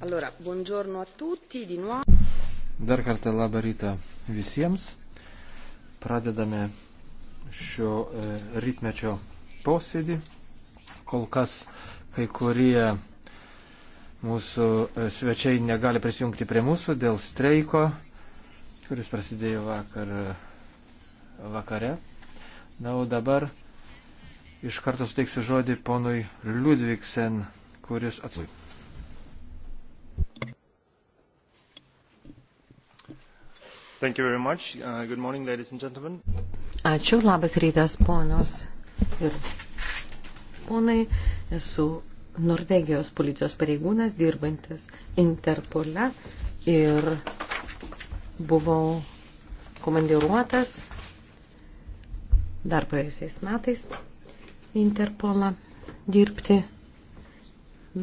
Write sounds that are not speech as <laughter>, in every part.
Allora, buongiorno a tutti, di nuovo. Dar kartą labą rytą visiems. Pradedame šio e, rytmečio posėdį. Kol kas kai kurie mūsų e, svečiai negali prisijungti prie mūsų dėl streiko, kuris prasidėjo vakar e, vakare. Na, o dabar iš karto suteiksiu žodį ponui Ludvigsen, kuris atsakė. Thank you very much. Uh, good morning, ladies and gentlemen. Ačiū, labas rytas, ponios ir ponai. Esu Norvegijos policijos pareigūnas, dirbantis Interpole ir buvau komandiruotas dar praėjusiais metais Interpolą dirbti.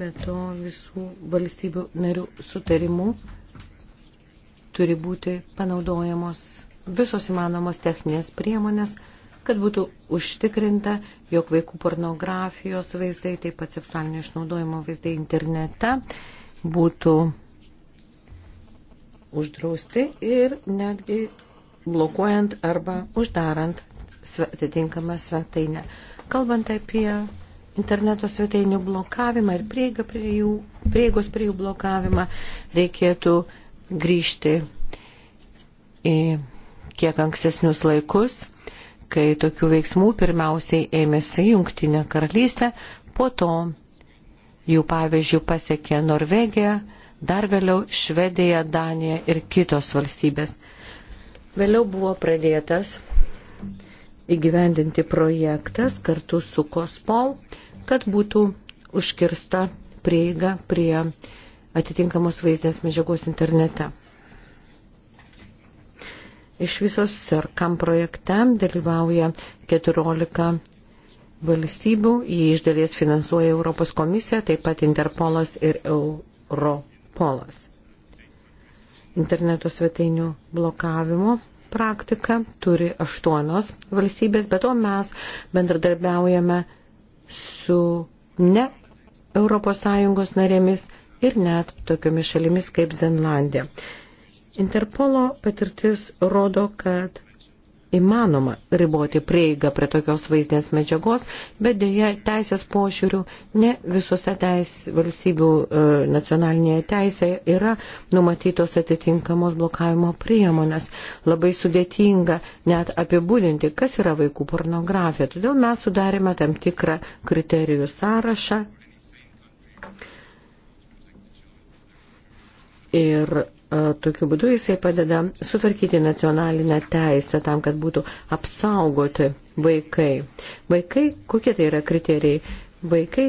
Be to visų valstybių narių sutarimų turi būti panaudojamos visos įmanomos techninės priemonės, kad būtų užtikrinta, jog vaikų pornografijos vaizdai, taip pat seksualinio išnaudojimo vaizdai internete būtų uždrausti ir netgi blokuojant arba uždarant atitinkamą svetainę. Kalbant apie interneto svetainių blokavimą ir prieigą prie jų, prieigos prie jų blokavimą, reikėtų grįžti į kiek ankstesnius laikus, kai tokių veiksmų pirmiausiai ėmėsi Junktinė karalystė, po to jų pavyzdžių pasiekė Norvegija, dar vėliau Švedija, Danija ir kitos valstybės. Vėliau buvo pradėtas įgyvendinti projektas kartu su Kospol, kad būtų užkirsta prieiga prie atitinkamos vaizdės medžiagos internete. Iš visos SERCAM projekte dalyvauja 14 valstybių, jį iš dalies finansuoja Europos komisija, taip pat Interpolas ir Europolas. Interneto svetainių blokavimo praktika turi aštuonos valstybės, bet o mes bendradarbiaujame su ne ES narėmis ir net tokiomis šalimis kaip Zenlandė. Interpolo patirtis rodo, kad įmanoma riboti prieigą prie tokios vaizdinės medžiagos, bet dėja teisės pošiūrių ne visose teis, valstybių e, nacionalinėje teisėje yra numatytos atitinkamos blokavimo priemonės. Labai sudėtinga net apibūdinti, kas yra vaikų pornografija. Todėl mes sudarėme tam tikrą kriterijų sąrašą ir e, tokiu būdu jisai padeda sutvarkyti nacionalinę teisę tam, kad būtų apsaugoti vaikai. Vaikai, kokie tai yra kriterijai? Vaikai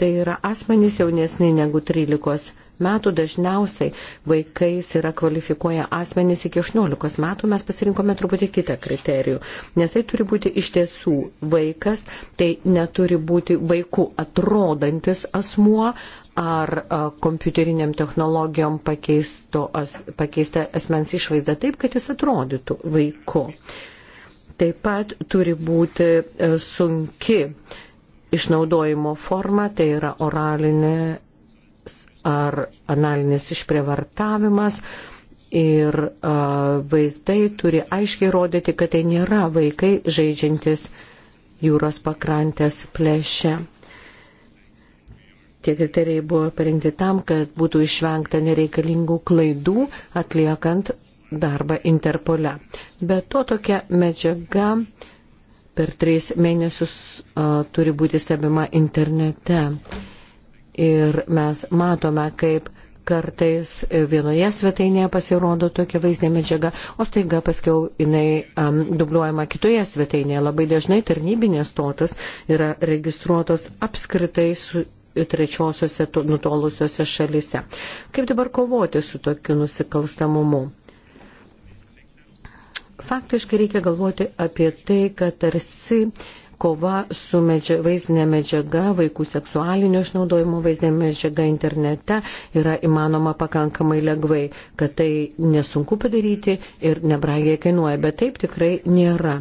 tai yra asmenys jaunesni negu 13 metų, dažniausiai vaikais yra kvalifikuoja asmenys iki 18 metų, mes pasirinkome truputį kitą kriterijų, nes tai turi būti iš tiesų vaikas, tai neturi būti vaikų atrodantis asmuo ar e, kompiuteriniam technologijom pakeisto, as, pakeista asmens išvaizda taip, kad jis atrodytų vaiku. Taip pat turi būti e, sunki išnaudojimo forma, tai yra oralinė ar analinis išprievartavimas ir a, e, vaizdai turi aiškiai rodyti, kad tai nėra vaikai žaidžiantis jūros pakrantės plėšė. Tie kriterijai buvo parengti tam, kad būtų išvengta nereikalingų klaidų atliekant darbą Interpole. Be to tokia medžiaga per tris mėnesius uh, turi būti stebima internete. Ir mes matome, kaip kartais vienoje svetainėje pasirodo tokia vaizdinė medžiaga, o staiga paskiau jinai um, dubliuojama kitoje svetainėje. Labai dažnai tarnybinės stotas yra registruotos apskritai su trečiosiuose nutolusiuose šalise. Kaip dabar kovoti su tokiu nusikalstamumu? Faktiškai reikia galvoti apie tai, kad tarsi kova su medžia, vaizdinė medžiaga, vaikų seksualinio išnaudojimo vaizdinė medžiaga internete yra įmanoma pakankamai lengvai, kad tai nesunku padaryti ir nebragiai kainuoja, bet taip tikrai nėra.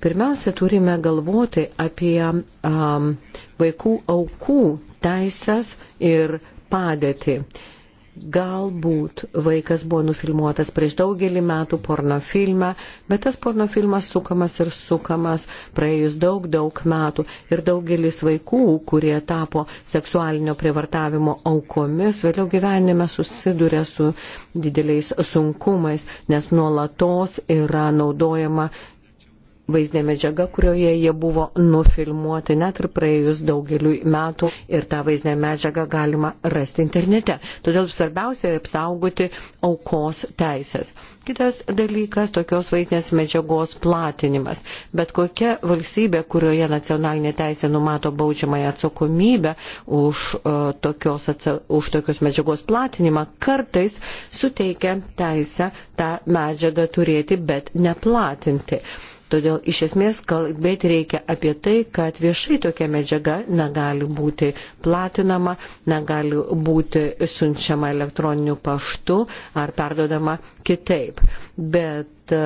Pirmiausia, turime galvoti apie um, vaikų aukų teisės ir padėtį. Galbūt vaikas buvo nufilmuotas prieš daugelį metų porno filme, bet tas porno filmas sukamas ir sukamas praėjus daug, daug metų. Ir daugelis vaikų, kurie tapo seksualinio prievartavimo aukomis, vėliau gyvenime susiduria su dideliais sunkumais, nes nuolatos yra naudojama vaizdė medžiaga, kurioje jie buvo nufilmuoti net ir praėjus daugeliui metų ir tą vaizdinę medžiagą galima rasti internete. Todėl svarbiausia yra apsaugoti aukos teisės. Kitas dalykas - tokios vaizdinės medžiagos platinimas. Bet kokia valstybė, kurioje nacionalinė teisė numato baudžiamąją atsakomybę už, uh, tokios, atsa, už tokios medžiagos platinimą, kartais suteikia teisę tą medžiagą turėti, bet neplatinti. Uh, Todėl iš esmės kalbėti reikia apie tai, kad viešai tokia medžiaga negali būti platinama, negali būti siunčiama elektroniniu paštu ar perdodama kitaip. Bet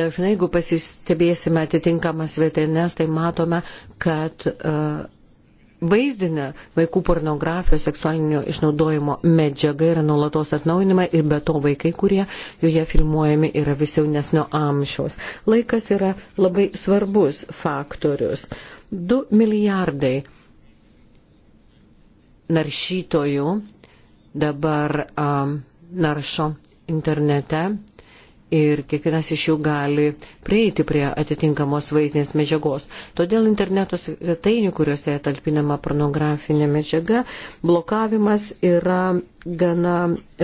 dažnai, jeigu pasistebėsime atitinkamas vietinės, tai matome, kad uh, vaizdinė vaikų pornografijos seksualinio išnaudojimo medžiaga yra nuolatos atnaujinama ir be to vaikai, kurie joje filmuojami, yra vis jaunesnio amžiaus. Laikas yra labai svarbus faktorius. 2 milijardai naršytojų dabar um, naršo internete ir kiekvienas iš jų gali prieiti prie atitinkamos vaizdinės medžiagos. Todėl interneto svetainių, kuriuose talpinama pornografinė medžiaga, blokavimas yra gana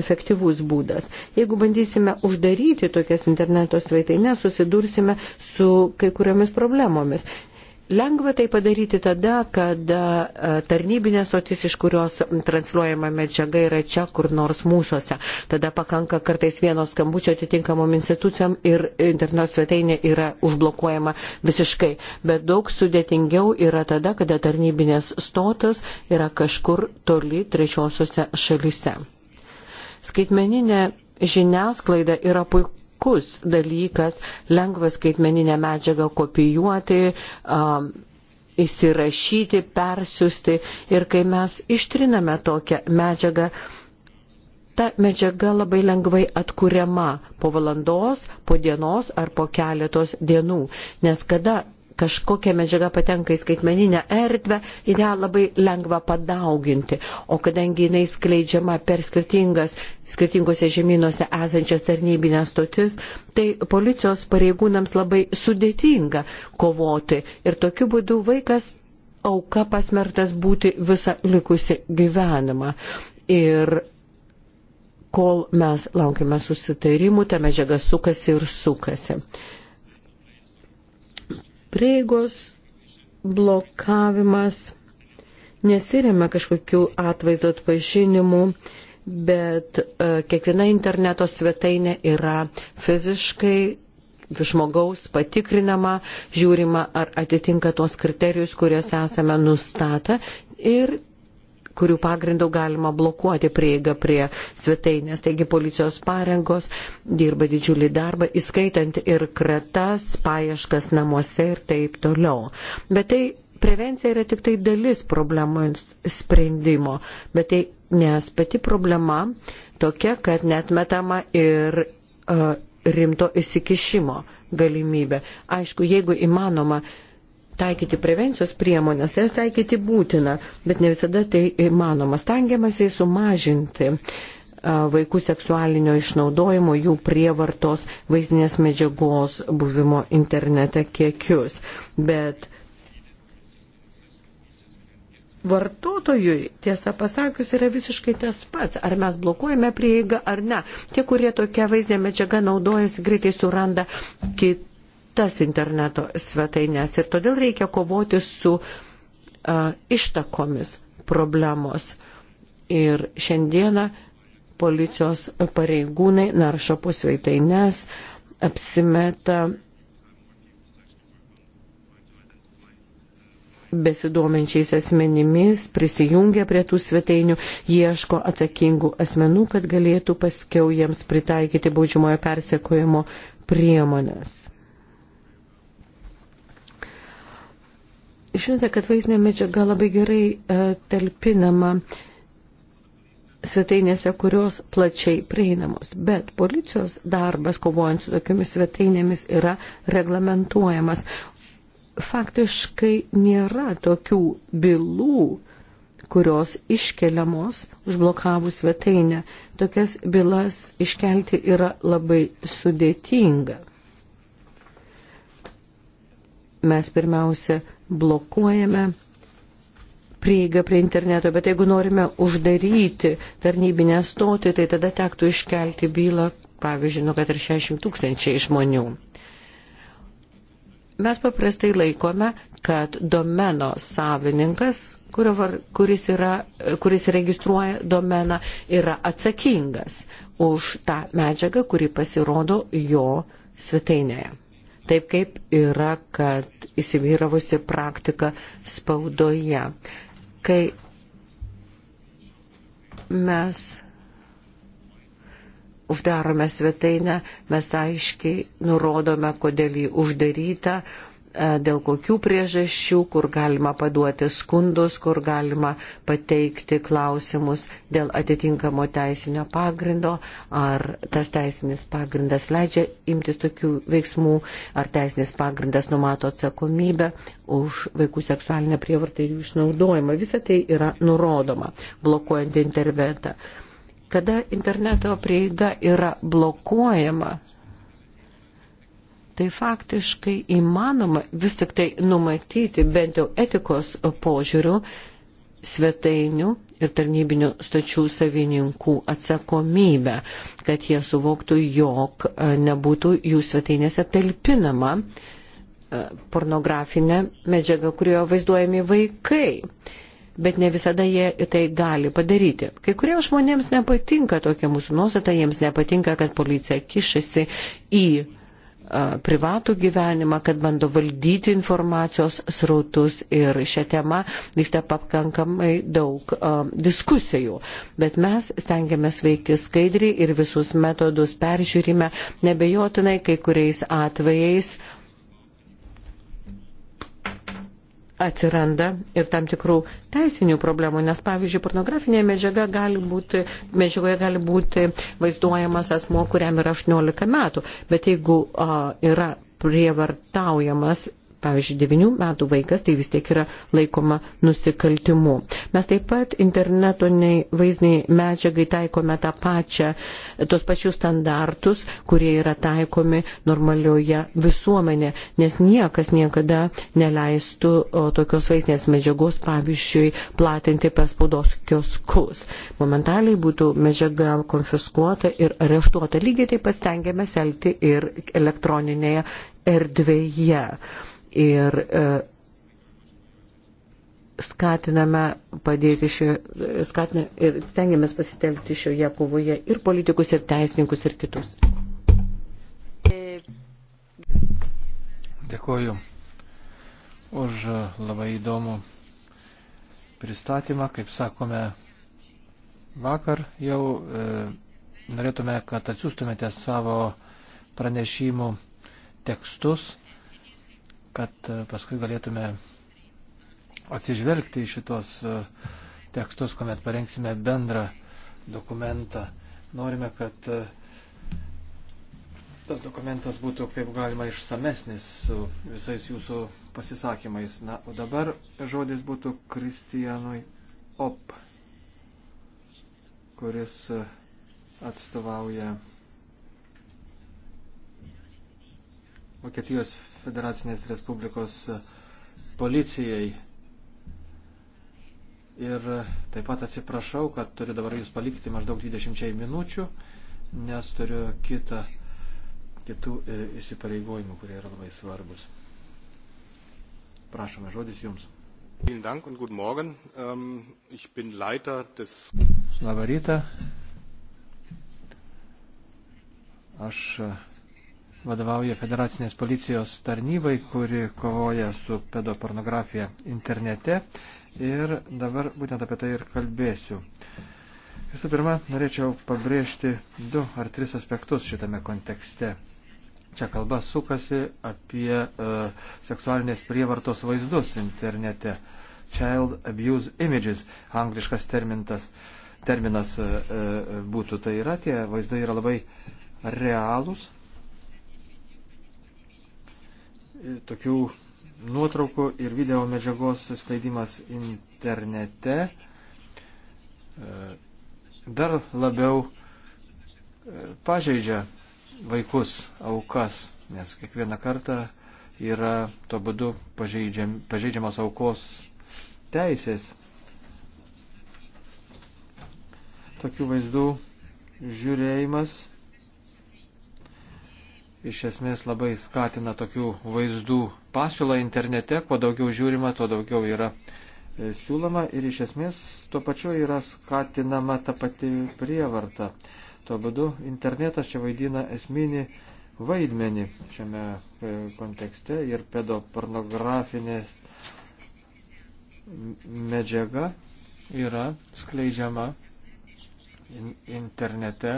efektyvus būdas. Jeigu bandysime uždaryti tokias interneto svetainės, susidursime su kai kuriomis problemomis. Lengva tai padaryti tada, kada e, tarnybinė stotis, iš kurios transliuojama medžiaga, yra čia kur nors mūsųse. Tada pakanka kartais vieno skambučio atitinkamom institucijom ir interneto svetainė yra užblokuojama visiškai. Bet daug sudėtingiau yra tada, kada tarnybinės stotas yra kažkur toli trečiosiuose šalyse. Skaitmeninė žiniasklaida yra puikus puikus dalykas, lengva skaitmeninę medžiagą kopijuoti, um, įsirašyti, persiųsti ir kai mes ištriname tokią medžiagą, ta medžiaga labai lengvai atkuriama po valandos, po dienos ar po keletos dienų, nes kada kažkokia medžiaga patenka į skaitmeninę erdvę, ją labai lengva padauginti. O kadangi jinai skleidžiama per skirtingas, skirtingose žemynuose esančias tarnybinės stotis, tai policijos pareigūnams labai sudėtinga kovoti. Ir tokiu būdu vaikas auka pasmertas būti visą likusi gyvenimą. Ir kol mes laukime susitarimų, ta medžiaga sukasi ir sukasi prieigos blokavimas nesiremia kažkokiu atvaizdo atpažinimu, bet e, kiekviena interneto svetainė yra fiziškai žmogaus patikrinama, žiūrima, ar atitinka tuos kriterijus, kuriuos esame nustatę ir kurių pagrindų galima blokuoti prieigą prie svetainės. Taigi policijos parengos dirba didžiulį darbą, įskaitant ir kratas, paieškas namuose ir taip toliau. Bet tai prevencija yra tik tai dalis problemų sprendimo, bet tai nes pati problema tokia, kad netmetama ir uh, rimto įsikišimo galimybė. Aišku, jeigu įmanoma, uh, taikyti prevencijos priemonės, tai jas taikyti būtina, bet ne visada tai įmanoma. Stangiamasi sumažinti vaikų seksualinio išnaudojimo, jų prievartos, vaizdinės medžiagos buvimo internete kiekius. Bet vartotojui, tiesą pasakius, yra visiškai tas pats, ar mes blokuojame prieigą ar ne. Tie, kurie tokia vaizdinė medžiaga naudojasi, greitai suranda kitą kitas interneto svetaines ir todėl reikia kovoti su uh, ištakomis problemos. Ir šiandieną policijos pareigūnai naršo pusveitaines, apsimeta besidomenčiais asmenimis, prisijungia prie tų svetainių, ieško atsakingų asmenų, kad galėtų paskiau jiems pritaikyti baudžiamojo persekojimo priemonės. Žinote, kad vaizdinė medžiaga labai gerai e, talpinama svetainėse, kurios plačiai prieinamos. Bet policijos darbas kovojant su tokiamis svetainėmis yra reglamentuojamas. Faktiškai nėra tokių bylų, kurios iškeliamos užblokavus svetainę. Tokias bylas iškelti yra labai sudėtinga. Mes pirmiausia blokuojame prieigą prie interneto, bet jeigu norime uždaryti tarnybinę stotį, tai tada tektų iškelti bylą, pavyzdžiui, nu kad ir 60 tūkstančiai žmonių. Mes paprastai laikome, kad domeno savininkas, var, kuris, yra, kuris registruoja domeną, yra atsakingas už tą medžiagą, kuri pasirodo jo svetainėje taip kaip yra, kad įsivyravusi praktika spaudoje. Kai mes uždarome svetainę, mes aiškiai nurodome, kodėl jį uždaryta, E, dėl kokių priežasčių, kur galima paduoti skundus, kur galima pateikti klausimus dėl atitinkamo teisinio pagrindo, ar tas teisinis pagrindas leidžia imtis tokių veiksmų, ar teisinis pagrindas numato atsakomybę už vaikų seksualinę prievartą ir jų išnaudojimą. Visa tai yra nurodoma, blokuojant internetą. Kada interneto prieiga yra blokuojama, tai faktiškai įmanoma vis tik tai numatyti bent jau etikos požiūrių svetainių ir tarnybinių stočių savininkų atsakomybę, kad jie suvoktų, jog e, nebūtų jų svetainėse talpinama e, pornografinė medžiaga, kurioje vaizduojami vaikai. Bet ne visada jie tai gali padaryti. Kai kuriems žmonėms nepatinka tokia mūsų nuostata, jiems nepatinka, kad policija kišasi į privatų gyvenimą, kad bando valdyti informacijos srautus ir šią temą vyksta pakankamai daug diskusijų. Bet mes stengiamės veikti skaidriai ir visus metodus peržiūrime, nebejotinai kai kuriais atvejais uh, atsiranda ir tam tikrų teisinių problemų, nes pavyzdžiui, pornografinėje medžiaga gali būti, medžiagoje gali būti vaizduojamas asmo, kuriam yra 18 metų, bet jeigu a, yra prievartaujamas pavyzdžiui, 9 metų vaikas, tai vis tiek yra laikoma nusikaltimu. Mes taip pat internetoniai vaizdiniai medžiagai taikome tą pačią, tos pačius standartus, kurie yra taikomi normalioje visuomenė, nes niekas niekada neleistų o, tokios vaizdinės medžiagos, pavyzdžiui, platinti per spaudos kioskus. Momentaliai būtų medžiaga konfiskuota ir areštuota. Lygiai taip pat stengiamės elgti ir elektroninėje erdvėje ir e, skatiname padėti šio, skatiname ir stengiamės pasitelkti šioje kovoje ir politikus, ir teisininkus, ir kitus. Dėkoju už labai įdomų pristatymą. Kaip sakome, vakar jau e, norėtume, kad atsiųstumėte savo pranešimų tekstus kad e, paskui galėtume atsižvelgti į šitos e, tekstus, kuomet parengsime bendrą dokumentą. Norime, kad e, tas dokumentas būtų kaip galima išsamesnis su visais jūsų pasisakymais. Na, o dabar žodis būtų Kristijanui Op, kuris atstovauja Vokietijos Federacinės Respublikos e, policijai. Ir e, taip pat atsiprašau, kad turiu dabar jūs palikti maždaug 20 minučių, nes turiu kitą, kitų e, įsipareigojimų, kurie yra labai svarbus. Prašome, žodis jums. Vielen Dank und guten Morgen. Ähm, ich bin Leiter des. Labą rytą. Aš vadovauja federacinės policijos tarnybai, kuri kovoja su pedopornografija internete. Ir dabar būtent apie tai ir kalbėsiu. Visų pirma, norėčiau pabrėžti du ar tris aspektus šitame kontekste. Čia kalba sukasi apie uh, seksualinės prievartos vaizdus internete. Child abuse images, angliškas terminas, terminas uh, e, būtų. Tai yra tie vaizdai yra labai realūs tokių nuotraukų ir video medžiagos skleidimas internete e, dar labiau e, pažeidžia vaikus, aukas, nes kiekvieną kartą yra tuo būdu pažeidžiam, pažeidžiamas aukos teisės. Tokių vaizdų žiūrėjimas iš esmės labai skatina tokių vaizdų pasiūlą internete, kuo daugiau žiūrima, tuo daugiau yra e, siūloma ir iš esmės tuo pačiu yra skatinama ta pati prievarta. Tuo būdu internetas čia vaidina esminį vaidmenį šiame e, kontekste ir pedopornografinė medžiaga yra skleidžiama internete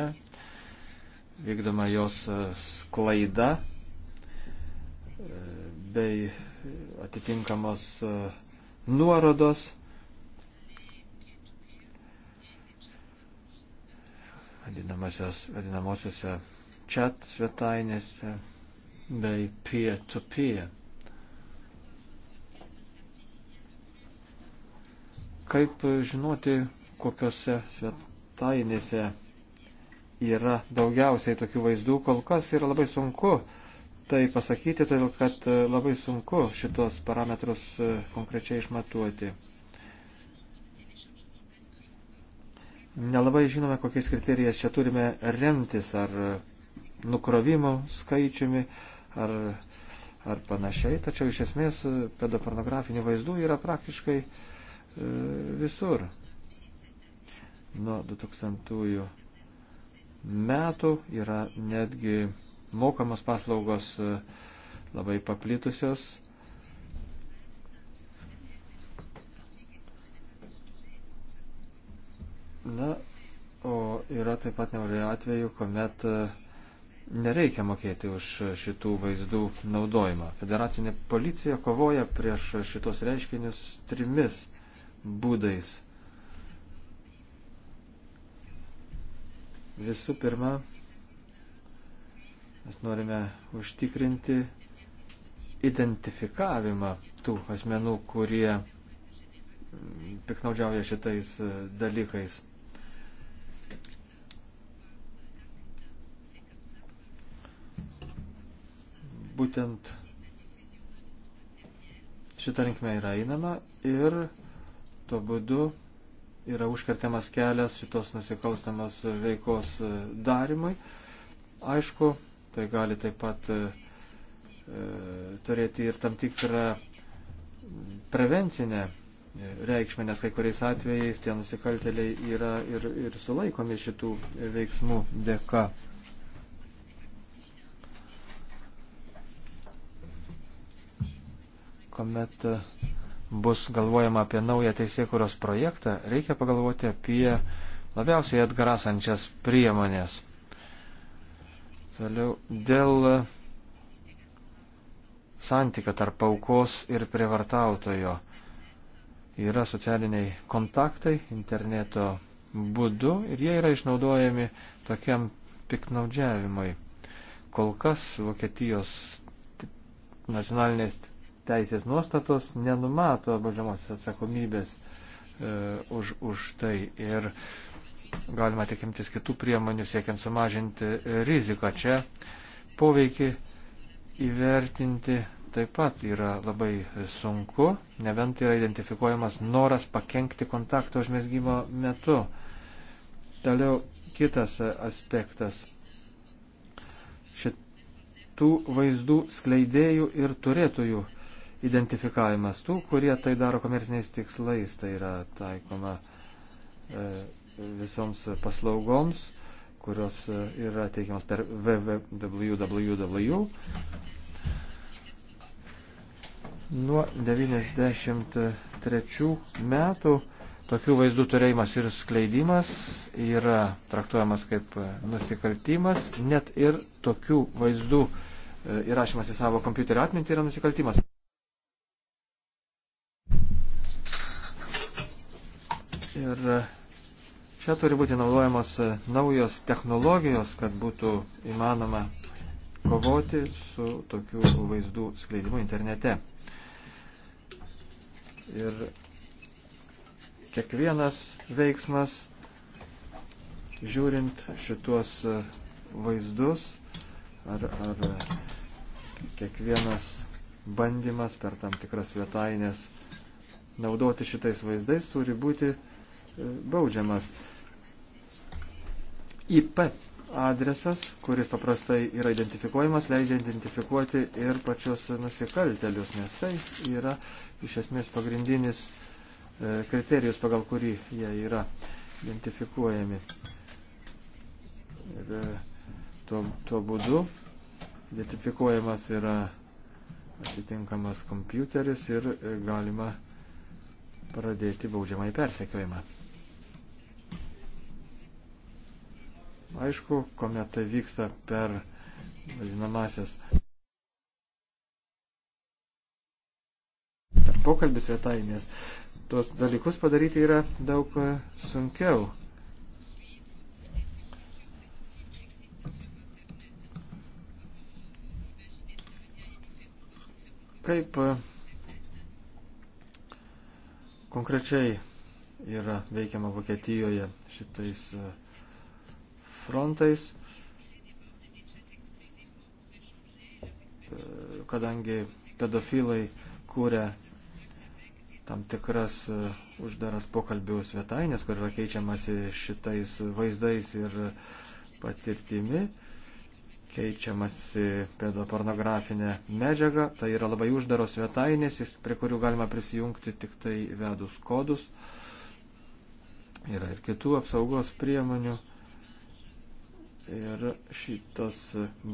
vykdoma jos e, sklaida e, bei atitinkamos e, nuorodos. vadinamosiose chat svetainėse bei peer-to-peer. -peer. Kaip žinoti, kokiuose svetainėse yra daugiausiai tokių vaizdų, kol kas yra labai sunku tai pasakyti, todėl kad e, labai sunku šitos parametrus e, konkrečiai išmatuoti. Nelabai žinome, kokiais kriterijais čia turime remtis, ar e, nukrovimo skaičiumi, ar, ar panašiai, tačiau iš esmės pedopornografinių vaizdų yra praktiškai visur nuo 2000 metų yra netgi mokamos paslaugos e, labai paplitusios. Na, o yra taip pat nemažai atvejų, kuomet e, nereikia mokėti už šitų vaizdų naudojimą. Federacinė policija kovoja prieš šitos reiškinius trimis būdais. Visų pirma, mes norime užtikrinti identifikavimą tų asmenų, kurie piknaudžiauja šitais e, dalykais. Būtent šitą linkmę yra einama ir tuo būdu yra užkartiamas kelias šitos nusikalstamos veikos e, darimui. Aišku, tai gali taip pat e, e turėti ir tam tikrą prevencinę e, reikšmę, nes kai kuriais atvejais tie nusikalteliai yra ir, ir sulaikomi šitų veiksmų dėka. Komet bus galvojama apie naują teisėkuros projektą, reikia pagalvoti apie labiausiai atgrasančias priemonės. Toliau dėl santykio tarp aukos ir prievartautojo. Yra socialiniai kontaktai interneto būdu ir jie yra išnaudojami tokiam piknaudžiavimui. Kol kas Vokietijos nacionalinės teisės nuostatos nenumato baudžiamosios atsakomybės e, už, už tai. Ir galima tikimtis kitų priemonių siekiant sumažinti riziką. Čia poveikį įvertinti taip pat yra labai sunku, nebent yra identifikuojamas noras pakengti kontakto užmėsgymo metu. Toliau kitas aspektas. Šitų vaizdų skleidėjų ir turėtojų identifikavimas tų, kurie tai daro komerciniais tikslais, tai yra taikoma e, visoms paslaugoms, kurios e, yra teikiamas per www. Nuo 93 metų tokių vaizdų turėjimas ir skleidimas yra traktuojamas kaip nusikaltimas, net ir tokių vaizdų e, įrašymas į savo kompiuterio atmintį yra nusikaltimas. Ir e, čia turi būti naudojamos e, naujos technologijos, kad būtų įmanoma kovoti su tokių vaizdų skleidimu internete. Ir kiekvienas veiksmas, žiūrint šituos e, vaizdus, ar, ar kiekvienas bandymas per tam tikras vietainės naudoti šitais vaizdais turi būti baudžiamas. IP adresas, kuris paprastai yra identifikuojamas, leidžia identifikuoti ir pačius nusikaltelius, nes tai yra iš esmės pagrindinis e, kriterijus, pagal kurį jie yra identifikuojami. Ir e, tuo, tuo būdu identifikuojamas yra atitinkamas kompiuteris ir e, galima pradėti baudžiamąjį persekiojimą. Aišku, kuomet tai vyksta per vadinamasias per pokalbį svetainės, tuos dalykus padaryti yra daug e, sunkiau. Kaip e, konkrečiai yra veikiama Vokietijoje šitais uh, frontais, kadangi pedofilai kūrė tam tikras e, uždaras pokalbių svetainės, kur yra keičiamasi šitais vaizdais ir patirtimi, keičiamasi pedopornografinė medžiaga. Tai yra labai uždaros svetainės, prie kurių galima prisijungti tik tai vedus kodus. Yra ir kitų apsaugos priemonių ir šitos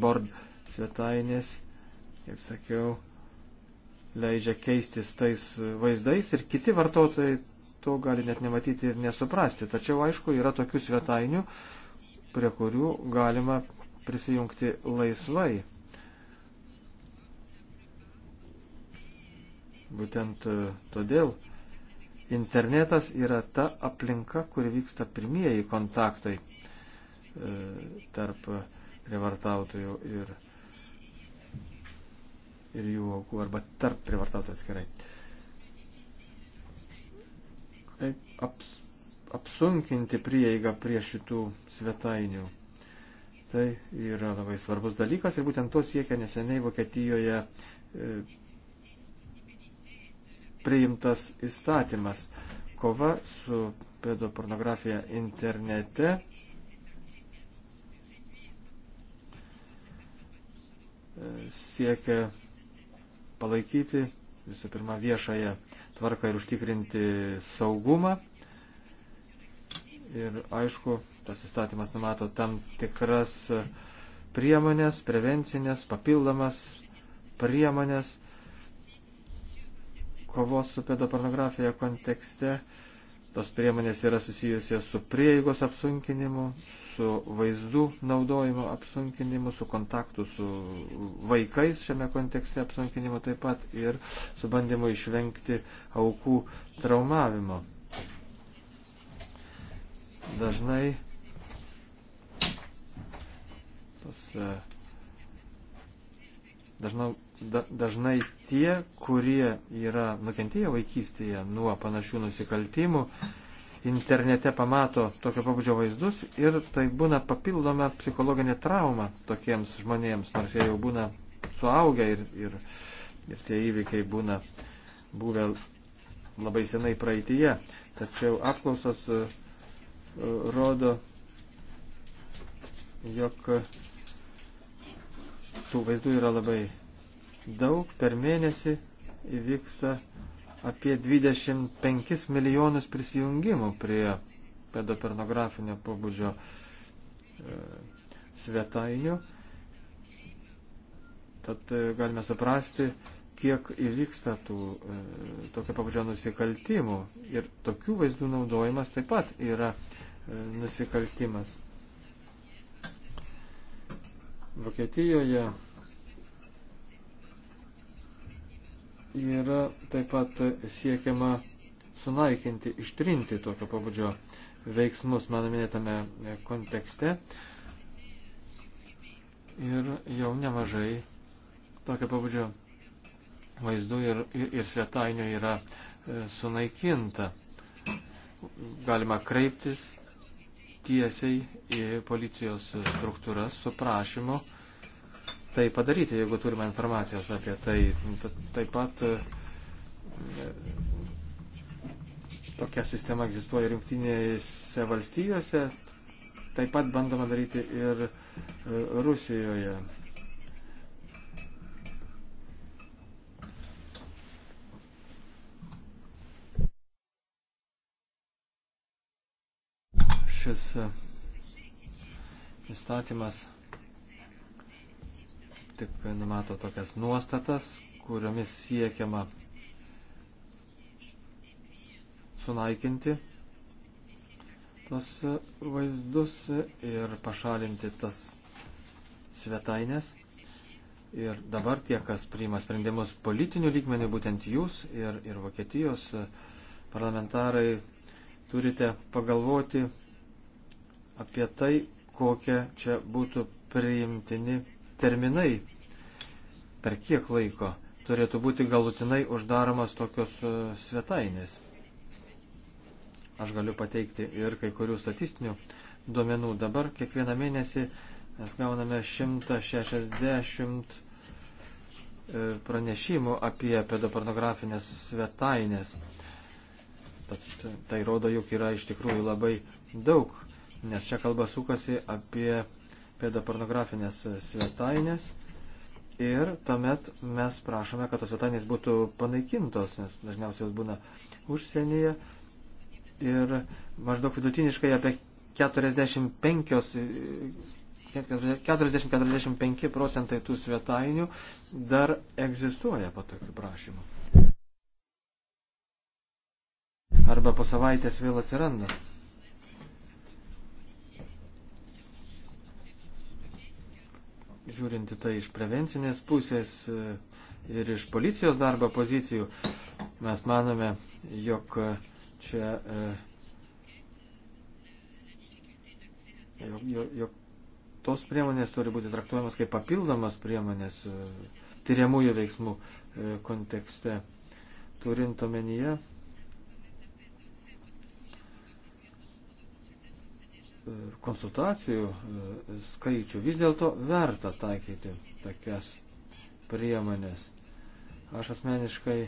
board svetainės, kaip sakiau, leidžia keistis tais vaizdais ir kiti vartotojai to gali net nematyti ir nesuprasti. Tačiau, aišku, yra tokių svetainių, prie kurių galima prisijungti laisvai. Būtent e, todėl internetas yra ta aplinka, kur vyksta pirmieji kontaktai E, tarp prievartautojų ir, ir jų aukų, arba tarp prievartautojų atskirai. Kaip aps, apsunkinti prieigą prie šitų svetainių. Tai yra labai svarbus dalykas ir būtent to siekia neseniai Vokietijoje e, priimtas įstatymas. Kova su pedopornografija internete siekia palaikyti visų pirma viešąją tvarką ir užtikrinti saugumą. Ir aišku, tas įstatymas numato tam tikras priemonės, prevencinės, papildomas priemonės kovos su pedopornografija kontekste. Tos priemonės yra susijusios su prieigos apsunkinimu, su vaizdų naudojimo apsunkinimu, su kontaktu su vaikais šiame kontekste apsunkinimu taip pat ir su bandymu išvengti aukų traumavimo. Dažnai tos, e, dažnai dažnai tie, kurie yra nukentėję vaikystėje nuo panašių nusikaltimų, internete pamato tokio pabudžio vaizdus ir tai būna papildoma psichologinė trauma tokiems žmonėms, nors jie jau būna suaugę ir, ir, ir tie įvykiai būna buvę labai senai praeitįje. Tačiau apklausos e, rodo, jog tų vaizdų yra labai daug, per mėnesį įvyksta apie 25 milijonus prisijungimų prie pedopornografinio pobūdžio e, svetainių. Tad e, galime suprasti, kiek įvyksta tų e, tokio pabudžio nusikaltimų. Ir tokių vaizdų naudojimas taip pat yra e, nusikaltimas. Vokietijoje yra taip pat siekiama sunaikinti, ištrinti tokio pabudžio veiksmus mano minėtame kontekste. Ir jau nemažai tokio pabudžio vaizdų ir, ir, ir svetainių yra e, sunaikinta. Galima kreiptis tiesiai į policijos struktūras su prašymu tai padaryti, jeigu turime informacijos apie tai. Taip pat e, tokia sistema egzistuoja ir jungtinėse valstijose, taip pat bandoma daryti ir e, Rusijoje. Šis e, įstatymas tik numato tokias nuostatas, kuriomis siekiama sunaikinti tos vaizdus ir pašalinti tas svetainės. Ir dabar tie, kas priima sprendimus politinių lygmenių, būtent jūs ir, ir Vokietijos parlamentarai turite pagalvoti apie tai, kokie čia būtų priimtini terminai, per kiek laiko turėtų būti galutinai uždaromas tokios e, svetainės. Aš galiu pateikti ir kai kurių statistinių duomenų. Dabar kiekvieną mėnesį mes gauname 160 e, pranešimų apie pedopornografinės svetainės. Tad, tai rodo, jog yra iš tikrųjų labai daug, nes čia kalba sukasi apie pedopornografinės svetainės. Ir tuomet mes prašome, kad tos svetainės būtų panaikintos, nes dažniausiai jos būna užsienyje. Ir maždaug vidutiniškai apie 45, 40-45 procentai tų svetainių dar egzistuoja po tokių prašymų. Arba po savaitės vėl atsiranda. žiūrint į tai iš prevencinės pusės e, ir iš policijos darbo pozicijų, mes manome, jog čia e, jog, jog, jog tos priemonės turi būti traktuojamas kaip papildomas priemonės e, tyriamųjų veiksmų kontekste, turint omenyje konsultacijų e, skaičių, vis dėlto verta taikyti tokias priemonės. Aš asmeniškai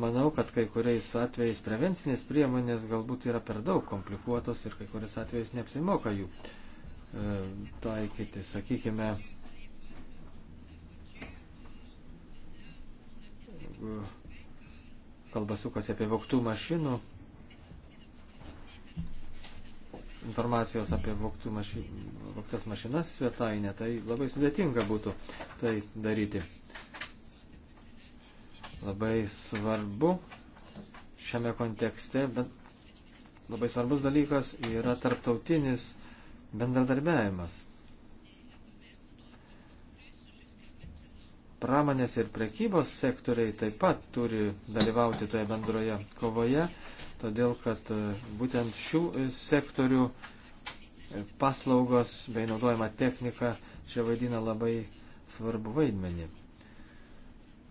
manau, kad kai kuriais atvejais prevencinės priemonės galbūt yra per daug komplikuotos ir kai kuriais atvejais neapsimoka jų e, taikyti, sakykime, kalba sukasi apie voktų mašinų informacijos apie maši, voktas mašinas svetainę, tai labai sudėtinga būtų tai daryti. Labai svarbu šiame kontekste, bet labai svarbus dalykas yra tarptautinis bendradarbiavimas. Pramonės ir prekybos sektoriai taip pat turi dalyvauti toje bendroje kovoje todėl kad e, būtent šių e, sektorių e, paslaugos bei naudojama technika čia vaidina labai svarbu vaidmenį.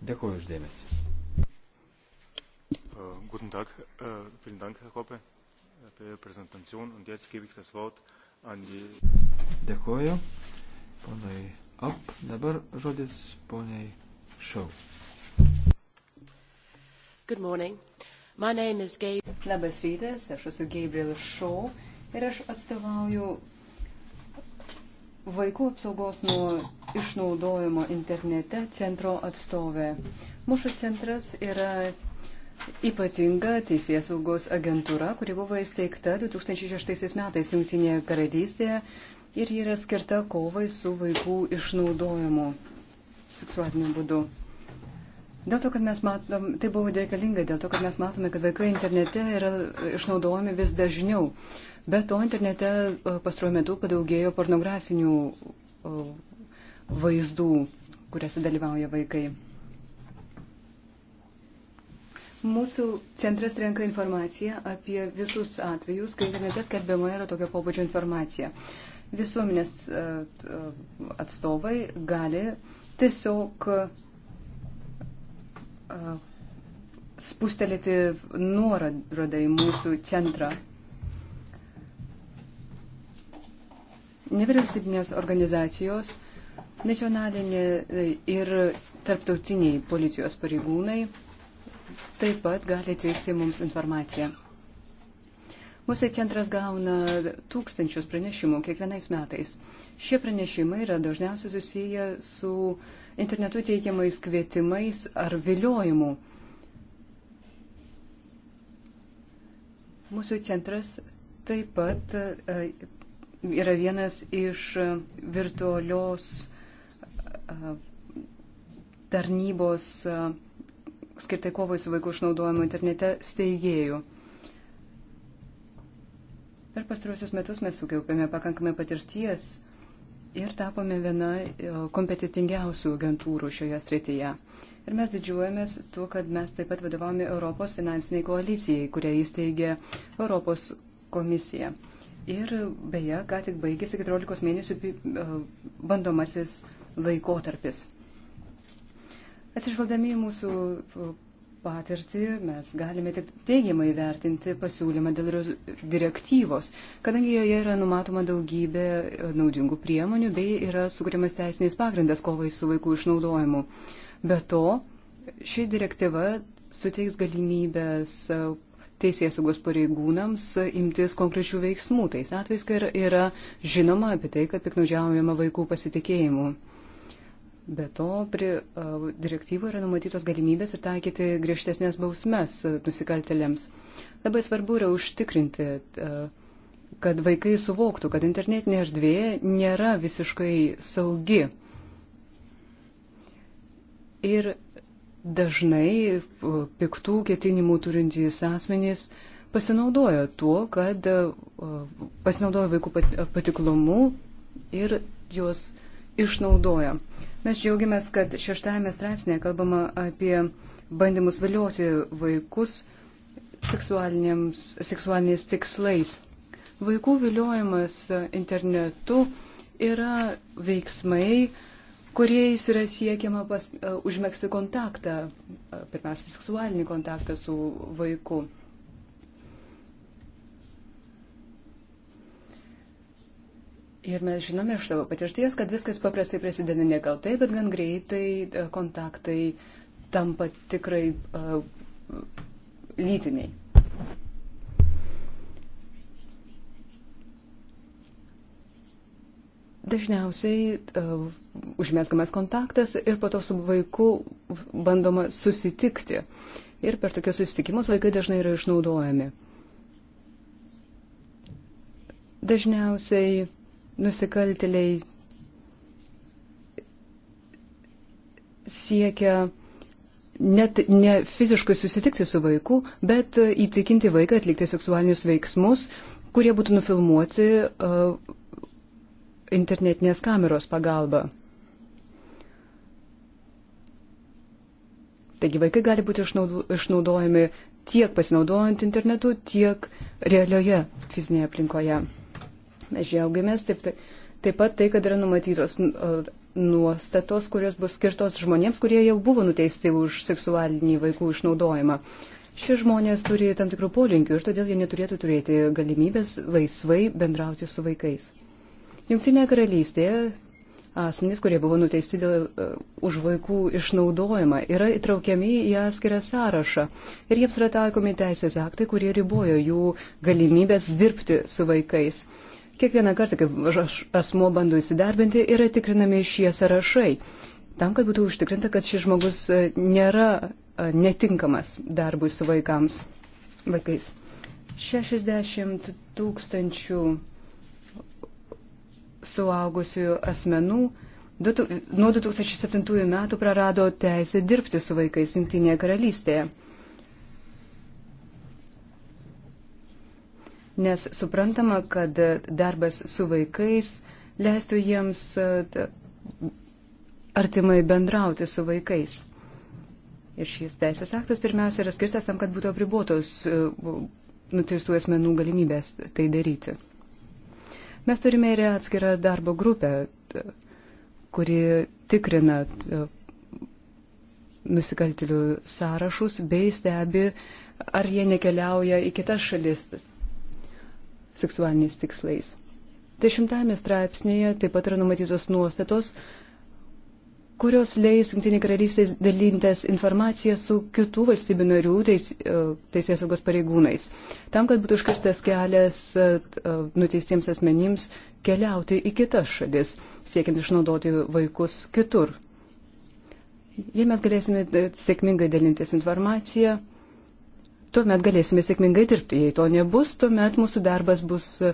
Dėkuoju uždėmesi. Äh, guten Tag, äh, vielen Dank, Herr Koppe, für Ihre Präsentation. Und jetzt gebe ich das Wort an die. Dėkuoju, ponai Op. Dabar žodis poniai Šau. Good morning. My name is Gay Labas rytas, aš esu Gabriel Šau ir aš atstovauju vaikų apsaugos nuo išnaudojimo internete centro atstovė. Mūsų centras yra ypatinga teisės saugos agentūra, kuri buvo įsteigta 2006 metais Junktinėje karalystėje ir yra skirta kovai su vaikų išnaudojimu seksualiniu būdu. Dėl to, kad mes matom, tai buvo reikalinga, dėl to, kad mes matome, kad vaikai internete yra išnaudojami vis dažniau. Be to, internete e, pastaruoju metu padaugėjo pornografinių e, vaizdų, kuriuose dalyvauja vaikai. Mūsų centras renka informaciją apie visus atvejus, kai internete skelbiama yra tokio pobūdžio informacija. Visuomenės e, atstovai gali tiesiog spustelėti nuorodą į mūsų centrą. Nevyriausybinės organizacijos, nacionalinė ir tarptautiniai policijos pareigūnai taip pat gali teikti mums informaciją. Mūsų centras gauna tūkstančius pranešimų kiekvienais metais. Šie pranešimai yra dažniausiai susiję su uh, internetu teikiamais kvietimais ar viliojimu. Mūsų centras taip pat e, yra vienas iš virtualios e, tarnybos e, skirtai kovai su vaikų išnaudojimu internete steigėjų. Per pastarosius metus mes sukaupėme pakankamai patirties ir tapome viena e, kompetitingiausių agentūrų šioje srityje. Ir mes didžiuojamės tuo, kad mes taip pat vadovavome Europos finansiniai koalicijai, kurią įsteigė Europos komisija. Ir beje, ką tik baigėsi 14 mėnesių e, bandomasis laikotarpis. Atsižvaldami į mūsų patirtį mes galime tik teigiamai vertinti pasiūlymą dėl direktyvos, kadangi joje yra numatoma daugybė e, naudingų priemonių bei yra sukūrimas teisinis pagrindas kovai su vaikų išnaudojimu. Be to, ši direktyva suteiks galimybės e, teisės saugos pareigūnams e, imtis konkrečių veiksmų, tais atvejais, kai yra žinoma apie tai, kad piknaudžiaujama vaikų pasitikėjimu. Be to, prie direktyvų yra numatytos galimybės ir taikyti griežtesnės bausmes nusikaltelėms. Labai svarbu yra užtikrinti, kad vaikai suvoktų, kad internetinė erdvė nėra visiškai saugi. Ir dažnai piktų ketinimų turintys asmenys pasinaudojo tuo, kad pasinaudojo vaikų patiklumu ir juos išnaudoja. Mes džiaugiamės, kad šeštame straipsnėje kalbama apie bandymus valioti vaikus seksualiniais tikslais. Vaikų viliojimas internetu yra veiksmai, kuriais yra siekiama pas, uh, e, užmėgsti kontaktą, uh, pirmiausia, seksualinį kontaktą su vaiku. Ir mes žinome iš savo patirties, kad viskas paprastai prasideda nekaltai, bet gan greitai e, kontaktai tampa tikrai uh, lytiniai. Dažniausiai uh, e, užmėsgamas kontaktas ir po to su vaiku bandoma susitikti. Ir per tokius susitikimus vaikai dažnai yra išnaudojami. Dažniausiai nusikaltėliai siekia net ne fiziškai susitikti su vaiku, bet įtikinti vaiką atlikti seksualinius veiksmus, kurie būtų nufilmuoti uh, internetinės kameros pagalba. Taigi vaikai gali būti išnaudojami tiek pasinaudojant internetu, tiek realioje fizinėje aplinkoje. Mes džiaugiamės taip, taip, taip pat tai, kad yra numatytos nuostatos, kurios bus skirtos žmonėms, kurie jau buvo nuteisti už seksualinį vaikų išnaudojimą. Šie žmonės turi tam tikrų polinkių ir todėl jie neturėtų turėti galimybės laisvai bendrauti su vaikais. Junktinėje karalystėje asmenys, kurie buvo nuteisti dėl, uh, už vaikų išnaudojimą, yra įtraukiami į atskirą sąrašą ir jiems yra taikomi teisės aktai, kurie ribojo jų galimybės dirbti su vaikais. Kiekvieną kartą, kai asmuo bando įsidarbinti, yra tikrinami šie sąrašai, tam, kad būtų užtikrinta, kad šis žmogus e, nėra e, netinkamas darbui su vaikams, vaikais. 60 tūkstančių suaugusių asmenų nuo 2007 metų prarado teisę dirbti su vaikais Junktinėje karalystėje. nes suprantama, kad darbas su vaikais leistų jiems e, artimai bendrauti su vaikais. Ir šis teisės aktas pirmiausia yra skirtas tam, kad būtų apribotos e, nuteistų asmenų galimybės tai daryti. Mes turime ir atskirą darbo grupę, kuri tikrina nusikaltėlių sąrašus bei stebi, ar jie nekeliauja į kitas šalis seksualiniais tikslais. Dešimtame straipsnėje taip pat yra numatytos nuostatos, kurios leis Junktinė karalystė dalintis informaciją su kitų valstybių narių teis, e, teisės saugos pareigūnais, tam, kad būtų užkirstas kelias e, e, nuteistiems asmenims keliauti į kitas šalis, siekiant išnaudoti vaikus kitur. Jei mes galėsime sėkmingai dalintis informaciją, tuomet galėsime sėkmingai dirbti. Jei to nebus, tuomet mūsų darbas bus e,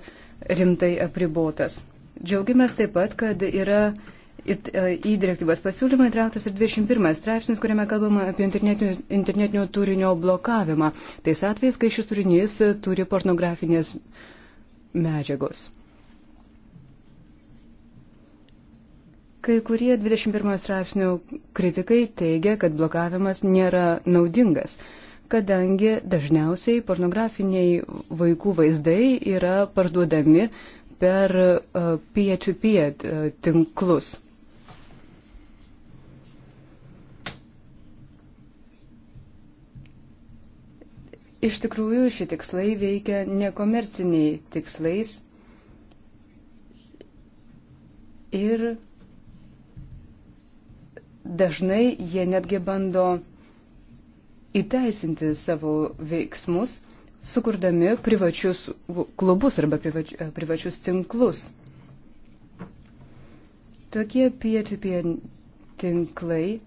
rimtai apribotas. Džiaugiamės taip pat, kad yra e, į direktyvas pasiūlymą įtrauktas ir 21 straipsnis, kuriame kalbama apie internetinio, internetinio turinio blokavimą. Tais atvejais, kai šis turinys e, turi pornografinės medžiagos. Kai kurie 21 straipsnių kritikai teigia, kad blokavimas nėra naudingas kadangi dažniausiai pornografiniai vaikų vaizdai yra parduodami per peer-to-peer -peer e, tinklus. Iš tikrųjų, šie tikslai veikia nekomerciniai tikslais ir dažnai jie netgi bando įteisinti savo veiksmus, sukurdami privačius klubus arba e, privačius tinklus. Tokie peer-to-peer tinklai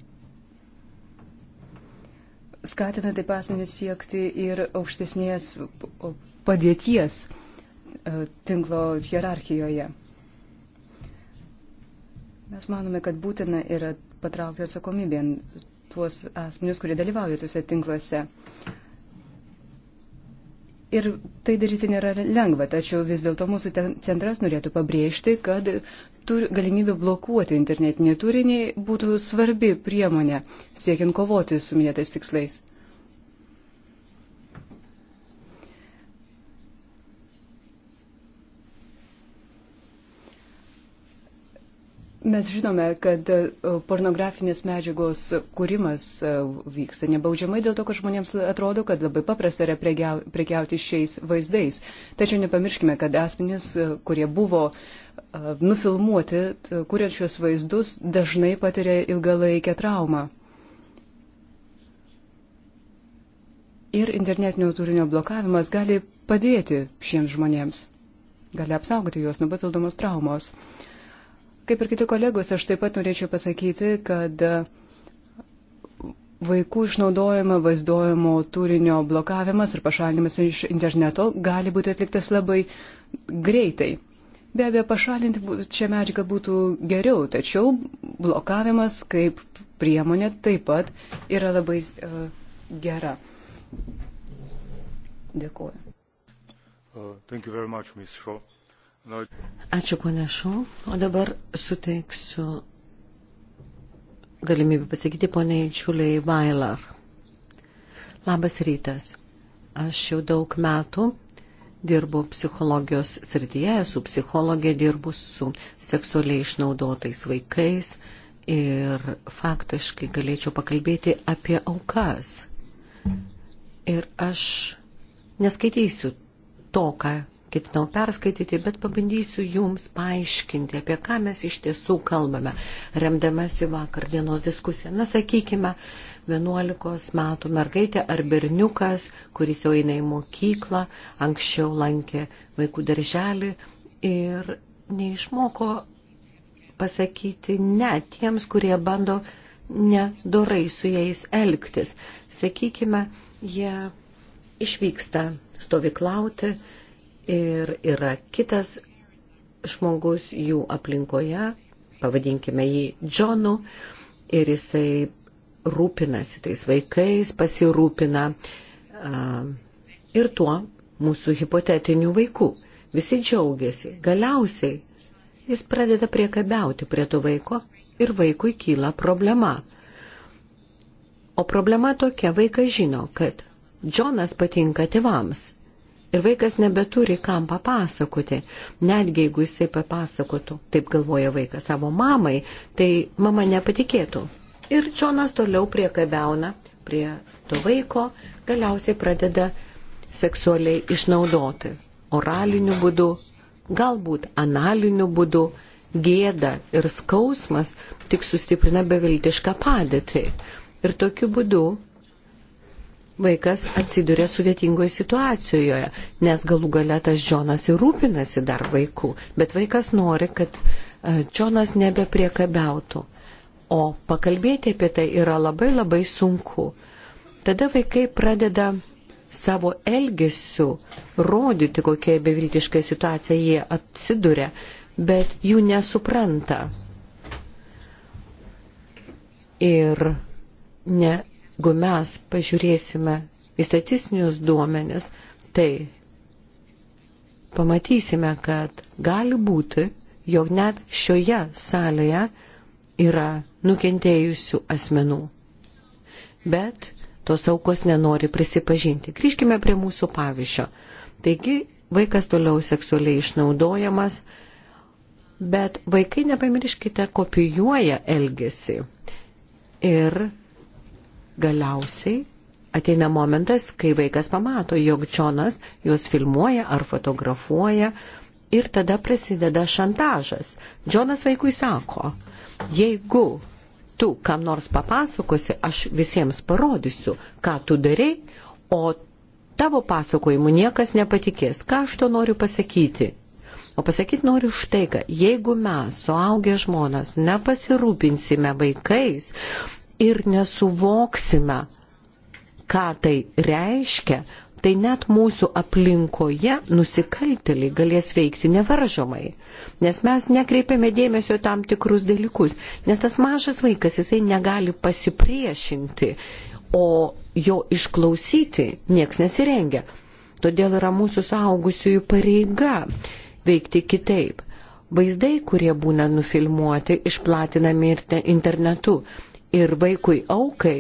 skatina taip asmenys siekti ir aukštesnės padėties e, tinklo hierarchijoje. Mes manome, kad būtina yra patraukti atsakomybėn tuos asmenius, kurie dalyvauja tuose tinkluose. Ir tai daryti nėra lengva, tačiau vis dėlto mūsų centras norėtų pabrėžti, kad tur, galimybė blokuoti internetinį turinį būtų svarbi priemonė siekiant kovoti su minėtais tikslais. Mes žinome, kad e, pornografinės medžiagos kūrimas e, vyksta nebaudžiamai dėl to, kad žmonėms atrodo, kad labai paprasta yra prekiauti šiais vaizdais. Tačiau nepamirškime, kad asmenys, e, kurie buvo nufilmuoti, kuriant šios vaizdus, dažnai patiria ilgalaikę traumą. Ir internetinio turinio blokavimas gali padėti šiems žmonėms, gali apsaugoti juos nuo papildomos traumos. Kaip ir kiti kolegos, aš taip pat norėčiau pasakyti, kad vaikų išnaudojimo vaizduojimo turinio blokavimas ir pašalinimas iš interneto gali būti atliktas labai greitai. Be abejo, pašalinti šią medžiagą būtų geriau, tačiau blokavimas kaip priemonė taip pat yra labai uh, gera. Dėkuoju. Uh, Ačiū, ponė Šau. O dabar suteiksiu galimybę pasakyti poniai Čiuliai Vailar. Labas rytas. Aš jau daug metų dirbu psichologijos srityje, esu psichologė, dirbu su seksualiai išnaudotais vaikais ir faktiškai galėčiau pakalbėti apie aukas. Ir aš neskaitysiu to, ką ketinau perskaityti, bet pabandysiu jums paaiškinti, apie ką mes iš tiesų kalbame, remdamasi vakar dienos diskusiją. Na, sakykime, 11 metų mergaitė ar berniukas, kuris jau eina į mokyklą, anksčiau lankė vaikų darželį ir neišmoko pasakyti ne tiems, kurie bando nedorai su jais elgtis. Sakykime, jie išvyksta stovyklauti, ir yra kitas žmogus jų aplinkoje, pavadinkime jį Džonu, ir jisai rūpinasi tais vaikais, pasirūpina uh, ir tuo mūsų hipotetinių vaikų. Visi džiaugiasi. Galiausiai jis pradeda priekabiauti prie to vaiko ir vaikui kyla problema. O problema tokia, vaikas žino, kad Džonas patinka tėvams Ir vaikas nebeturi kam papasakoti, netgi jeigu jisai papasakotų, taip galvoja vaikas savo mamai, tai mama nepatikėtų. Ir Džonas toliau priekabiauna prie to vaiko, galiausiai pradeda seksualiai išnaudoti oraliniu būdu, galbūt analiniu būdu, gėda ir skausmas tik sustiprina beviltišką padėtį. Ir tokiu būdu vaikas atsiduria sudėtingoje situacijoje, nes galų gale tas Džonas ir rūpinasi dar vaikų, bet vaikas nori, kad e, Džonas nebepriekabiautų. O pakalbėti apie tai yra labai labai sunku. Tada vaikai pradeda savo elgesiu rodyti, kokioje beviltiškoje situacijoje jie atsiduria, bet jų nesupranta. Ir ne, Jeigu mes pažiūrėsime į statistinius duomenis, tai pamatysime, kad gali būti, jog net šioje salėje yra nukentėjusių asmenų. Bet tos aukos nenori prisipažinti. Grįžkime prie mūsų pavyzdžio. Taigi vaikas toliau seksualiai išnaudojamas, bet vaikai, nepamirškite, kopijuoja elgesį. Ir Galiausiai ateina momentas, kai vaikas pamato, jog Džonas juos filmuoja ar fotografuoja ir tada prasideda šantažas. Džonas vaikui sako, jeigu tu kam nors papasakosi, aš visiems parodysiu, ką tu darai, o tavo pasakojimu niekas nepatikės. Ką aš to noriu pasakyti? O pasakyti noriu štai, kad jeigu mes, suaugę žmonės, nepasirūpinsime vaikais, ir nesuvoksime, ką tai reiškia, tai net mūsų aplinkoje nusikaltėliai galės veikti nevaržomai, nes mes nekreipiame dėmesio tam tikrus dalykus, nes tas mažas vaikas jisai negali pasipriešinti, o jo išklausyti nieks nesirengia. Todėl yra mūsų saugusiųjų pareiga veikti kitaip. Vaizdai, kurie būna nufilmuoti, išplatinami ir internetu ir vaikui aukai,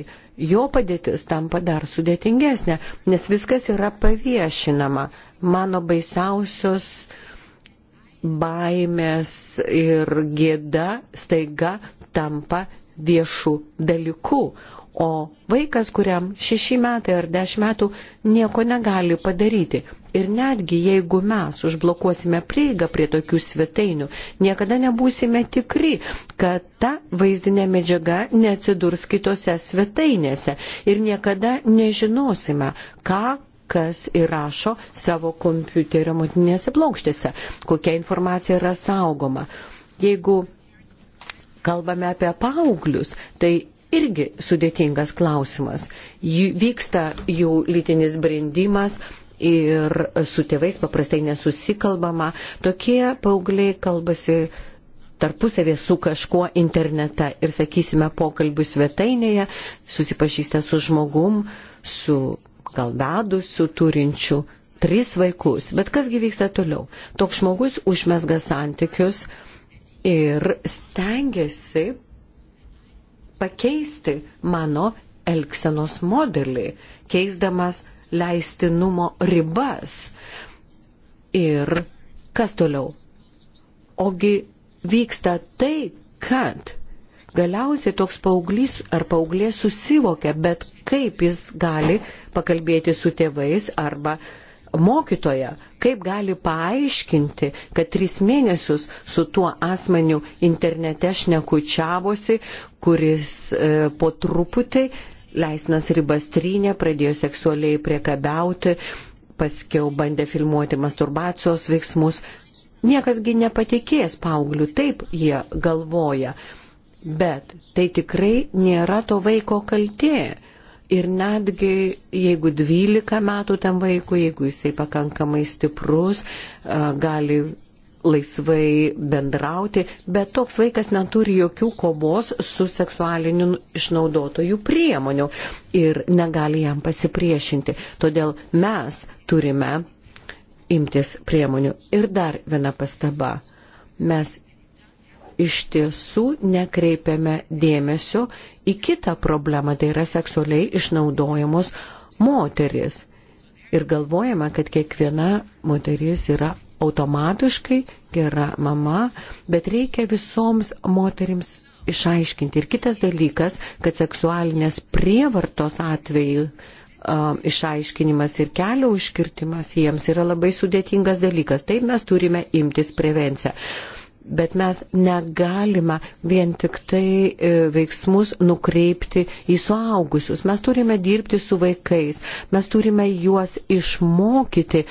jo padėtis tampa dar sudėtingesnė, nes viskas yra paviešinama. Mano baisiausios baimės ir gėda staiga tampa viešų dalykų, O vaikas, kuriam šeši metai ar dešimt metų, nieko negali padaryti. Ir netgi jeigu mes užblokuosime prieigą prie tokių svetainių, niekada nebūsime tikri, kad ta vaizdinė medžiaga neatsidurs kitose svetainėse. Ir niekada nežinosime, ką kas įrašo savo kompiuterio motinėse plokštėse, kokia informacija yra saugoma. Jeigu kalbame apie paauglius, tai irgi sudėtingas klausimas. Jų vyksta jų lytinis brandimas, ir su tėvais paprastai nesusikalbama. Tokie paaugliai kalbasi tarpusavė su kažkuo internete ir, sakysime, pokalbių svetainėje, susipažįsta su žmogum, su galbedusiu turinčiu tris vaikus. Bet kasgi vyksta toliau? Toks žmogus užmesga santykius ir stengiasi pakeisti mano elgsenos modelį, keisdamas leistinumo ribas. Ir kas toliau? Ogi vyksta tai, kad galiausiai toks paauglys ar paauglė susivokia, bet kaip jis gali pakalbėti su tėvais arba mokytoja kaip gali paaiškinti, kad tris mėnesius su tuo asmeniu internete šnekučiavosi, kuris e, po truputį leisnas ribas trynė, pradėjo seksualiai priekabiauti, paskiau bandė filmuoti masturbacijos veiksmus. Niekasgi nepatikės paauglių, taip jie galvoja. Bet tai tikrai nėra to vaiko kaltė Ir netgi jeigu 12 metų tam vaikui, jeigu jisai pakankamai stiprus, gali laisvai bendrauti, bet toks vaikas neturi jokių kovos su seksualiniu išnaudotojų priemonių ir negali jam pasipriešinti. Todėl mes turime imtis priemonių. Ir dar viena pastaba. Mes iš tiesų nekreipiame dėmesio į kitą problemą, tai yra seksualiai išnaudojamos moteris. Ir galvojame, kad kiekviena moteris yra automatiškai gera mama, bet reikia visoms moterims išaiškinti. Ir kitas dalykas, kad seksualinės prievartos atveju um, išaiškinimas ir kelio užkirtimas jiems yra labai sudėtingas dalykas. Taip mes turime imtis prevenciją bet mes negalime vien tik tai e, veiksmus nukreipti į suaugusius. Mes turime dirbti su vaikais, mes turime juos išmokyti,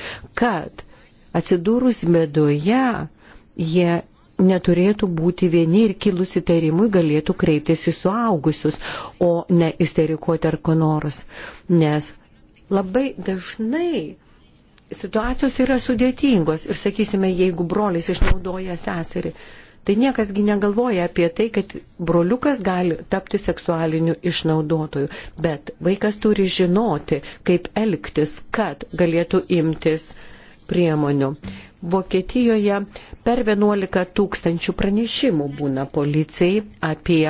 kad atsidūrus bėdoje jie neturėtų būti vieni ir kilus įtarimui galėtų kreiptis į suaugusius, o ne isterikuoti ar ko nors. Nes labai dažnai situacijos yra sudėtingos ir, sakysime, jeigu brolis išnaudoja seserį, tai niekasgi negalvoja apie tai, kad broliukas gali tapti seksualiniu išnaudotoju. Bet vaikas turi žinoti, kaip elgtis, kad galėtų imtis priemonių. Vokietijoje per 11 tūkstančių pranešimų būna policijai apie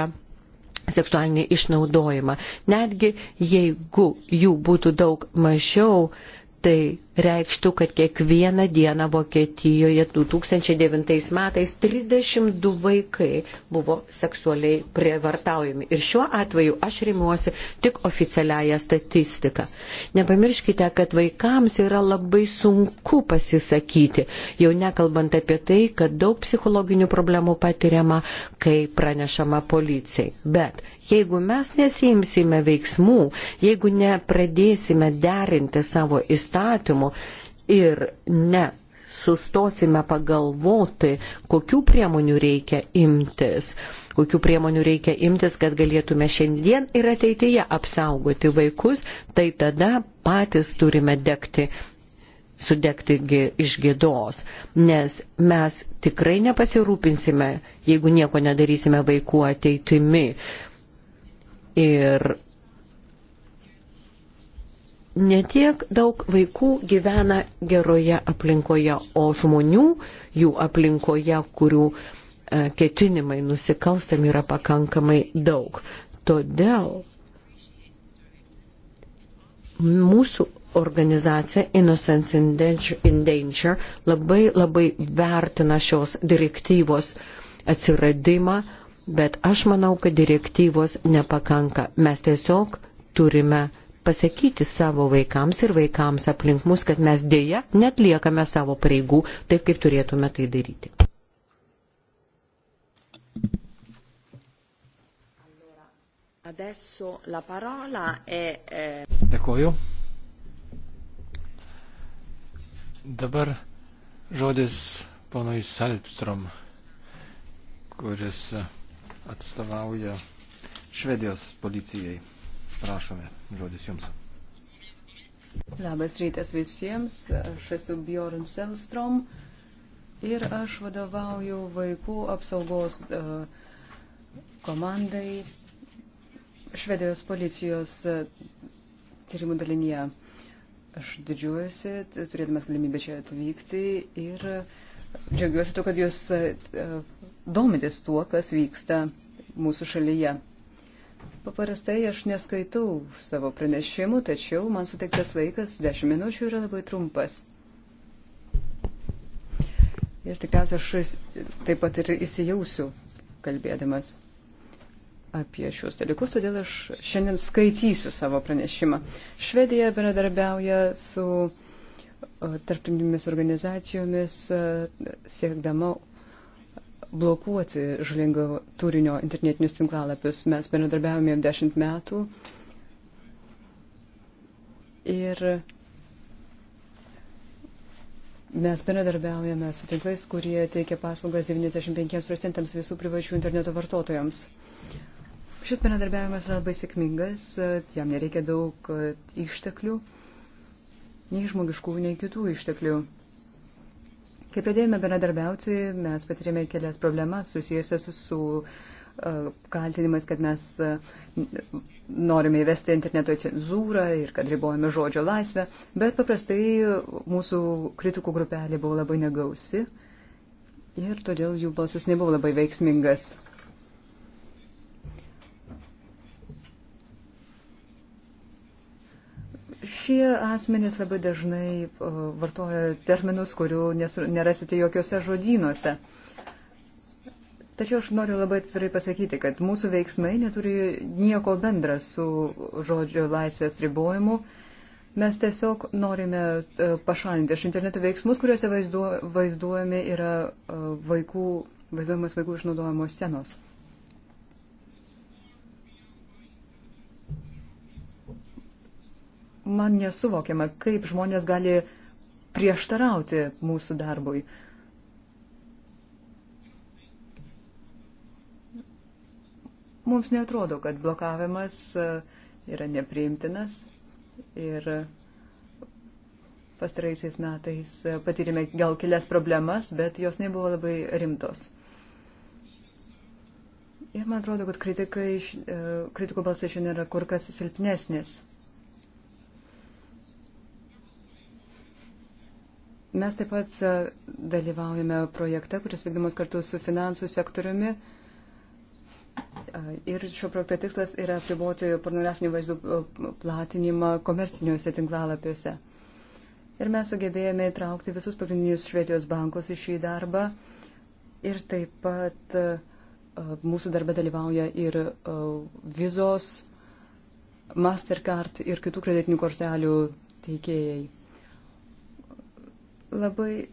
seksualinį išnaudojimą. Netgi jeigu jų būtų daug mažiau, tai reikštų, kad kiekvieną dieną Vokietijoje 2009 metais 32 vaikai buvo seksualiai prievartaujami. Ir šiuo atveju aš remiuosi tik oficialiają statistiką. Nepamirškite, kad vaikams yra labai sunku pasisakyti, jau nekalbant apie tai, kad daug psichologinių problemų patiriama, kai pranešama policijai. Bet jeigu mes nesimsime veiksmų, jeigu nepradėsime derinti savo įstatymų, problemų ir ne sustosime pagalvoti, kokių priemonių reikia imtis, kokių priemonių reikia imtis, kad galėtume šiandien ir ateityje apsaugoti vaikus, tai tada patys turime degti sudegti iš gėdos, nes mes tikrai nepasirūpinsime, jeigu nieko nedarysime vaikų ateitimi. Ir netiek daug vaikų gyvena geroje aplinkoje, o žmonių jų aplinkoje, kurių e, ketinimai nusikalstami yra pakankamai daug. Todėl mūsų organizacija Innocence in Danger labai labai vertina šios direktyvos atsiradimą, bet aš manau, kad direktyvos nepakanka. Mes tiesiog turime pasakyti savo vaikams ir vaikams aplink mus, kad mes dėja net liekame savo pareigų taip, kaip turėtume tai daryti. Eh, Dėkuoju. Dabar žodis ponui Salpstrom, kuris atstovauja Švedijos policijai. Prašome, žodis jums. Labas rytas visiems, aš esu Bjorn Selstrom ir aš vadovauju vaikų apsaugos e, komandai Švedijos policijos e, tyrimų dalinyje. Aš didžiuojuosi, turėdamas galimybę čia atvykti ir džiaugiuosi to, kad jūs e, domitės tuo, kas vyksta mūsų šalyje. Paprastai aš neskaitau savo pranešimų, tačiau man suteiktas laikas 10 minučių yra labai trumpas. Ir tikriausiai aš taip pat ir įsijausiu kalbėdamas apie šios dalykus, todėl aš šiandien skaitysiu savo pranešimą. Švedija bendradarbiauja su tarptautinėmis organizacijomis siekdama blokuoti žalingo turinio internetinius tinklalapius. Mes bendradarbiavome jau dešimt metų. Ir mes bendradarbiaujame su tinklais, kurie teikia paslaugas 95 procentams visų privačių interneto vartotojams. Šis bendradarbiavimas yra labai sėkmingas, jam nereikia daug e, išteklių, nei žmogiškų, nei kitų išteklių. Kai pradėjome bendradarbiauti, mes patirėme kelias problemas susijusias su, su uh, kaltinimais, kad mes uh, norime įvesti interneto cenzūrą ir kad ribojame žodžio laisvę, bet paprastai mūsų kritikų grupelė buvo labai negausi ir todėl jų balsas nebuvo labai veiksmingas. Šie asmenys labai dažnai e, vartoja terminus, kurių nerasite jokiuose žodynuose. Tačiau aš noriu labai atvirai pasakyti, kad mūsų veiksmai neturi nieko bendra su žodžio laisvės ribojimu. Mes tiesiog norime e, pašalinti iš interneto veiksmus, kuriuose vaizduo, vaizduojami yra e, vaikų, vaizduojamas vaikų išnaudojamos scenos. man nesuvokiama, kaip žmonės gali prieštarauti mūsų darbui. Mums netrodo, kad blokavimas e, yra nepriimtinas ir pastaraisiais metais e, patyrėme gal kelias problemas, bet jos nebuvo labai rimtos. Ir man atrodo, kad kritikai, e, kritikų balsai šiandien yra kur kas silpnesnis. Mes taip pat e, dalyvaujame projekte, kuris vykdomas kartu su finansų sektoriumi. E, ir šio projekto tikslas yra apriboti pornografinių vaizdų e, platinimą komerciniuose tinklalapiuose. Ir mes sugebėjome įtraukti visus pagrindinius Švedijos bankus į šį darbą. Ir taip pat mūsų darbą dalyvauja ir vizos, Mastercard ir kitų kreditinių kortelių teikėjai. Labai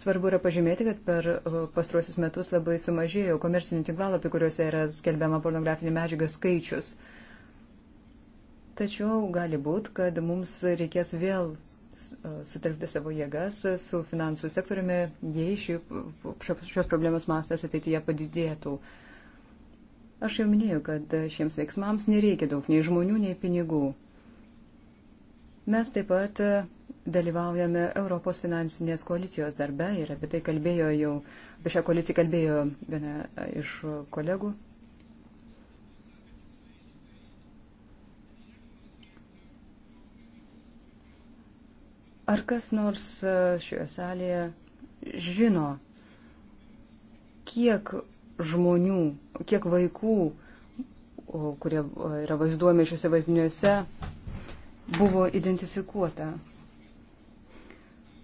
Svarbu yra pažymėti, kad per uh, pastruosius metus labai sumažėjo komercinių tinklalapių, kuriuose yra skelbiama pornografinė medžiaga skaičius. Tačiau gali būti, kad mums reikės vėl uh, sutelkti savo jėgas su finansų sektoriumi, jei ši, uh, šios problemos mastas ateityje padidėtų. Aš jau minėjau, kad šiems veiksmams nereikia daug nei žmonių, nei pinigų. Mes taip pat dalyvaujame Europos finansinės koalicijos darbe ir apie tai kalbėjo jau, apie šią koaliciją kalbėjo viena iš kolegų. Ar kas nors e, šioje salėje žino, kiek žmonių, kiek vaikų, kurie e, yra vaizduomi šiuose vaizdiniuose, buvo identifikuota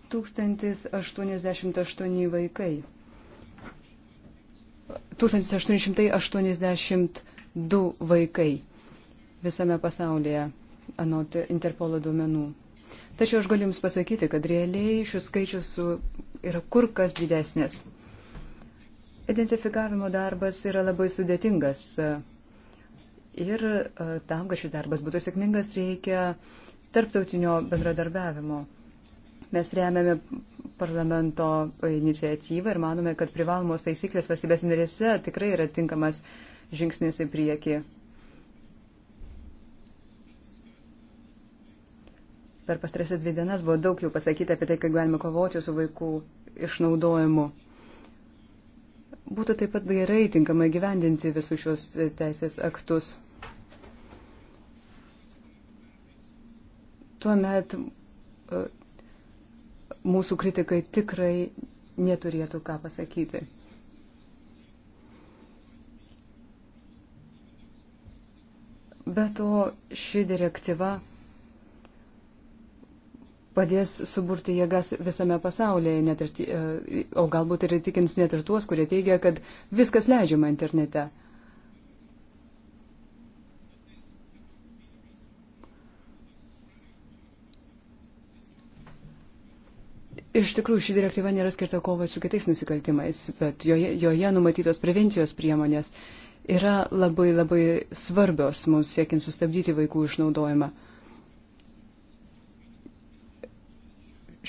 1088 vaikai. 1882 vaikai visame pasaulyje, anot Interpolo duomenų. Tačiau aš galiu Jums pasakyti, kad realiai šis skaičius yra kur kas didesnis. Identifikavimo darbas yra labai sudėtingas. Ir e, tam, kad šis darbas būtų sėkmingas, reikia tarptautinio bendradarbiavimo. Mes remiame parlamento iniciatyvą ir manome, kad privalomos taisyklės valstybės narėse tikrai yra tinkamas žingsnis į priekį. Per pastarėsias dvi dienas buvo daug jau pasakyta apie tai, kaip galime kovoti su vaikų išnaudojimu. Būtų taip pat gerai tinkamai gyvendinti visus šios teisės aktus. Tuomet mūsų kritikai tikrai neturėtų ką pasakyti. Be to, ši direktyva padės suburti jėgas visame pasaulyje, net ir, e, o galbūt ir įtikins net ir tuos, kurie teigia, kad viskas leidžiama internete. Iš tikrųjų, ši direktyva nėra skirta kovai su kitais nusikaltimais, bet joje, joje numatytos prevencijos priemonės yra labai labai svarbios mums siekiant sustabdyti vaikų išnaudojimą.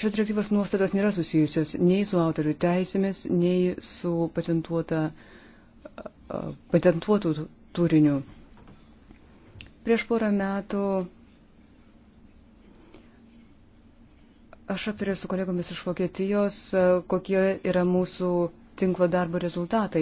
Šios direktyvos nuostatos nėra susijusios nei su autorių teisėmis, nei su patentuotų turiniu. Prieš porą metų Aš aptariau su kolegomis iš Vokietijos, e, kokie yra mūsų tinklo darbo rezultatai.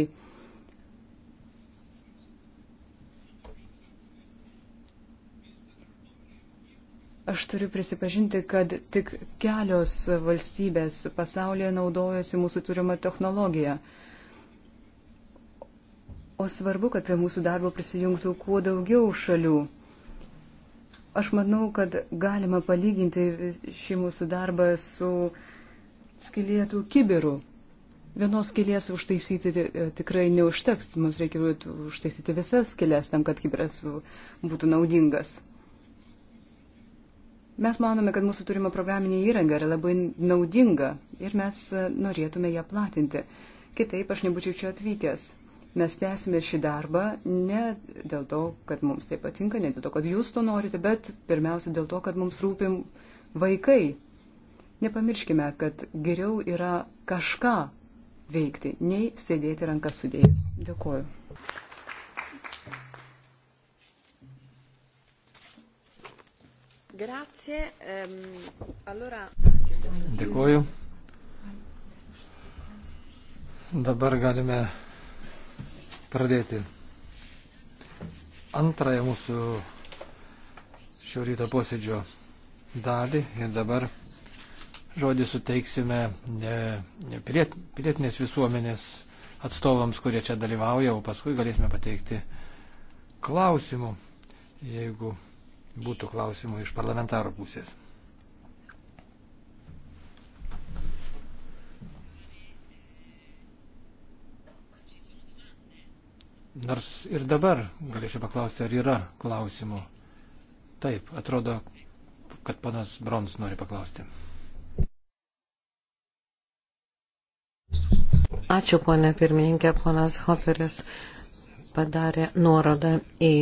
Aš turiu prisipažinti, kad tik kelios valstybės pasaulyje naudojasi mūsų turimą technologiją. O svarbu, kad prie mūsų darbo prisijungtų kuo daugiau šalių. Aš manau, kad galima palyginti šį mūsų darbą su skilėtų kiberu. Vienos skilės užtaisyti e, tikrai neužteks, mums reikia užtaisyti visas skilės tam, kad kiberas būtų naudingas. Mes manome, kad mūsų turima programinė įranga yra labai naudinga ir mes e, norėtume ją platinti. Kitaip aš nebūčiau čia atvykęs. Mes tęsime šį darbą ne dėl to, kad mums tai patinka, ne dėl to, kad jūs to norite, bet pirmiausia dėl to, kad mums rūpim vaikai. Nepamirškime, kad geriau yra kažką veikti, nei sėdėti rankas sudėjus. Dėkuoju. Grazie. Um, allora... Dėkuoju. Dabar galime pradėti antrąją mūsų šio ryto posėdžio dalį ir dabar žodį suteiksime piliet, pilietinės visuomenės atstovams, kurie čia dalyvauja, o paskui galėsime pateikti klausimų, jeigu būtų klausimų iš parlamentarų pusės. Nors ir dabar galėčiau paklausti, ar yra klausimų. Taip, atrodo, kad panas Brons nori paklausti. Ačiū, ponė pirmininkė, ponas Hoperis padarė nuorodą į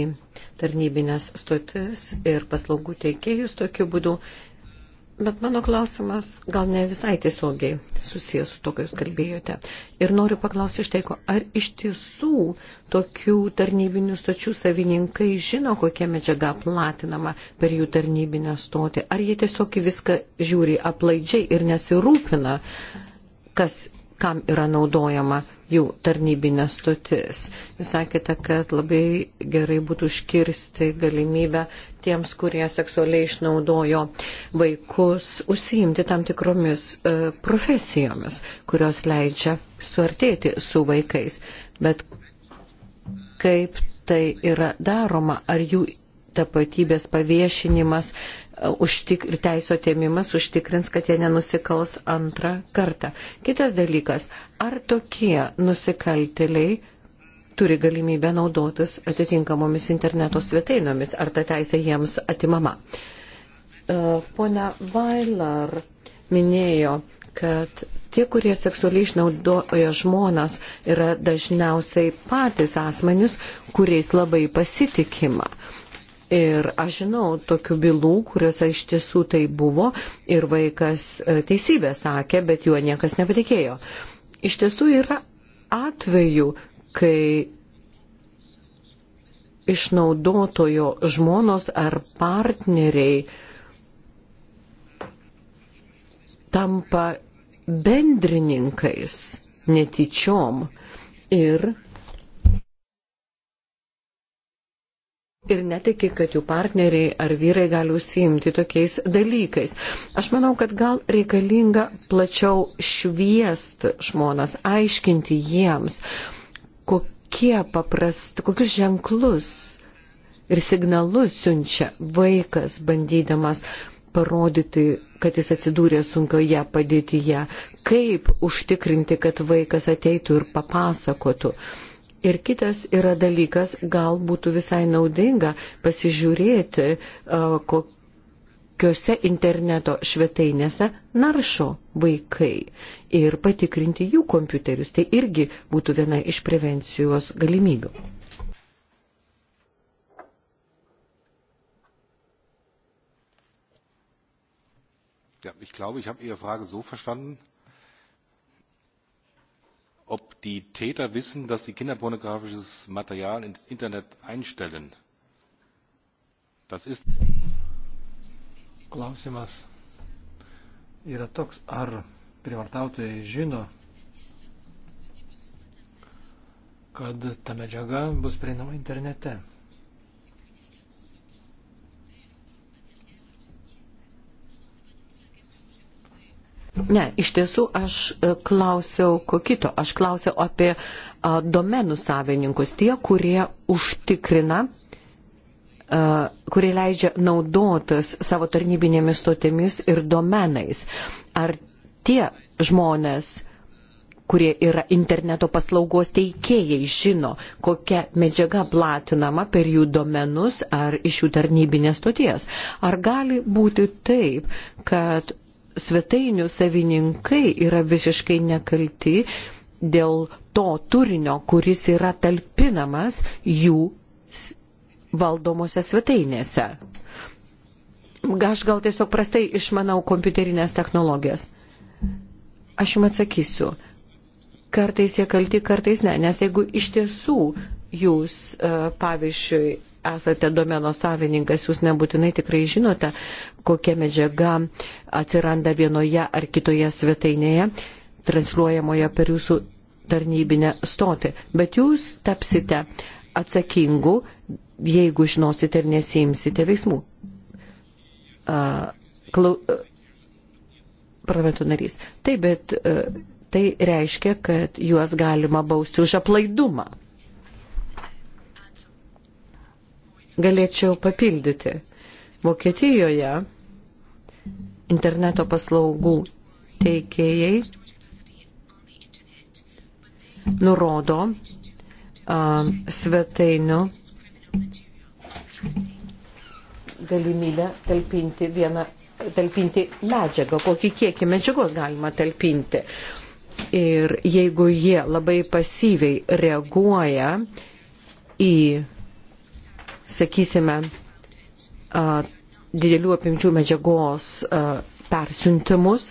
tarnybinės stotis ir paslaugų teikėjus tokiu būdu Bet mano klausimas gal ne visai tiesiogiai susijęs su to, ką jūs kalbėjote. Ir noriu paklausti iš tai, ko, ar iš tiesų tokių tarnybinių stočių savininkai žino, kokia medžiaga platinama per jų tarnybinę stotį, ar jie tiesiog viską žiūri aplaidžiai ir nesirūpina, kas, kam yra naudojama jų tarnybinė stotis. Jūs sakėte, kad labai gerai būtų užkirsti galimybę tiems, kurie seksualiai išnaudojo vaikus, užsiimti tam tikromis e, profesijomis, kurios leidžia suartėti su vaikais. Bet kaip tai yra daroma, ar jų tapatybės paviešinimas užtik, teisų atėmimas užtikrins, kad jie nenusikals antrą kartą. Kitas dalykas, ar tokie nusikaltėliai turi galimybę naudotis atitinkamomis interneto svetainomis, ar ta teisė jiems atimama. E, pone Vailar minėjo, kad tie, kurie seksualiai išnaudoja žmonas, yra dažniausiai patys asmenys, kuriais labai pasitikima. Ir aš žinau tokių bylų, kuriuose iš tiesų tai buvo ir vaikas e, teisybę sakė, bet juo niekas nepatikėjo. Iš tiesų yra atvejų, kai išnaudotojo žmonos ar partneriai tampa bendrininkais netyčiom ir ir netiki, kad jų partneriai ar vyrai gali užsiimti tokiais dalykais. Aš manau, kad gal reikalinga plačiau šviest žmonas, aiškinti jiems, kokie paprasti, kokius ženklus ir signalus siunčia vaikas, bandydamas parodyti, kad jis atsidūrė sunkioje padėtyje, kaip užtikrinti, kad vaikas ateitų ir papasakotų. Ir kitas yra dalykas, gal būtų visai naudinga pasižiūrėti, kokiuose interneto svetainėse naršo vaikai ir patikrinti jų kompiuterius. Tai irgi būtų viena iš prevencijos galimybių. Ja, ich glaube, ich habe Ihre Frage so verstanden, ob die Täter wissen, dass sie kinderpornografisches Material ins Internet einstellen. Das ist. Klausimas yra toks, ar privartautojai žino, kad ta medžiaga bus prieinama internete. Ne, iš tiesų aš e, klausiau ko kito. Aš klausiau apie a, domenų savininkus, tie, kurie užtikrina, a, kurie leidžia naudotis savo tarnybinėmis stotėmis ir domenais. Ar tie žmonės, kurie yra interneto paslaugos teikėjai, žino, kokia medžiaga platinama per jų domenus ar iš jų tarnybinės stoties. Ar gali būti taip, kad svetainių savininkai yra visiškai nekalti dėl to turinio, kuris yra talpinamas jų valdomose svetainėse. Aš gal tiesiog prastai išmanau kompiuterinės technologijas. Aš jums atsakysiu. Kartais jie kalti, kartais ne. Nes jeigu iš tiesų jūs, e, pavyzdžiui, esate domeno savininkas, jūs nebūtinai tikrai žinote, kokia medžiaga atsiranda vienoje ar kitoje svetainėje, transliuojamoje per jūsų tarnybinę stotį. Bet jūs tapsite atsakingu, jeigu žinosite ir nesimsite veiksmų. Uh, klau, uh, parlamento narys. Taip, bet uh, tai reiškia, kad juos galima bausti už aplaidumą. galėčiau papildyti. Vokietijoje interneto paslaugų teikėjai nurodo uh, svetainių galimybę talpinti vieną, talpinti medžiagą, kokį kiekį medžiagos galima talpinti. Ir jeigu jie labai pasyviai reaguoja į sakysime, didelių apimčių medžiagos persiuntimus,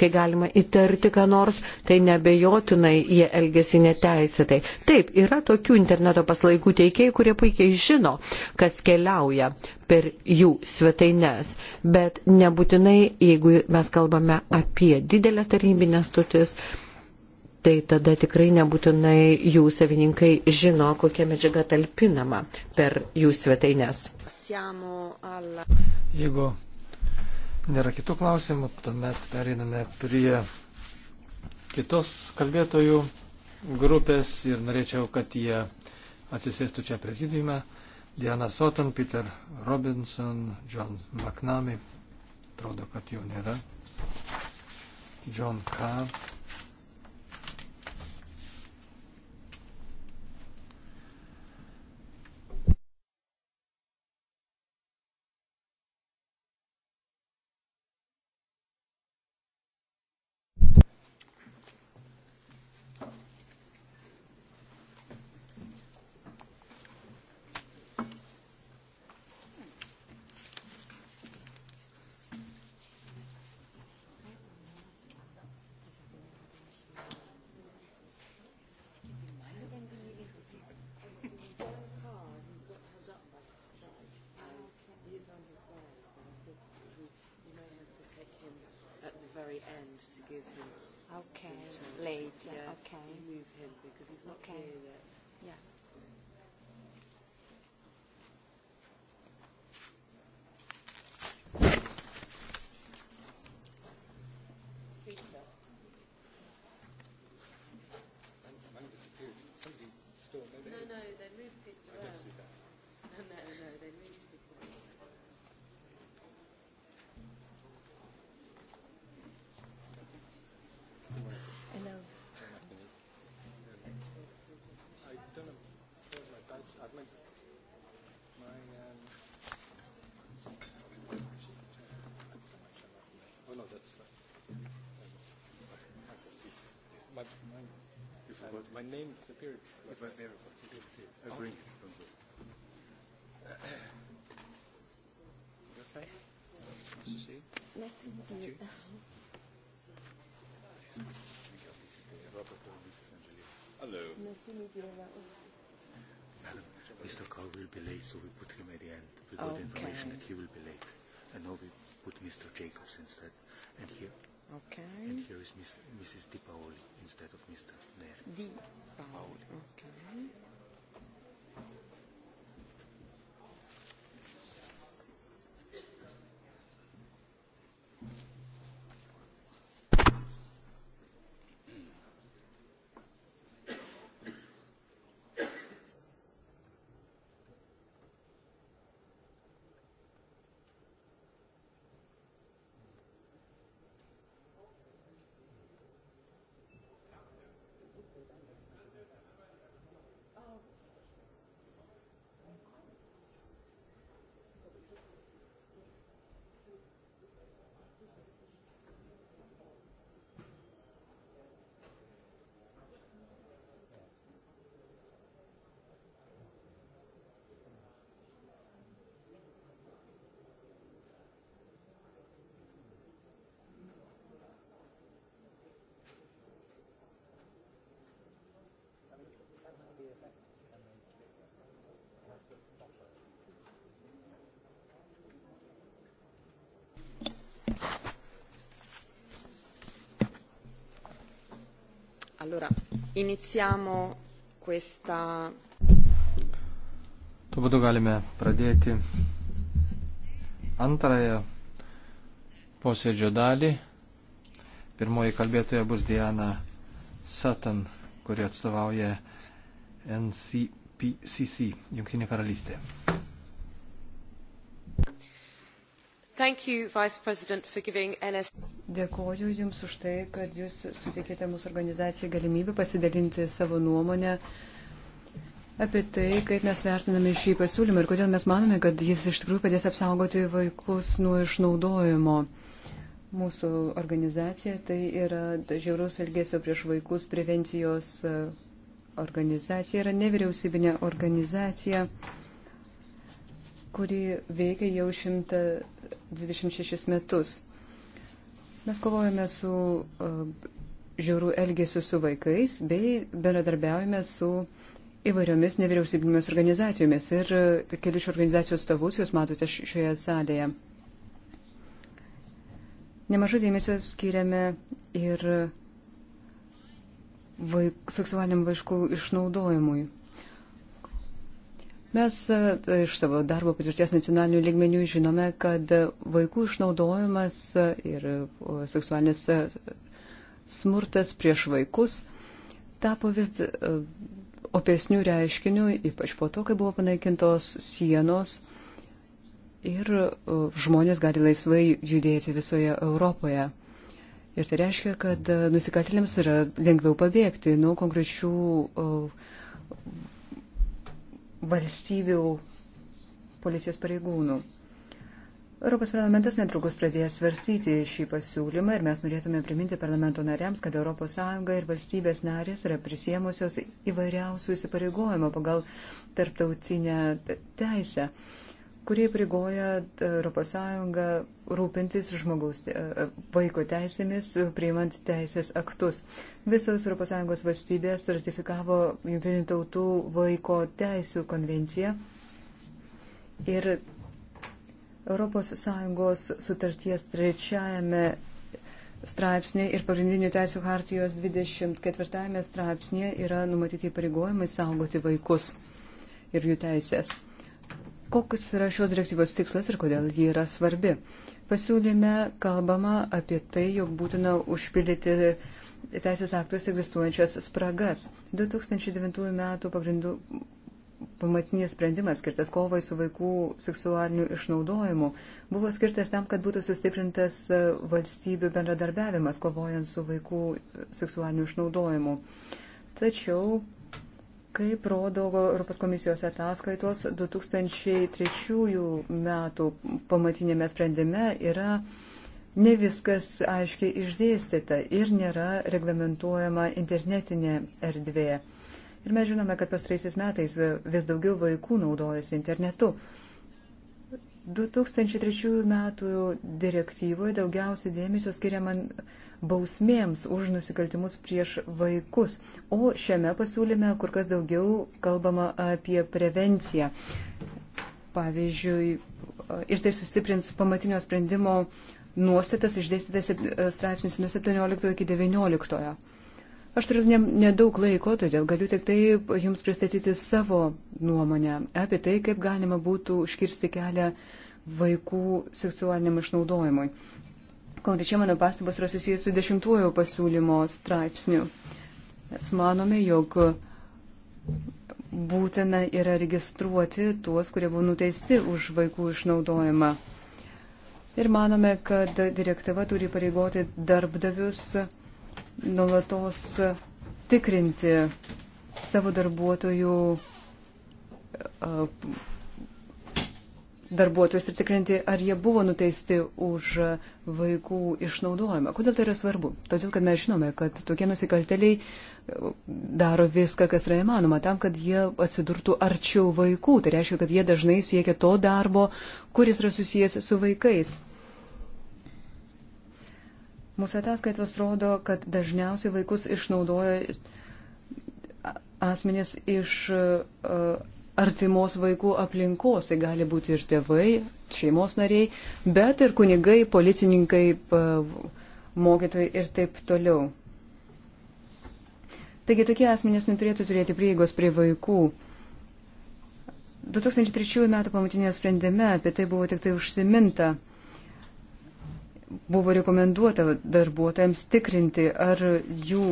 kai galima įtarti, ką nors, tai nebejotinai jie elgesi neteisėtai. Taip, yra tokių interneto paslaikų teikėjų, kurie puikiai žino, kas keliauja per jų svetaines, bet nebūtinai, jeigu mes kalbame apie didelės tarnybinės stutis, uh, tai tada tikrai nebūtinai jų savininkai žino, kokia medžiaga talpinama per jų svetainės. Jeigu nėra kitų klausimų, tuomet periname prie kitos kalbėtojų grupės ir norėčiau, kad jie atsisėstų čia prezidiume. Diana Soton, Peter Robinson, John McNamee. Atrodo, kad jų nėra. John Carr. very end to give him okay, some time. Late, yeah, yeah. Okay. You move him because he's not okay. here yet. Yeah. forgot. My name disappeared. It was there. You can see it. I bring it. Okay. Nice to see you. Nice to meet you. <laughs> Hello. Nice to meet you. Madam, Mr. Carr will be late, so we put him at the end. We got okay. information that he will be late. And now we put Mr. Jacobs instead. And here. Okay. And here is Miss, Mrs. Di Paoli instead of Mr. Neri. Di Paoli. Paoli. Okay. Allora, iniziamo questa. Tuo būdu galime pradėti antrąją posėdžio dalį. Pirmoji kalbėtoja bus Diana Sutton, kuri atstovauja NCPCC, Junktinė karalystė. Thank you, Vice President, for giving NS. Dėkoju Jums už tai, kad Jūs suteikėte mūsų organizacijai galimybę pasidalinti savo nuomonę apie tai, kaip mes vertiname šį pasiūlymą ir kodėl mes manome, kad jis iš tikrųjų padės apsaugoti vaikus nuo išnaudojimo. Mūsų organizacija tai yra žiaurus elgesio prieš vaikus prevencijos e, organizacija, yra nevyriausybinė organizacija, kuri veikia jau 126 metus. Mes kovojame su e, žiaurų elgesiu su vaikais bei bendradarbiaujame su įvairiomis nevyriausybinėmis organizacijomis ir e, keli šių organizacijų stovus jūs matote šioje salėje. Nemažai dėmesio skiriame ir vaik, seksualiniam vaiškų išnaudojimui. Mes e, tai iš savo darbo patirties nacionalinių lygmenių žinome, kad vaikų išnaudojimas e, ir seksualinis e, smurtas prieš vaikus tapo vis opesnių reiškinių, ypač po to, kai buvo panaikintos sienos ir žmonės gali laisvai judėti visoje Europoje. Ir tai reiškia, kad nusikaltėliams yra lengviau pabėgti nuo konkrečių valstybių policijos pareigūnų. Europos parlamentas netrukus pradės svarstyti šį pasiūlymą ir mes norėtume priminti parlamento nariams, kad ES ir valstybės narės yra prisėmusios įvairiausių įsipareigojimų pagal tarptautinę teisę kurie prigoja ES rūpintis žmogaus e, vaiko teisėmis, priimant teisės aktus. Visos ES valstybės ratifikavo Junktinių tautų vaiko teisų konvenciją ir ES sutarties trečiajame straipsnė ir pagrindinių teisų hartijos 24 straipsnė yra numatyti pareigojimai saugoti vaikus ir jų teisės. Koks yra šios direktyvos tikslas ir kodėl ji yra svarbi? Pasiūlyme kalbama apie tai, jog būtina užpildyti teisės aktus egzistuojančias spragas. 2009 m. pagrindų pamatinės sprendimas, skirtas kovai su vaikų seksualiniu išnaudojimu, buvo skirtas tam, kad būtų sustiprintas valstybių bendradarbiavimas kovojant su vaikų seksualiniu išnaudojimu. Tačiau Kaip rodo Europos komisijos ataskaitos, 2003 metų pamatinėme sprendime yra ne viskas aiškiai išdėstyta ir nėra reglamentuojama internetinė erdvė. Ir mes žinome, kad pastraisiais metais vis daugiau vaikų naudojasi internetu. 2003 metų direktyvoje daugiausiai dėmesio skiriama bausmėms už nusikaltimus prieš vaikus. O šiame pasiūlyme kur kas daugiau kalbama apie prevenciją. Pavyzdžiui, ir tai sustiprins pamatinio sprendimo nuostatas išdėstytas straipsnis nuo 17 iki 19. Aš turiu nedaug ne laiko, todėl galiu tik tai jums pristatyti savo nuomonę apie tai, kaip galima būtų užkirsti kelią vaikų seksualiniam išnaudojimui. Konkrečiai mano pastabas yra susijęs su dešimtuoju pasiūlymo straipsniu. Mes manome, jog būtina yra registruoti tuos, kurie buvo nuteisti už vaikų išnaudojimą. Ir manome, kad direktyva turi pareigoti darbdavius nulatos tikrinti savo darbuotojų darbuotojus ir tikrinti, ar jie buvo nuteisti už vaikų išnaudojimą. Kodėl tai yra svarbu? Todėl, kad mes žinome, kad tokie nusikalteliai e, daro viską, kas yra įmanoma, tam, kad jie atsidurtų arčiau vaikų. Tai reiškia, kad jie dažnai siekia to darbo, kuris yra susijęs su vaikais. Mūsų ataskaitos rodo, kad dažniausiai vaikus išnaudoja asmenys iš uh, artimos vaikų aplinkos, tai gali būti ir tėvai, šeimos nariai, bet ir kunigai, policininkai, mokytojai ir taip toliau. Taigi tokie asmenys neturėtų turėti prieigos prie vaikų. 2003 m. pamatinėje sprendime apie tai buvo tik tai užsiminta. Buvo rekomenduota darbuotojams tikrinti, ar jų,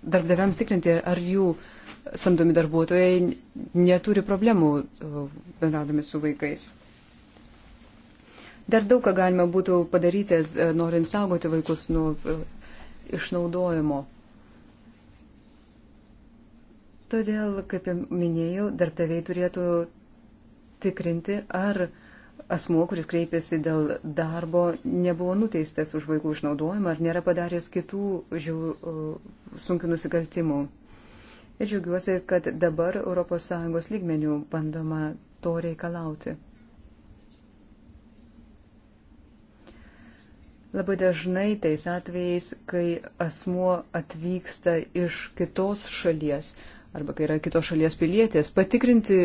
darbdaviams tikrinti, ar jų uh, samdomi darbuotojai neturi problemų e, bendraudami su vaikais. Dar daug ką galima būtų padaryti, e, norint saugoti vaikus nuo e, išnaudojimo. Todėl, kaip minėjau, darbdaviai turėtų tikrinti, ar asmuo, kuris kreipėsi dėl darbo, nebuvo nuteistas už vaikų išnaudojimą, ar nėra padaręs kitų žiau, sunkių nusikaltimų. Ir džiaugiuosi, kad dabar ES lygmenių bandoma to reikalauti. Labai dažnai tais atvejais, kai asmuo atvyksta iš kitos šalies, arba kai yra kitos šalies pilietės, patikrinti,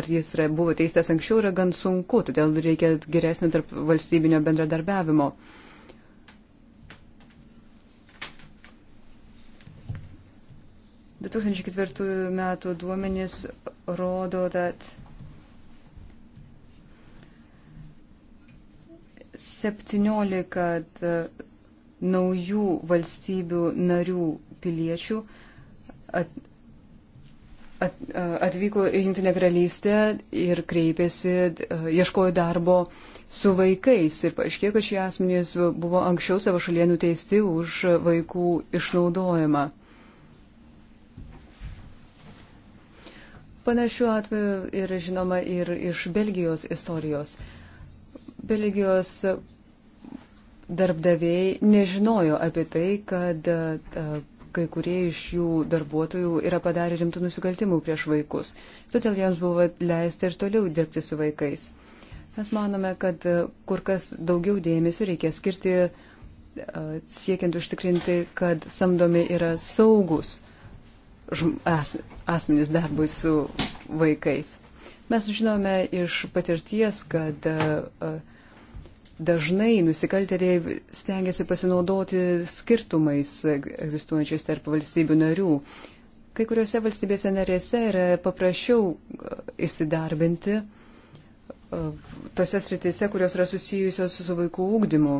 ar jis yra, buvo teistas anksčiau, yra gan sunku, todėl reikia geresnio tarp valstybinio bendradarbiavimo. 2004 metų duomenys rodo, kad 17 e, naujų valstybių narių piliečių at, at, e, atvyko į Junktinę karalystę ir kreipėsi, e, ieškojo darbo su vaikais. Ir paaiškėjo, kad šie asmenys buvo anksčiau savo šalyje nuteisti už vaikų išnaudojimą. Panašių atveju yra žinoma ir iš Belgijos istorijos. Belgijos darbdaviai nežinojo apie tai, kad e, kai kurie iš jų darbuotojų yra padarę rimtų nusikaltimų prieš vaikus. Todėl jiems buvo leista ir toliau dirbti su vaikais. Mes manome, kad e, kur kas daugiau dėmesio reikia skirti e, siekiant užtikrinti, kad samdomi yra saugus asmenys darbui su vaikais. Mes žinome iš patirties, kad e, e, dažnai nusikaltėliai stengiasi pasinaudoti skirtumais egzistuojančiais tarp valstybių narių. Kai kuriuose valstybėse narėse yra paprasčiau e, įsidarbinti tose sritise, kurios yra susijusios su vaikų ūkdymu.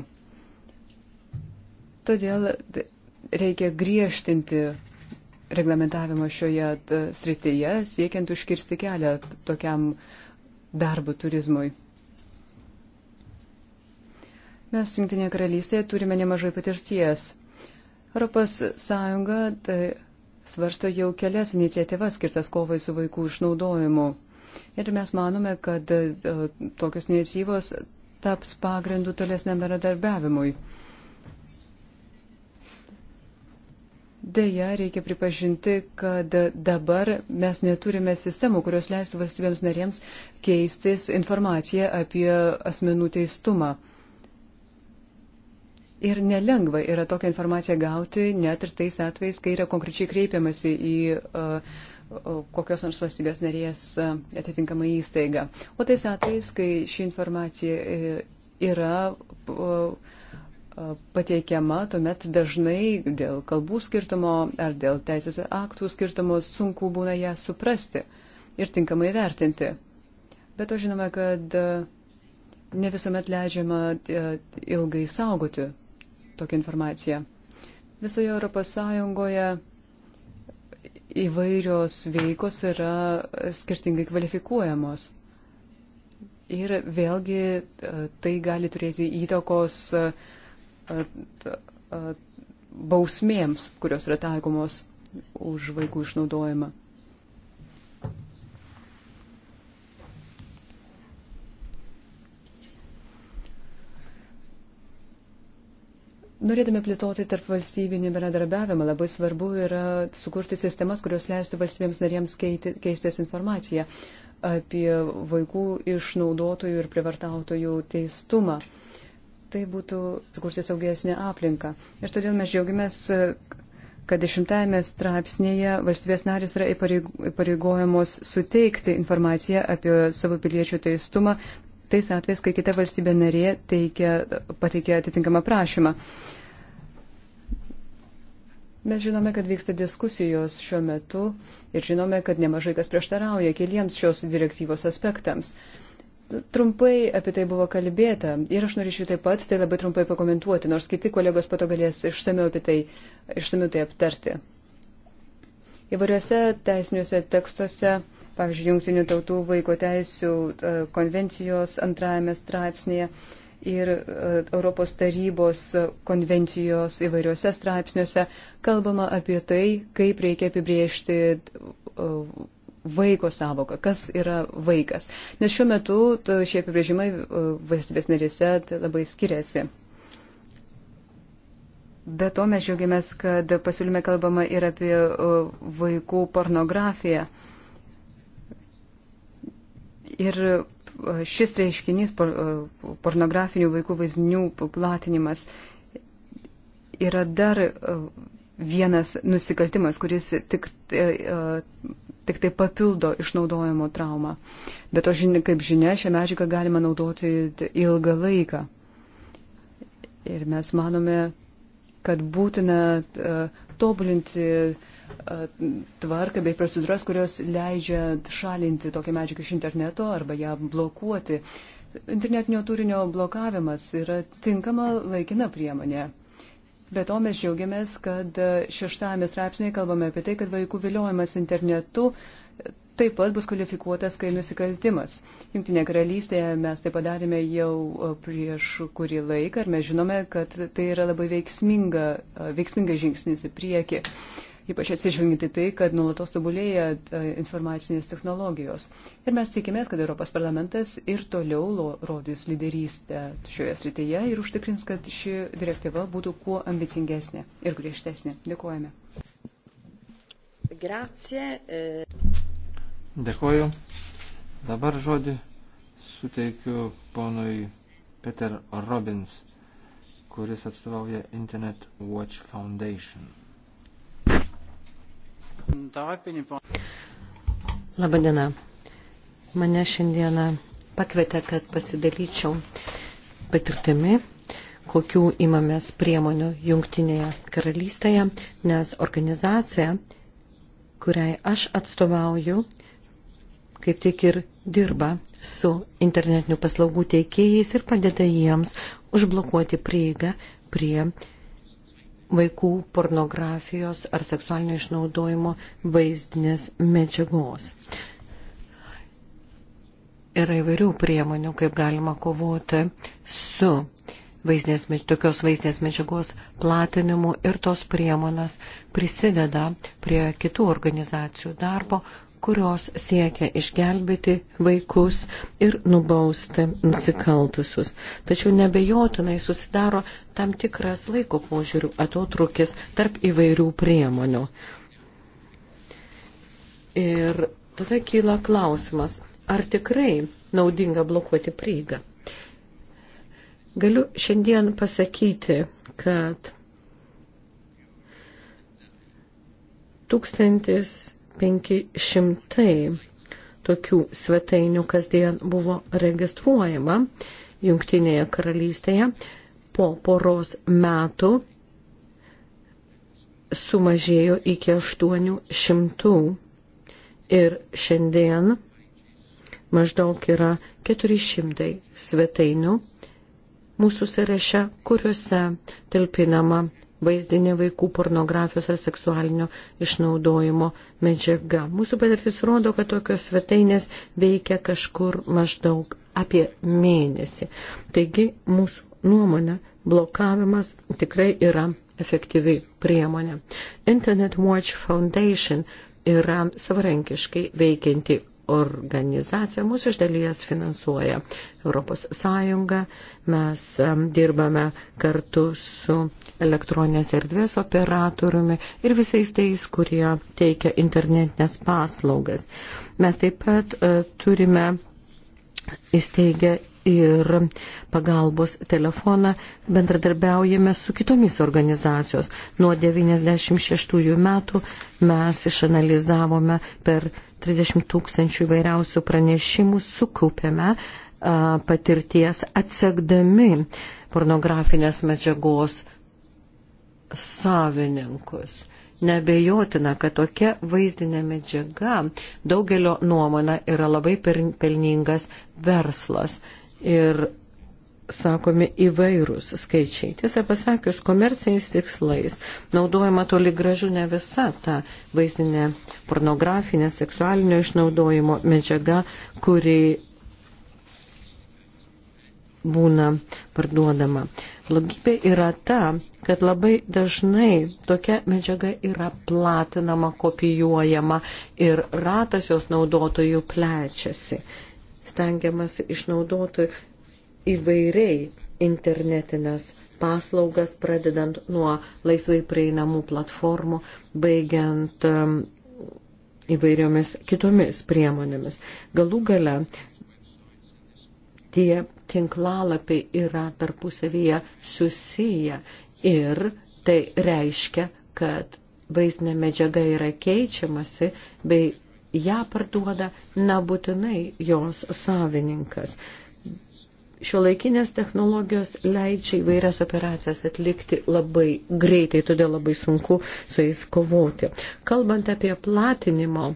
Todėl reikia griežtinti reglamentavimą šioje srityje, siekiant užkirsti kelią tokiam darbo turizmui. Mes Junktinėje karalystėje turime nemažai patirties. Europos Sąjunga tai svarsto jau kelias iniciatyvas skirtas kovai su vaikų išnaudojimu. Ir mes manome, kad tokios iniciatyvos taps pagrindu tolesniam bendradarbiavimui. Deja, reikia pripažinti, kad dabar mes neturime sistemų, kurios leistų valstybėms narėms keistis informaciją apie asmenų teistumą. Ir nelengva yra tokią informaciją gauti net ir tais atvejais, kai yra konkrečiai kreipiamasi į uh, kokios nors valstybės narės atitinkamą įstaigą. O tais atvejais, kai ši informacija e, yra. Uh, pateikiama, tuomet dažnai dėl kalbų skirtumo ar dėl teisės aktų skirtumo sunku būna ją suprasti ir tinkamai vertinti. Bet to žinome, kad e, ne visuomet leidžiama e, ilgai saugoti tokią informaciją. Visoje Europos Sąjungoje įvairios veikos yra skirtingai kvalifikuojamos. Ir vėlgi e, tai gali turėti įtakos uh, bausmėms, kurios yra taikomos už vaikų išnaudojimą. Norėdami plėtoti tarp valstybinį bendradarbiavimą, labai svarbu yra sukurti sistemas, kurios leistų valstybėms narėms keistis informaciją apie vaikų išnaudotojų ir privartautojų teistumą. Uh, tai būtų sukurti saugesnę aplinką. Ir todėl mes džiaugiamės, kad dešimtajame straipsnėje valstybės narės yra įpareigojamos suteikti informaciją apie savo piliečių teistumą tais atvejais, kai kita valstybė narė teikia, pateikia atitinkamą prašymą. Mes žinome, kad vyksta diskusijos šiuo metu ir žinome, kad nemažai kas prieštarauja keliems šios direktyvos aspektams. Uh, Trumpai apie tai buvo kalbėta ir aš norėčiau taip pat tai labai trumpai pakomentuoti, nors kiti kolegos pato galės išsameu apie tai, išsameu tai aptarti. Įvairiuose teisiniuose tekstuose, pavyzdžiui, Junktinių tautų vaiko teisų e, konvencijos antrajame straipsnėje ir e, Europos tarybos konvencijos įvairiuose straipsniuose kalbama apie tai, kaip reikia apibriežti e, vaiko savoką, kas yra vaikas. Nes šiuo metu šie apibrėžimai e, valstybės narėse labai skiriasi. Be to mes džiaugiamės, kad pasiūlyme kalbama ir apie vaikų pornografiją. Ir e, šis reiškinys, e, pornografinių vaikų vaizdinių platinimas, yra dar vienas nusikaltimas, kuris tik tik tai papildo išnaudojimo traumą. Bet, o, kaip žinia, šią medžiagą galima naudoti ilgą laiką. Ir mes manome, kad būtina uh, tobulinti uh, tvarką bei procedūras, kurios leidžia šalinti tokią medžiagą iš interneto arba ją blokuoti. Internetinio turinio blokavimas yra tinkama laikina priemonė. Be to mes džiaugiamės, kad šeštame straipsnėje kalbame apie tai, kad vaikų viliojimas internetu taip pat bus kvalifikuotas kaip nusikaltimas. Junktinė karalystėje mes tai padarėme jau prieš kurį laiką ir mes žinome, kad tai yra labai veiksminga, veiksminga žingsnis į priekį. Uh, ypač atsižvelginti tai, kad nulatos tobulėja e, informacinės technologijos. Ir mes tikimės, kad Europos parlamentas ir toliau rodys lyderystę šioje srityje ir užtikrins, kad ši direktyva būtų kuo ambicingesnė ir griežtesnė. Dėkojame. Grazie. E. Dėkoju. Dabar žodį suteikiu ponui Peter Robbins, kuris atstovauja Internet Watch Foundation. Labadiena. Mane šiandieną pakvietė, kad pasidalyčiau patirtimi, kokių imamės priemonių Jungtinėje karalystėje, nes organizacija, kuriai aš atstovauju, kaip tik ir dirba su internetinių paslaugų teikėjais ir padeda jiems užblokuoti prieigą prie vaikų pornografijos ar seksualinio išnaudojimo vaizdinės medžiagos. Yra įvairių priemonių, kaip galima kovoti su vaizdinės, tokios vaizdinės medžiagos platinimu ir tos priemonės prisideda prie kitų organizacijų darbo, kurios siekia išgelbėti vaikus ir nubausti nusikaltusius. Tačiau nebejotinai susidaro tam tikras laiko požiūrių atotrukis tarp įvairių priemonių. Ir tada kyla klausimas, ar tikrai naudinga blokuoti prieigą. Galiu šiandien pasakyti, kad 1000 500 tokių svetainių kasdien buvo registruojama Junktinėje karalystėje. Po poros metų sumažėjo iki 800 ir šiandien maždaug yra 400 svetainių mūsų sąraše, kuriuose talpinama vaizdinė vaikų pornografijos ar seksualinio išnaudojimo medžiaga. Mūsų patirtis rodo, kad tokios svetainės veikia kažkur maždaug apie mėnesį. Taigi mūsų nuomonė blokavimas tikrai yra efektyvi priemonė. Internet Watch Foundation yra savarankiškai veikianti organizacija mūsų iš dalies finansuoja Europos Sąjunga. Mes dirbame kartu su elektroninės erdvės operatoriumi ir visais tais, kurie teikia internetinės paslaugas. Mes taip pat e, turime įsteigę ir pagalbos telefoną bendradarbiaujame su kitomis organizacijos. Nuo 96 metų mes išanalizavome per 30 tūkstančių įvairiausių pranešimų sukaupėme patirties atsekdami pornografinės medžiagos savininkus. Nebejotina, kad tokia vaizdinė medžiaga daugelio nuomonė yra labai pelningas verslas. Ir sakomi įvairūs skaičiai. Tiesą pasakius, komerciniais tikslais naudojama toli gražu ne visa ta vaizdinė pornografinė seksualinio išnaudojimo medžiaga, kuri būna parduodama. Blogybė yra ta, kad labai dažnai tokia medžiaga yra platinama, kopijuojama ir ratas jos naudotojų plečiasi. Stengiamas išnaudoti įvairiai internetinės paslaugas, pradedant nuo laisvai prieinamų platformų, baigiant um, įvairiomis kitomis priemonėmis. Galų gale tie tinklalapiai yra tarpusavyje susiję ir tai reiškia, kad vaizdinė medžiaga yra keičiamasi bei ją parduoda nebūtinai jos savininkas šiuolaikinės technologijos leidžia įvairias operacijas atlikti labai greitai, todėl labai sunku su jais kovoti. Kalbant apie platinimo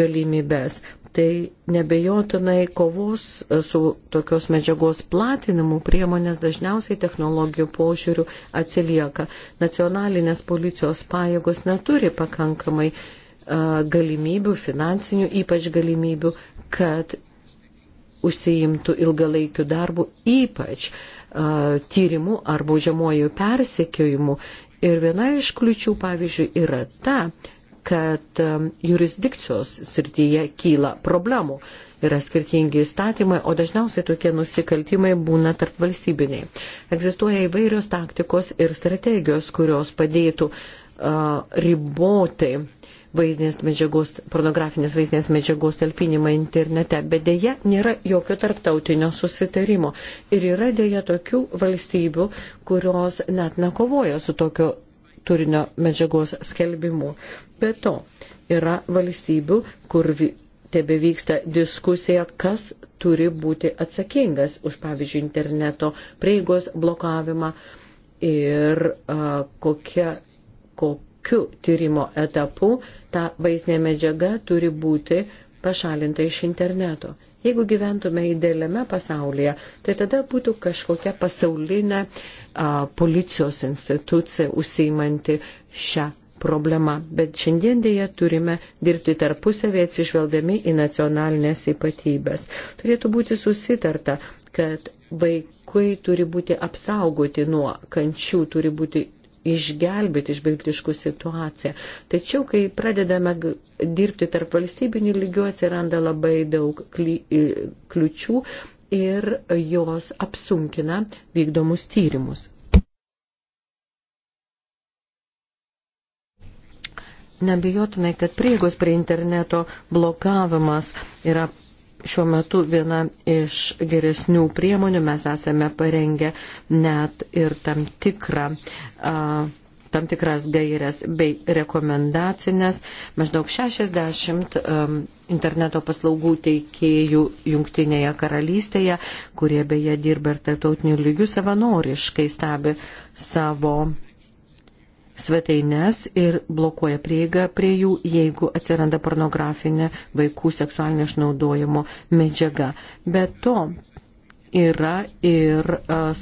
galimybės, tai nebejotinai kovos e, su tokios medžiagos platinimu priemonės dažniausiai technologijų požiūrių atsilieka. Nacionalinės policijos pajėgos neturi pakankamai e, galimybių, finansinių ypač galimybių, kad užsiimtų ilgalaikių darbų, ypač uh, tyrimų ar baudžiamojų persekiojimų. Ir viena iš kliučių, pavyzdžiui, yra ta, kad um, jurisdikcijos srityje kyla problemų. Yra skirtingi įstatymai, o dažniausiai tokie nusikaltimai būna tarp valstybiniai. Egzistuoja įvairios taktikos ir strategijos, kurios padėtų uh, ribotai uh, vaizdinės medžiagos, pornografinės vaizdinės medžiagos talpinimą internete, bet dėja nėra jokio tarptautinio susitarimo. Ir yra dėja tokių valstybių, kurios net nekovoja su tokio turinio medžiagos skelbimu. Be to, yra valstybių, kur tebe vyksta diskusija, kas turi būti atsakingas už, pavyzdžiui, interneto prieigos blokavimą ir a, kokia, kokiu tyrimo etapu ta vaizdinė medžiaga turi būti pašalinta iš interneto. Jeigu gyventume idealiame pasaulyje, tai tada būtų kažkokia pasaulinė a, policijos institucija užsiimanti šią problemą. Bet šiandien dėje turime dirbti tarpusavį atsižvelgdami į nacionalinės ypatybės. Turėtų būti susitarta, kad vaikai turi būti apsaugoti nuo kančių, turi būti išgelbėti iš beviltiškų situaciją. Tačiau, kai pradedame dirbti tarp valstybinių lygių, atsiranda labai daug kliučių ir jos apsunkina vykdomus tyrimus. Nebijotinai, kad prieigos prie interneto blokavimas yra šiuo metu viena iš geresnių priemonių. Mes esame parengę net ir tam tikrą. Uh, tam tikras gairias bei rekomendacinės. Maždaug 60 um, interneto paslaugų teikėjų Junktinėje karalystėje, kurie beje dirba ir tarptautinių lygių, savanoriškai stebi savo svetaines ir blokuoja prieigą prie jų, jeigu atsiranda pornografinė vaikų seksualinio išnaudojimo medžiaga. Be to, yra ir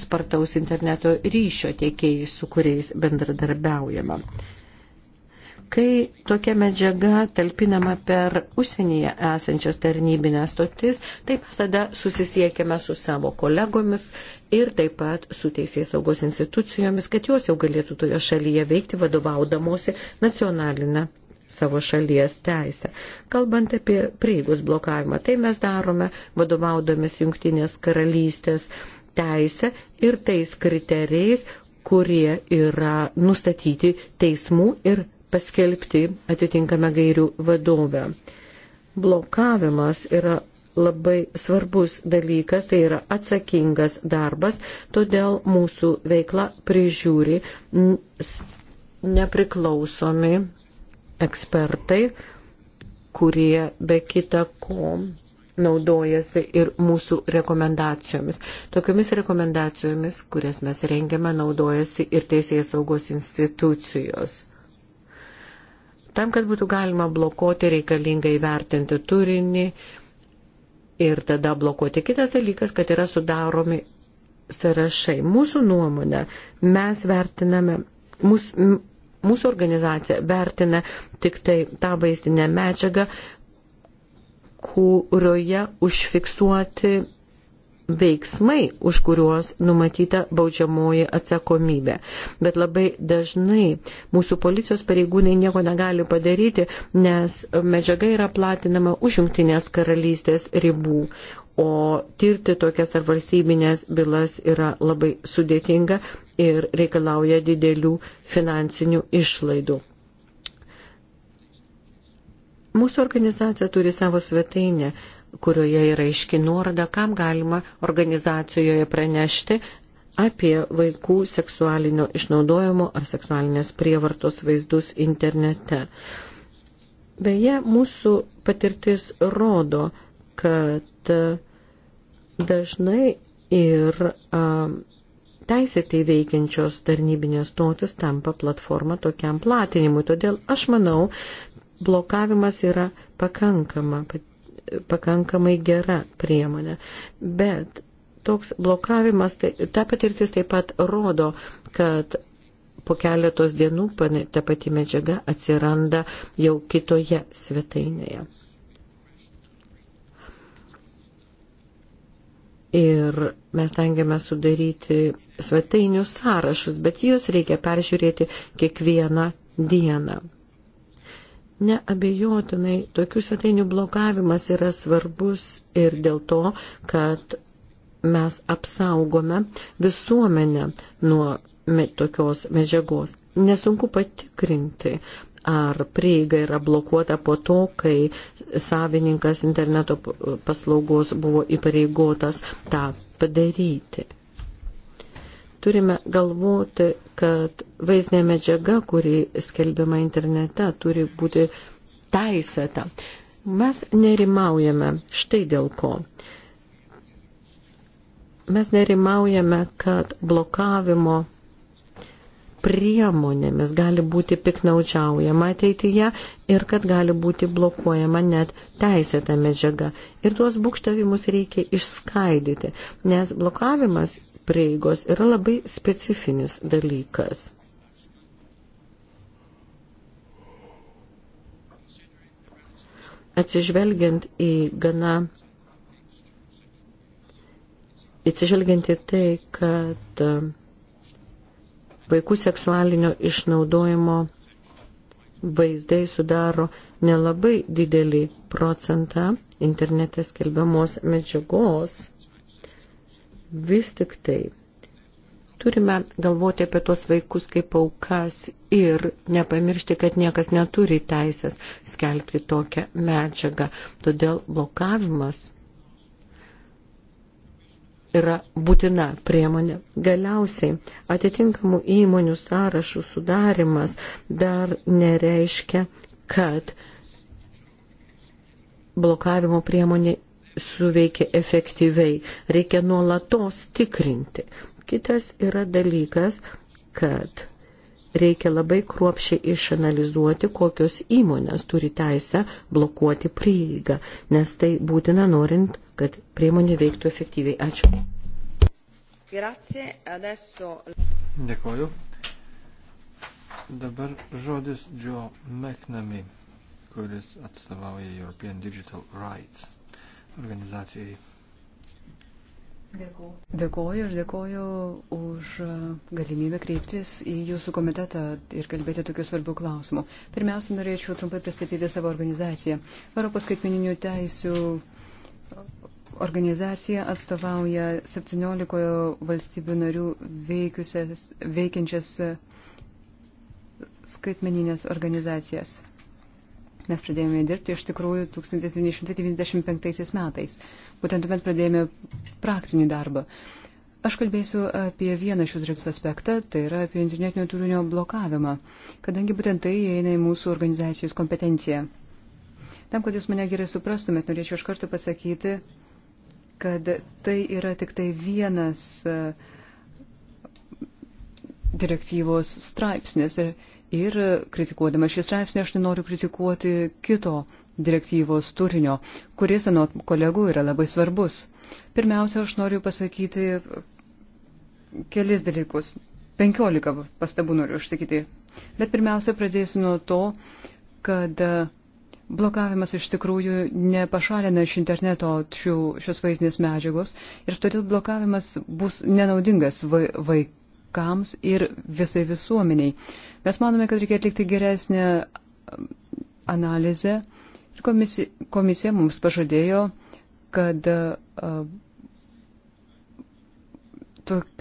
spartaus interneto ryšio tiekėjai, su kuriais bendradarbiaujama. Kai tokia medžiaga talpinama per užsienyje esančias tarnybinės stotis, taip tada susisiekime su savo kolegomis ir taip pat su teisės saugos institucijomis, kad jos jau galėtų toje šalyje veikti vadovaudamosi nacionalinę savo šalies teisę. Kalbant apie prieigos blokavimą, tai mes darome vadovaudomis Junktinės karalystės teisę ir tais kriterijais, kurie yra nustatyti teismų ir paskelbti atitinkamą gairių vadovę. Blokavimas yra labai svarbus dalykas, tai yra atsakingas darbas, todėl mūsų veikla prižiūri nepriklausomi ekspertai, kurie be kita ko naudojasi ir mūsų rekomendacijomis. Tokiomis rekomendacijomis, kurias mes rengiame, naudojasi ir teisės saugos institucijos. Tam, kad būtų galima blokuoti, reikalinga įvertinti turinį ir tada blokuoti. Kitas dalykas, kad yra sudaromi sąrašai. Mūsų nuomonė, mes vertiname, mūsų, mūsų organizacija vertina tik tai tą vaizdinę medžiagą, kurioje užfiksuoti veiksmai, už kuriuos numatyta baudžiamoji atsakomybė. Bet labai dažnai mūsų policijos pareigūnai nieko negali padaryti, nes medžiaga yra platinama už jungtinės karalystės ribų. O tirti tokias ar valstybinės bylas yra labai sudėtinga ir reikalauja didelių finansinių išlaidų. Mūsų organizacija turi savo svetainę, kurioje yra iški nuoroda, kam galima organizacijoje pranešti apie vaikų seksualinio išnaudojimo ar seksualinės prievartos vaizdus internete. Beje, mūsų patirtis rodo, kad dažnai ir a, teisėtai veikiančios tarnybinės stotis tampa platforma tokiam platinimui. Todėl aš manau, blokavimas yra pakankama pakankamai gera priemonė. Bet toks blokavimas, tai, ta patirtis taip pat rodo, kad po keletos dienų ta pati medžiaga atsiranda jau kitoje svetainėje. Ir mes tengiame sudaryti svetainių sąrašus, bet juos reikia peržiūrėti kiekvieną dieną. Neabejotinai, tokių svetainių blokavimas yra svarbus ir dėl to, kad mes apsaugome visuomenę nuo tokios medžiagos. Nesunku patikrinti, ar prieiga yra blokuota po to, kai savininkas interneto paslaugos buvo įpareigotas tą padaryti. Turime galvoti, kad vaizdinė medžiaga, kuri skelbiama internete, turi būti teisėta. Mes nerimaujame štai dėl ko. Mes nerimaujame, kad blokavimo priemonėmis gali būti piknaudžiaujama ateityje ir kad gali būti blokuojama net teisėta medžiaga. Ir tuos būkštavimus reikia išskaidyti, nes blokavimas prieigos yra labai specifinis dalykas. Atsižvelgiant į gana, atsižvelgiant į tai, kad um, vaikų seksualinio išnaudojimo vaizdai sudaro nelabai didelį procentą internete skelbiamos medžiagos vis tik tai turime galvoti apie tuos vaikus kaip aukas ir nepamiršti, kad niekas neturi teisės skelbti tokią medžiagą. Todėl blokavimas yra būtina priemonė. Galiausiai atitinkamų įmonių sąrašų sudarimas dar nereiškia, kad blokavimo priemonė suveikia efektyviai. Reikia nuolatos tikrinti. Kitas yra dalykas, kad reikia labai kruopšiai išanalizuoti, kokios įmonės turi teisę blokuoti prieigą, nes tai būtina norint, kad priemonė veiktų efektyviai. Ačiū. Adesso... Dėkoju. Dabar žodis Joe McNamee, kuris atstovauja European Digital Rights organizacijai. Dėkuoju. dėkuoju ir dėkuoju už e, galimybę kreiptis į jūsų komitetą ir kalbėti tokiu svarbiu klausimu. Pirmiausia, norėčiau trumpai pristatyti savo organizaciją. Europos skaitmeninių teisių organizacija atstovauja 17 valstybių narių veikiančias e, skaitmeninės organizacijas. Mes pradėjome dirbti iš tikrųjų 1995 metais. Būtent tuomet pradėjome praktinį darbą. Aš kalbėsiu apie vieną šių direkcijos aspektą, tai yra apie internetinio turinio blokavimą, kadangi būtent tai įeina į mūsų organizacijos kompetenciją. Tam, kad jūs mane gerai suprastumėt, norėčiau iš karto pasakyti, kad tai yra tik tai vienas e, direktyvos straipsnis ir Ir kritikuodama šį straipsnį aš nenoriu kritikuoti kito direktyvos turinio, kuris, anot kolegų, yra labai svarbus. Pirmiausia, aš noriu pasakyti kelis dalykus. Penkiolika pastabų noriu užsakyti. Bet pirmiausia, pradėsiu nuo to, kad e, blokavimas iš tikrųjų nepašalina iš interneto šių, šios vaizdinės medžiagos ir todėl blokavimas bus nenaudingas vai, vai, vaikams ir visai visuomeniai. Mes manome, kad reikia atlikti geresnę um, analizę ir komisija, komisija mums pažadėjo, kad uh,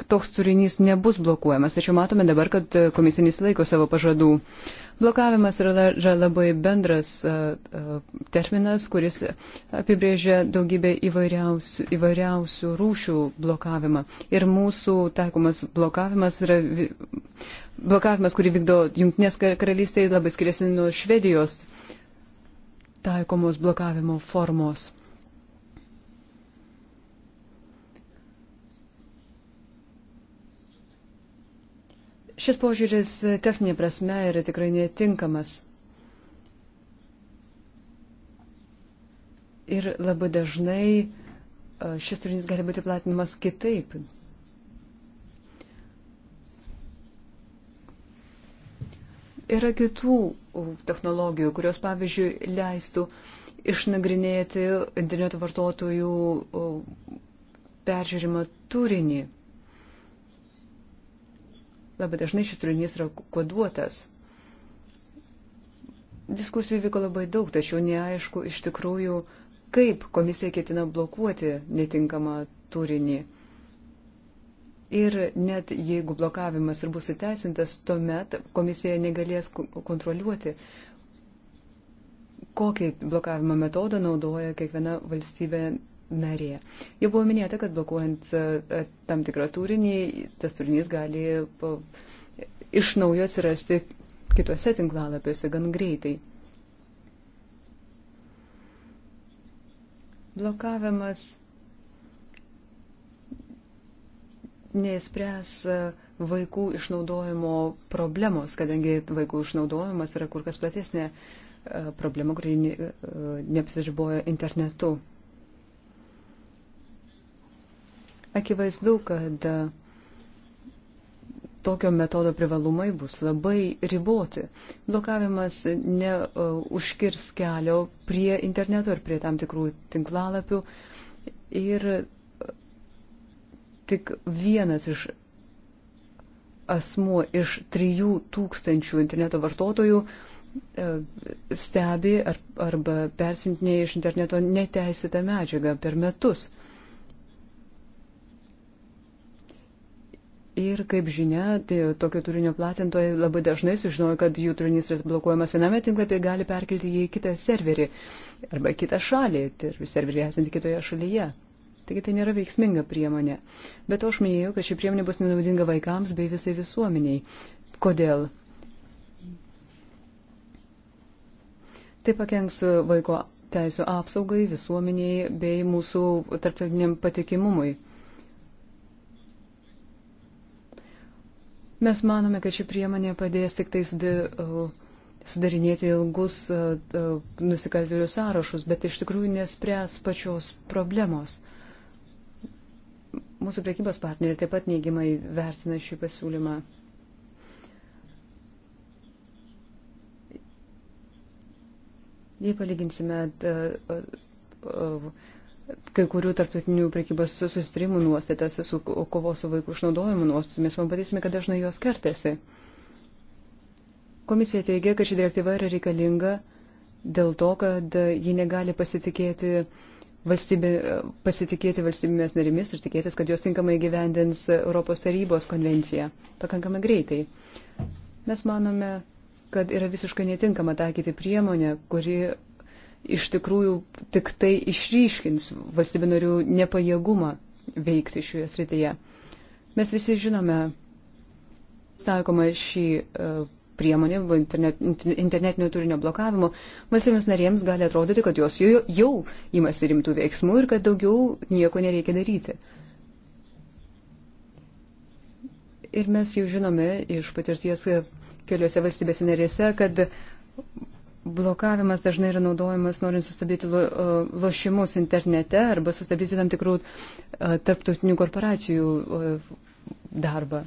toks turinys nebus blokuojamas. Tačiau matome dabar, kad uh, komisija nesilaiko savo pažadų. Uh, Blokavimas yra, yra labai bendras terminas, kuris apibrėžia daugybę įvairiausių, įvairiausių rūšių blokavimą. Ir mūsų taikomas blokavimas yra. Blokavimas, kurį vykdo Junktinės karalystėje, labai skiriasi nuo Švedijos taikomos blokavimo formos. Šis požiūris techninė prasme yra tikrai netinkamas. Ir labai dažnai šis turinys gali būti platinamas kitaip. Yra kitų technologijų, kurios, pavyzdžiui, leistų išnagrinėti interneto vartotojų peržiūrimą turinį labai dažnai šis turinys yra koduotas. Diskusijų vyko labai daug, tačiau neaišku iš tikrųjų, kaip komisija ketina blokuoti netinkamą turinį. Ir net jeigu blokavimas ir bus įteisintas, tuomet komisija negalės kontroliuoti, kokį blokavimo metodą naudoja kiekviena valstybė narė. Jau buvo minėta, kad blokuojant e, e, tam tikrą turinį, tas turinys gali iš naujo atsirasti kitose tinklalapiuose gan greitai. Blokavimas neįspręs e, vaikų išnaudojimo problemos, kadangi vaikų išnaudojimas yra kur kas platesnė problema, kuri neapsiriboja internetu. Akivaizdu, kad tokio metodo privalumai bus labai riboti. Blokavimas neužkirs e, kelio prie interneto ir prie tam tikrų tinklalapių. Ir e, tik vienas iš asmuo iš 3000 interneto vartotojų e, stebi ar, arba persintinėja iš interneto neteisėtą medžiagą per metus. Ir kaip žinia, tai tokio turinio platintojai labai dažnai sužinojo, kad jų turinys yra blokuojamas viename tinklapyje, gali perkelti jį į kitą serverį arba kitą šalį, tai ir serverį esantį kitoje šalyje. Taigi tai nėra veiksminga priemonė. Bet aš minėjau, kad ši priemonė bus nenaudinga vaikams bei visai visuomeniai. Kodėl? Tai pakenks vaiko teisų apsaugai, visuomeniai bei mūsų tarptautiniam patikimumui. Mes manome, kad ši priemonė padės tik tai uh, sudarinėti ilgus uh, uh, nusikaltėlių sąrašus, bet iš tikrųjų nespręs pačios problemos. Mūsų priekybos partneriai taip pat neigiamai vertina šį pasiūlymą. Jei palyginsime kai kurių tarptautinių prekybos susitrimų nuostatas, su kovos su vaikų išnaudojimu nuostatomis, man patysime, kad dažnai jos kartėsi. Komisija teigia, kad ši direktyva yra reikalinga dėl to, kad ji negali pasitikėti, valstybė, pasitikėti valstybėmis narimis ir tikėtis, kad jos tinkamai gyvendins Europos tarybos konvenciją pakankamai greitai. Mes manome, kad yra visiškai netinkama taikyti priemonę, kuri iš tikrųjų tik tai išryškins valstybių narių nepajėgumą veikti šioje srityje. Mes visi žinome, taikoma šį e, priemonė internet, internetinio turinio blokavimo, valstybėms narėms gali atrodyti, kad jos jau, jau imasi rimtų veiksmų ir kad daugiau nieko nereikia daryti. Ir mes jau žinome iš patirties keliose valstybėse narėse, kad blokavimas dažnai yra naudojamas norint sustabdyti lošimus internete arba sustabdyti tam tikrų tarptautinių korporacijų darbą.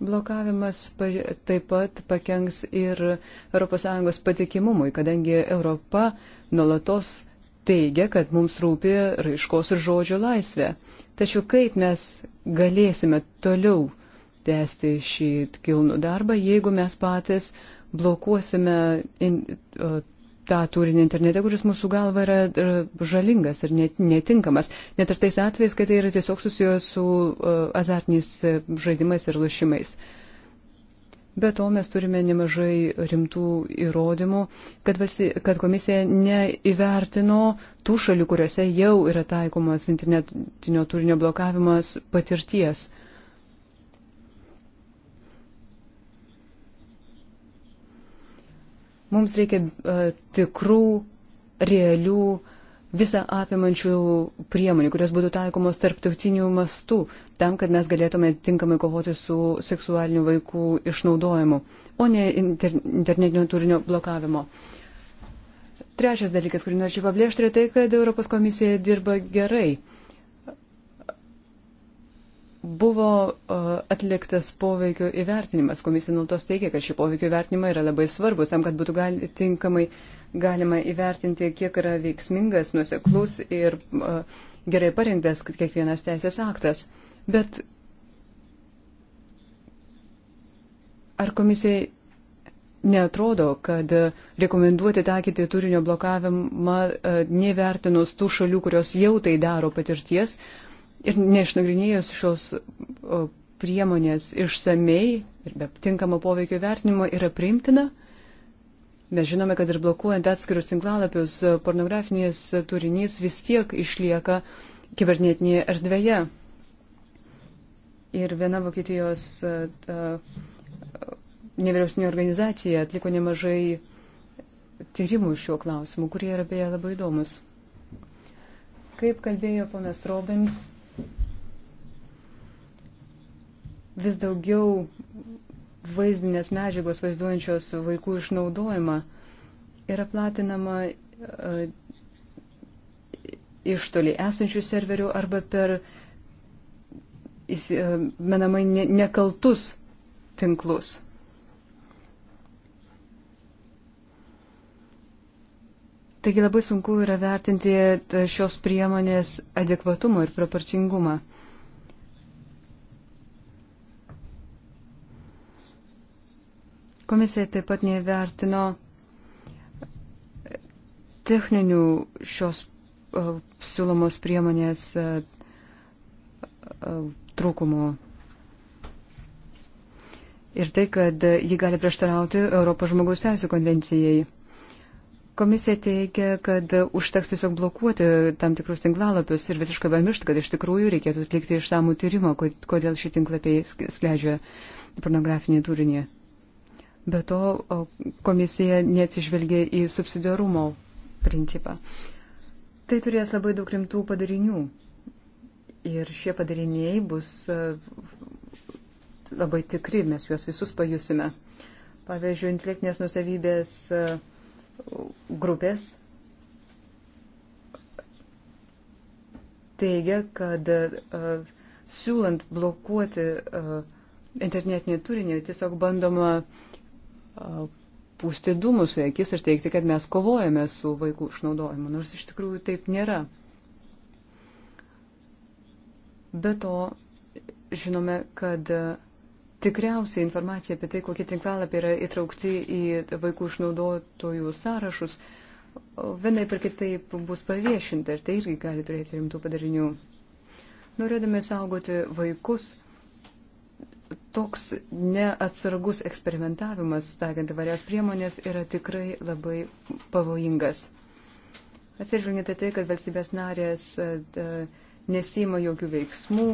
Blokavimas taip pat pakenks ir ES patikimumui, kadangi Europa nuolatos teigia, kad mums rūpi raiškos ir žodžio laisvė. Tačiau kaip mes galėsime toliau tęsti šį kilnų darbą, jeigu mes patys blokuosime in, o, tą turinį internete, kuris mūsų galva yra, yra žalingas ir net, netinkamas. Net ir tais atvejais, kai tai yra tiesiog susijęs su uh, azartiniais žaidimais ir lošimais. Be to mes turime nemažai rimtų įrodymų, kad, valsty, kad komisija neįvertino tų šalių, kuriuose jau yra taikomas internetinio turinio blokavimas patirties. Uh, Mums reikia uh, tikrų, realių, visą apimančių priemonių, kurios būtų taikomos tarptautinių mastų, tam, kad mes galėtume tinkamai kovoti su seksualiniu vaikų išnaudojimu, o ne inter internetinio turinio blokavimo. Trečias dalykas, kurį norėčiau pabrėžti, yra tai, kad Europos komisija dirba gerai buvo atliktas poveikio įvertinimas. Komisija nuolatos teigia, kad šį poveikio įvertinimą yra labai svarbus tam, kad būtų gali, tinkamai galima įvertinti, kiek yra veiksmingas, nuseklus ir uh, gerai parinktas kiekvienas teisės aktas. Bet ar komisijai netrodo, kad rekomenduoti taikyti turinio blokavimą uh, nevertinus tų šalių, kurios jau tai daro patirties, uh, ir neišnagrinėjus šios priemonės išsamei ir be tinkamo poveikio vertinimo yra priimtina. Mes žinome, kad ir blokuojant atskirus tinklalapius, pornografinės turinys vis tiek išlieka kibernetinėje erdvėje. Ir viena Vokietijos nevyriausinė organizacija atliko nemažai tyrimų šiuo klausimu, kurie yra beje labai įdomus. Kaip kalbėjo ponas Robins, vis daugiau vaizdinės medžiagos vaizduojančios vaikų išnaudojimą yra platinama uh, e, iš toli esančių serverių arba per uh, menamai ne, nekaltus tinklus. Taigi labai sunku yra vertinti e, šios priemonės adekvatumą ir proporcingumą. Komisija taip pat nevertino techninių šios siūlomos priemonės trūkumų. Ir tai, kad ji gali prieštarauti Europos žmogaus teisų konvencijai. Komisija teigia, kad užteks tiesiog blokuoti tam tikrus tinklalapius ir visiškai pamiršti, kad iš tikrųjų reikėtų atlikti išsamų tyrimą, kodėl šį tinklapį skleidžia pornografinį turinį. Be to, komisija neatsižvelgia į subsidiarumo principą. Tai turės labai daug rimtų padarinių. Ir šie padariniai bus e, labai tikri, mes juos visus pajusime. Pavyzdžiui, intelektinės nusavybės e, grupės teigia, kad uh, siūlant blokuoti uh, internetinį turinį, tiesiog bandoma uh, pūsti dūmus į akis ir teikti, kad mes kovojame su vaikų išnaudojimu, nors iš tikrųjų taip nėra. Be to, žinome, kad tikriausiai informacija apie tai, kokie tinklalapiai yra įtraukti į vaikų išnaudotojų sąrašus, vienai per kitaip bus paviešinta ir tai irgi gali turėti rimtų padarinių. Norėdami saugoti vaikus, toks neatsargus eksperimentavimas, taikant įvairias priemonės, yra tikrai labai pavojingas. Atsižvelgiant į tai, kad valstybės narės e, e, nesima jokių veiksmų,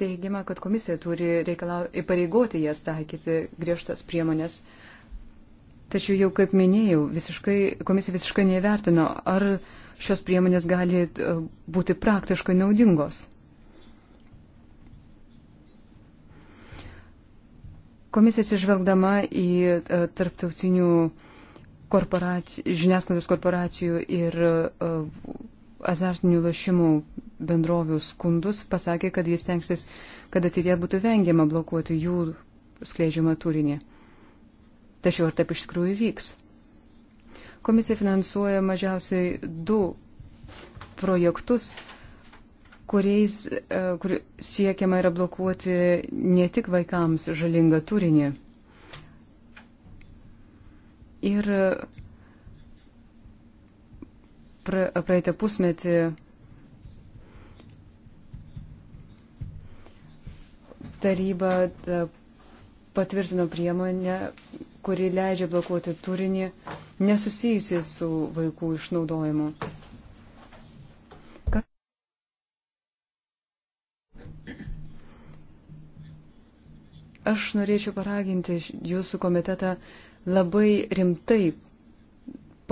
teigiama, kad komisija turi reikalau, įpareigoti jas taikyti griežtas priemonės. Tačiau jau, kaip minėjau, visiškai, komisija visiškai nevertino, ar šios priemonės gali e, būti praktiškai naudingos. Komisija atsižvelgdama į e, tarptautinių korporacijų, žiniasklaidos korporacijų ir e, azartinių lašimų bendrovių skundus pasakė, kad jis tenksis, kad ateitie būtų vengiama blokuoti jų skleidžiamą turinį. Tačiau ar taip iš tikrųjų vyks? Komisija finansuoja mažiausiai du projektus kuriais e, kur siekiama yra blokuoti ne tik vaikams žalingą turinį. Ir pra, praeitą pusmetį taryba e, patvirtino priemonę, kuri leidžia blokuoti turinį nesusijusi su vaikų išnaudojimu. Aš norėčiau paraginti jūsų komitetą labai rimtai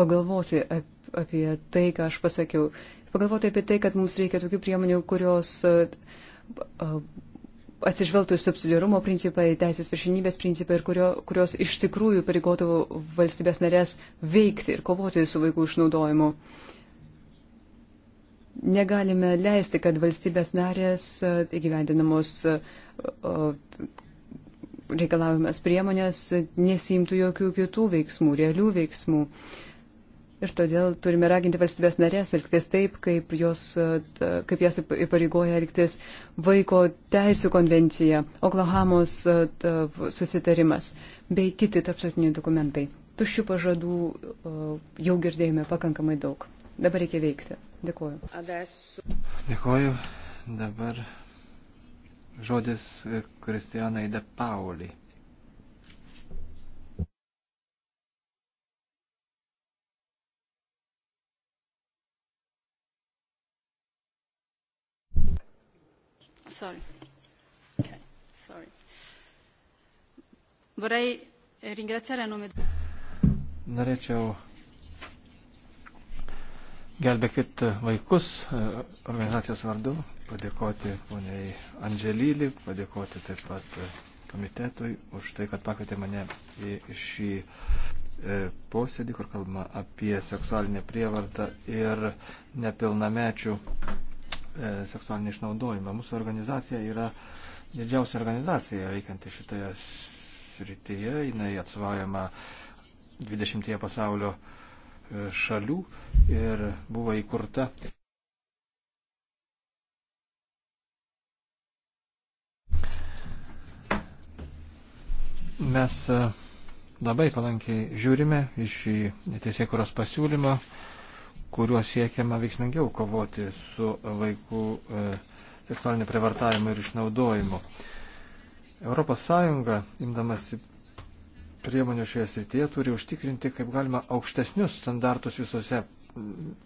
pagalvoti apie tai, ką aš pasakiau. Pagalvoti apie tai, kad mums reikia tokių priemonių, kurios atsižvelgtų į subsidiarumo principą, į teisės viršinybės principą ir kurio, kurios iš tikrųjų pareigotų valstybės narės veikti ir kovoti su vaikų išnaudojimu. Negalime leisti, kad valstybės narės įgyvendinamos reikalavimas priemonės nesimtų jokių kitų veiksmų, realių veiksmų. Ir todėl turime raginti valstybės narės elgtis taip, kaip, jos, e, kaip jas įpareigoja elgtis vaiko teisų konvencija, Oklahomos e, susitarimas bei kiti tarptautiniai dokumentai. Tuščių pažadų e, jau girdėjome pakankamai daug. Dabar reikia veikti. Dėkuoju. Dėkuoju. Dabar žodis e, Kristijanai De Pauli. Sorry. Okay, sorry. Vorrei ringraziare a nome. Norėčiau gelbėkit vaikus e, organizacijos vardu padėkoti poniai Andželylį, padėkoti taip pat komitetui už tai, kad pakvietė mane į šį e, posėdį, kur kalbama apie seksualinę prievartą ir nepilnamečių e, seksualinį išnaudojimą. Mūsų organizacija yra didžiausia organizacija veikianti šitoje srityje. Jis atstovaujama 20 pasaulio e, šalių ir buvo įkurta Mes e, labai palankiai žiūrime iš į teisėkuros pasiūlymą, kuriuo siekiama veiksmingiau kovoti su vaikų e, seksualiniu privartavimu ir išnaudojimu. Europos Sąjunga, imdamasi priemonių šioje srityje, turi užtikrinti kaip galima aukštesnius standartus visose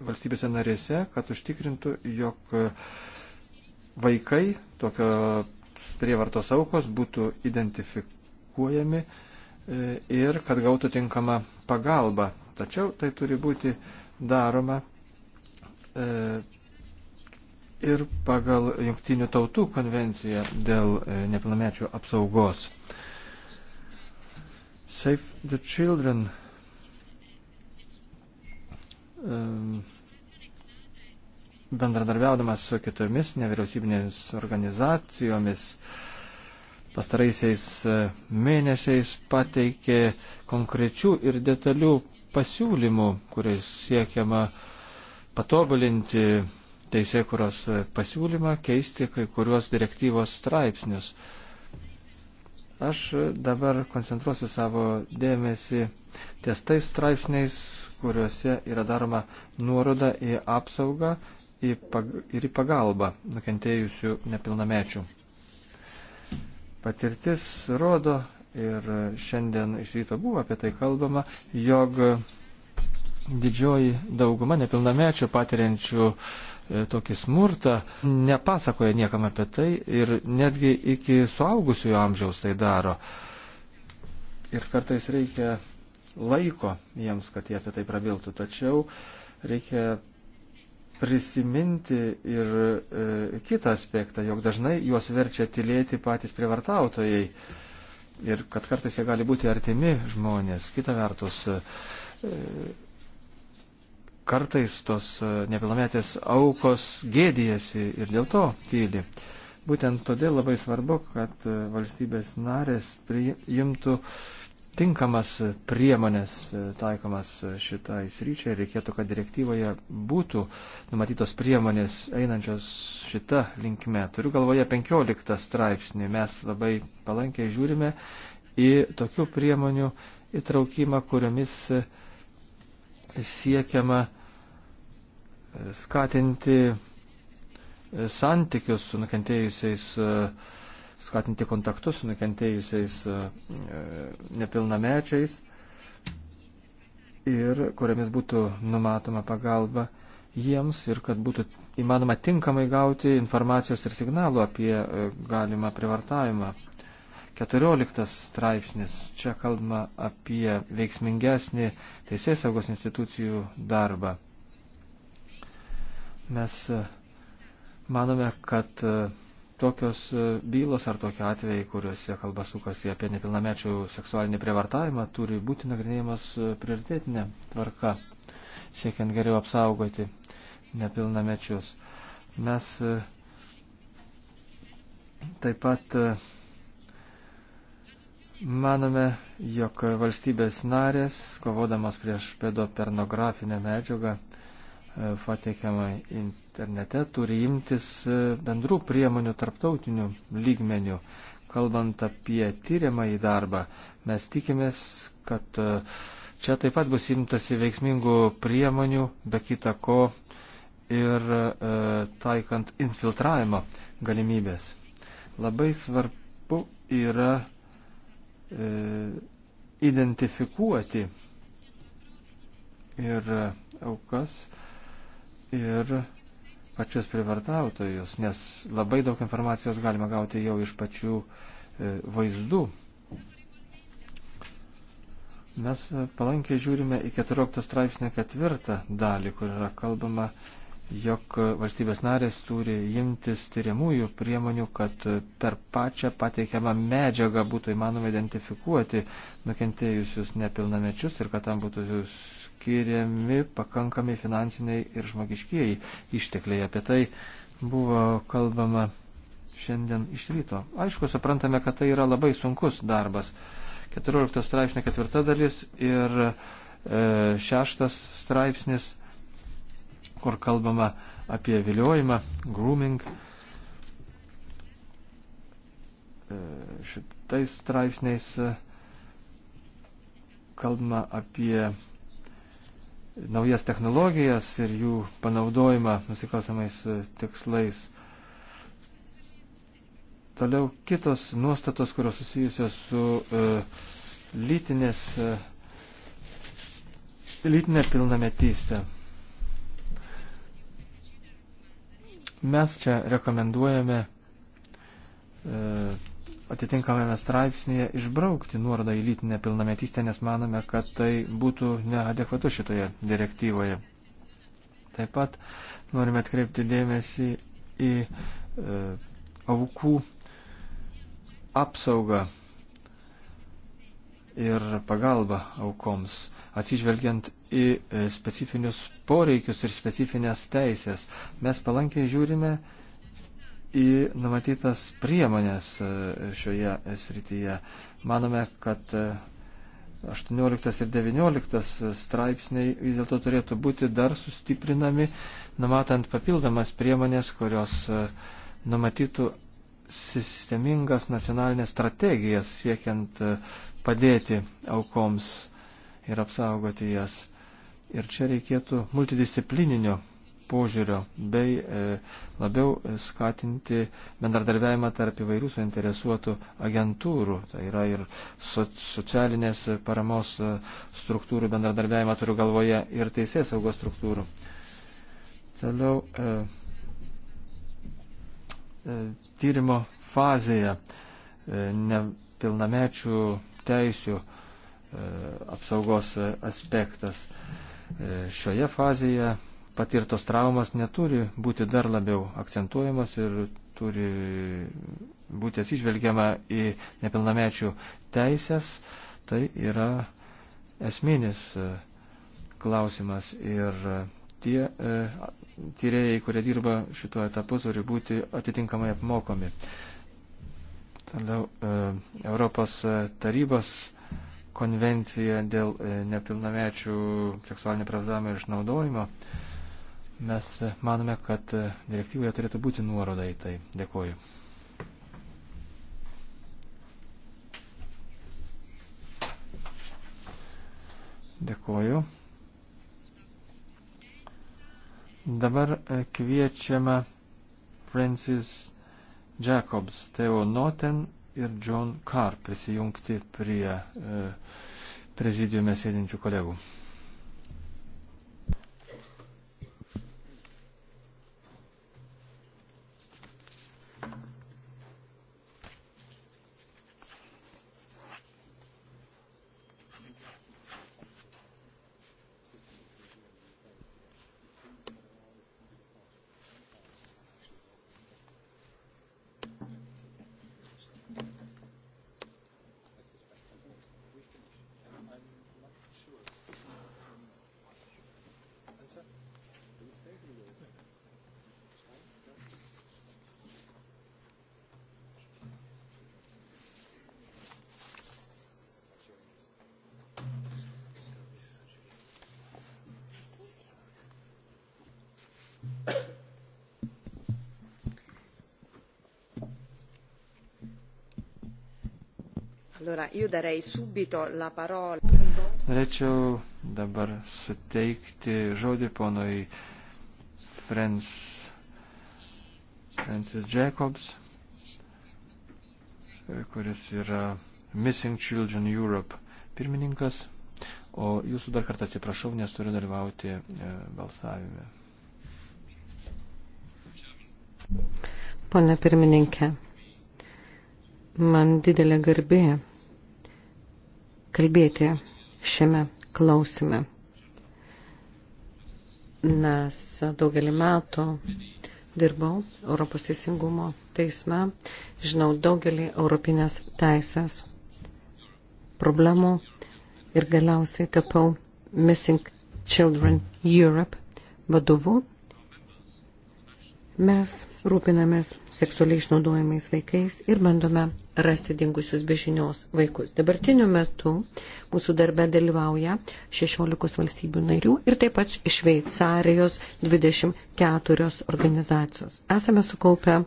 valstybėse narėse, kad užtikrintų, jog e, vaikai tokio prievartos aukos būtų identifikuojami kvalifikuojami e, ir kad gautų tinkamą pagalbą. Tačiau tai turi būti daroma e, ir pagal Junktinių tautų konvenciją dėl e, nepilnamečių apsaugos. Save the Children bendradarbiaudamas su kitomis nevyriausybinėmis organizacijomis pastaraisiais e, mėnesiais pateikė konkrečių ir detalių pasiūlymų, kuriais siekiama patobulinti teisėkuros pasiūlymą, keisti kai kuriuos direktyvos straipsnius. Aš dabar koncentruosiu savo dėmesį ties tais straipsniais, kuriuose yra daroma nuoroda į apsaugą į pag ir į pagalbą nukentėjusių nepilnamečių. Patirtis rodo ir šiandien iš ryto buvo apie tai kalbama, jog didžioji dauguma nepilnamečių patiriančių e, tokį smurtą nepasakoja niekam apie tai ir netgi iki suaugusiojo amžiaus tai daro. Ir kartais reikia laiko jiems, kad jie apie tai prabiltų. Tačiau reikia prisiminti ir e, kitą aspektą, jog dažnai juos verčia tylėti patys privartautojai ir kad kartais jie gali būti artimi žmonės. Kita vertus, e, kartais tos e, nepilnametės aukos gėdijasi ir dėl to tyli. Būtent todėl labai svarbu, kad e, valstybės narės priimtų e, tinkamas priemonės e, taikomas e, šitai sryčiai. Reikėtų, kad direktyvoje būtų numatytos priemonės einančios šitą linkme. Turiu galvoje 15 straipsnį. Mes labai palankiai žiūrime į tokių priemonių įtraukimą, kuriomis e, siekiama skatinti santykius su nukentėjusiais uh, skatinti kontaktus su nukentėjusiais e, e, nepilnamečiais ir kuriamis būtų numatoma pagalba jiems ir kad būtų įmanoma tinkamai gauti informacijos ir signalų apie e, galimą privartavimą. 14 straipsnis. Čia kalbama apie veiksmingesnį teisės saugos institucijų darbą. Mes manome, kad tokios e, bylos ar tokie atvejai, kuriuose kalba sukasi apie nepilnamečių seksualinį prievartavimą, turi būti nagrinėjimas e, prioritetinė tvarka, siekiant geriau apsaugoti nepilnamečius. Mes e, taip pat manome, jog valstybės narės, kovodamas prieš pedopornografinę medžiagą, E, pateikiama internete, turi imtis e, bendrų priemonių tarptautinių lygmenių. Kalbant apie tyriamą į darbą, mes tikimės, kad e, čia taip pat bus imtasi veiksmingų priemonių, be kita ko ir e, taikant infiltravimo galimybės. Labai svarbu yra e, identifikuoti ir aukas, e, ir pačius privartautojus, nes labai daug informacijos galima gauti jau iš pačių e, vaizdų. Mes e, palankiai žiūrime į 14 straipsnio ketvirtą dalį, kur yra kalbama, jog valstybės narės turi imtis tyriamųjų priemonių, kad per pačią pateikiamą medžiagą būtų įmanoma identifikuoti nukentėjusius nepilnamečius ir kad tam būtų skiriami pakankami finansiniai ir žmogiškieji ištekliai. Apie tai buvo kalbama šiandien iš ryto. Aišku, suprantame, kad tai yra labai sunkus darbas. 14 straipsnė ketvirta dalis ir e, šeštas straipsnis, kur kalbama apie viliojimą, grooming. E, šitais straipsniais. E, kalbama apie naujas technologijas ir jų panaudojimą nusikalstamais e, tikslais. Toliau kitos nuostatos, kurios susijusios su e, lytinės, e, lytinė pilnametystė. Mes čia rekomenduojame e, atitinkamame straipsnėje išbraukti nuorodą į lytinę pilnametystę, nes manome, kad tai būtų neadekvatu šitoje direktyvoje. Taip pat norime atkreipti dėmesį į e, aukų apsaugą ir pagalbą aukoms, atsižvelgiant į e, specifinius poreikius ir specifines teisės. Mes palankiai žiūrime į numatytas priemonės e, šioje e, srityje. Manome, kad 18 e, ir 19 straipsniai vis dėlto turėtų būti dar sustiprinami, numatant papildomas priemonės, kurios numatytų sistemingas nacionalinės strategijas siekiant padėti aukoms ir apsaugoti jas. Ir čia reikėtų multidisciplininio požiūrio bei e, labiau e, skatinti bendradarbiavimą tarp įvairių suinteresuotų agentūrų. Tai yra ir socialinės paramos e, struktūrų bendradarbiavimą turiu galvoje ir teisės saugos struktūrų. Toliau tyrimo fazėje nepilnamečių teisių apsaugos aspektas. Šioje fazėje patirtos traumas neturi būti dar labiau akcentuojamos ir turi būti atsižvelgiama į nepilnamečių teisės. Tai yra esminis e, klausimas ir e, tie e, tyrėjai, kurie dirba šituo etapu, turi būti atitinkamai apmokomi. Toliau e, Europos e, tarybos konvencija dėl nepilnamečių seksualinio pravdavimo ir išnaudojimo. E, Mes manome, kad direktyvoje turėtų būti nuoroda į tai. Dėkuoju. Dėkuoju. Dabar kviečiame Francis Jacobs, Theo Noten ir John Carr prisijungti prie e, prezidiume sėdinčių kolegų. Allora, io darei subito la parola. Norėčiau dabar suteikti žodį ponui Frans, Francis Jacobs, kuris yra Missing Children Europe pirmininkas. O jūsų dar kartą atsiprašau, nes turiu dalyvauti e, balsavime. Pone pirmininkė, man didelė garbė kalbėti šiame klausime, nes daugelį metų dirbau Europos teisingumo teisme, žinau daugelį europinės teisės problemų ir galiausiai tapau Missing Children Europe vadovu. Mes rūpinamės seksualiai išnaudojimais vaikais ir bandome rasti dingusius be žinios vaikus. Dabartiniu metu mūsų darbe dalyvauja 16 valstybių narių ir taip pat iš Šveicarijos 24 organizacijos. Esame sukaupę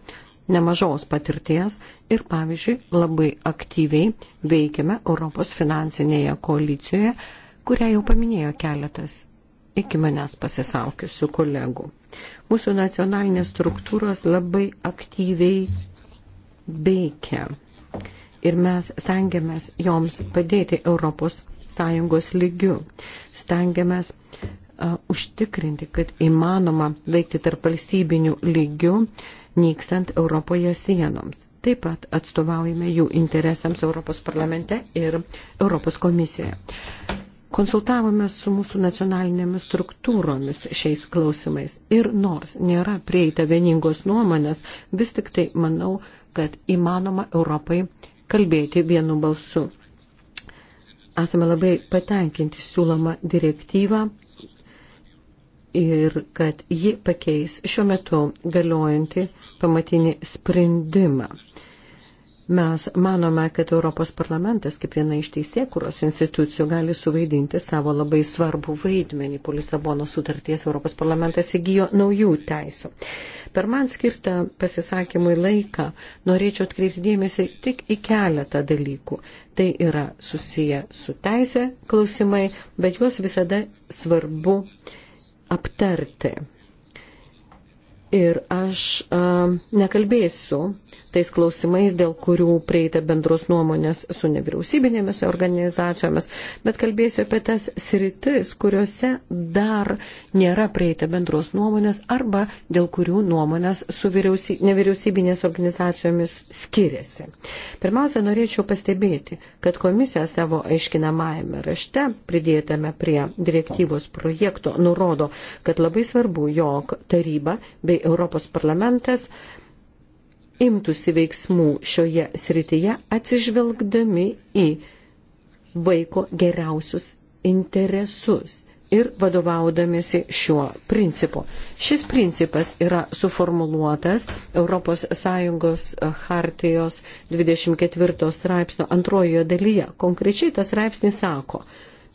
nemažos patirties ir, pavyzdžiui, labai aktyviai veikiame Europos finansinėje koalicijoje, kurią jau paminėjo keletas iki manęs pasisaukiusių kolegų. Mūsų nacionalinės struktūros labai aktyviai veikia ir mes stengiamės joms padėti Europos Sąjungos lygių. Stengiamės uh, užtikrinti, kad įmanoma veikti tarp valstybinių lygių, nykstant Europoje sienoms. Taip pat atstovaujame jų interesams Europos parlamente ir Europos komisijoje. Konsultavome su mūsų nacionalinėmis struktūromis šiais klausimais ir nors nėra prieita vieningos nuomonės, vis tik tai manau, kad įmanoma Europai kalbėti vienu balsu. Esame labai patenkinti siūloma direktyvą ir kad ji pakeis šiuo metu galiojantį pamatinį sprendimą. Mes manome, kad Europos parlamentas kaip viena iš teisėkuros institucijų gali suvaidinti savo labai svarbų vaidmenį. Po Lisabono sutarties Europos parlamentas įgyjo naujų teisų. Per man skirtą pasisakymui laiką norėčiau atkreipti dėmesį tik į keletą dalykų. Tai yra susiję su teisė klausimai, bet juos visada svarbu aptarti. Ir aš a, nekalbėsiu tais klausimais, dėl kurių prieita bendros nuomonės su nevyriausybinėmis organizacijomis, bet kalbėsiu apie tas sritis, kuriuose dar nėra prieita bendros nuomonės arba dėl kurių nuomonės su nevyriausybinės organizacijomis skiriasi. Pirmiausia, norėčiau pastebėti, kad komisija savo aiškinamajame rašte pridėtame prie direktyvos projekto nurodo, kad labai svarbu, jog taryba bei Europos parlamentas imtųsi veiksmų šioje srityje atsižvelgdami į vaiko geriausius interesus ir vadovaudamėsi šiuo principu. Šis principas yra suformuluotas ES hartijos 24 straipsnio antrojoje dalyje. Konkrečiai tas straipsnis sako,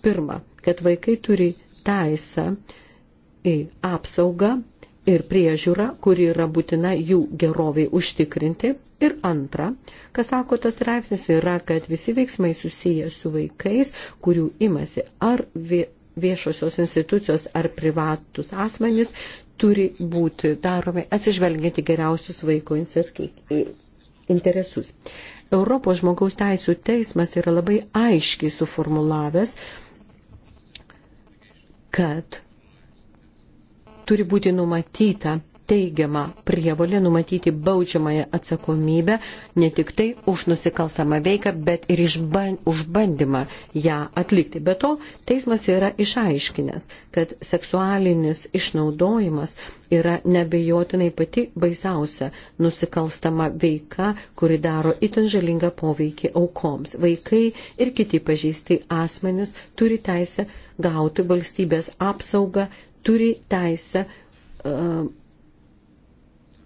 pirma, kad vaikai turi teisę į apsaugą ir priežiūra, kuri yra būtina jų geroviai užtikrinti. Ir antra, kas sako tas straipsnis, yra, kad visi veiksmai susiję su vaikais, kurių imasi ar viešosios institucijos ar privatus asmenys, turi būti daromi atsižvelginti geriausius vaiko interesus. Europos žmogaus teisų teismas yra labai aiškiai suformulavęs, kad turi būti numatyta teigiama prievolė numatyti baudžiamąją atsakomybę ne tik tai už nusikalstamą veiką, bet ir užbandymą ją atlikti. Be to, teismas yra išaiškinęs, kad seksualinis išnaudojimas yra nebejotinai pati baisiausia nusikalstama veika, kuri daro itin žalingą poveikį aukoms. Vaikai ir kiti pažeisti asmenys turi teisę gauti valstybės apsaugą turi teisę uh,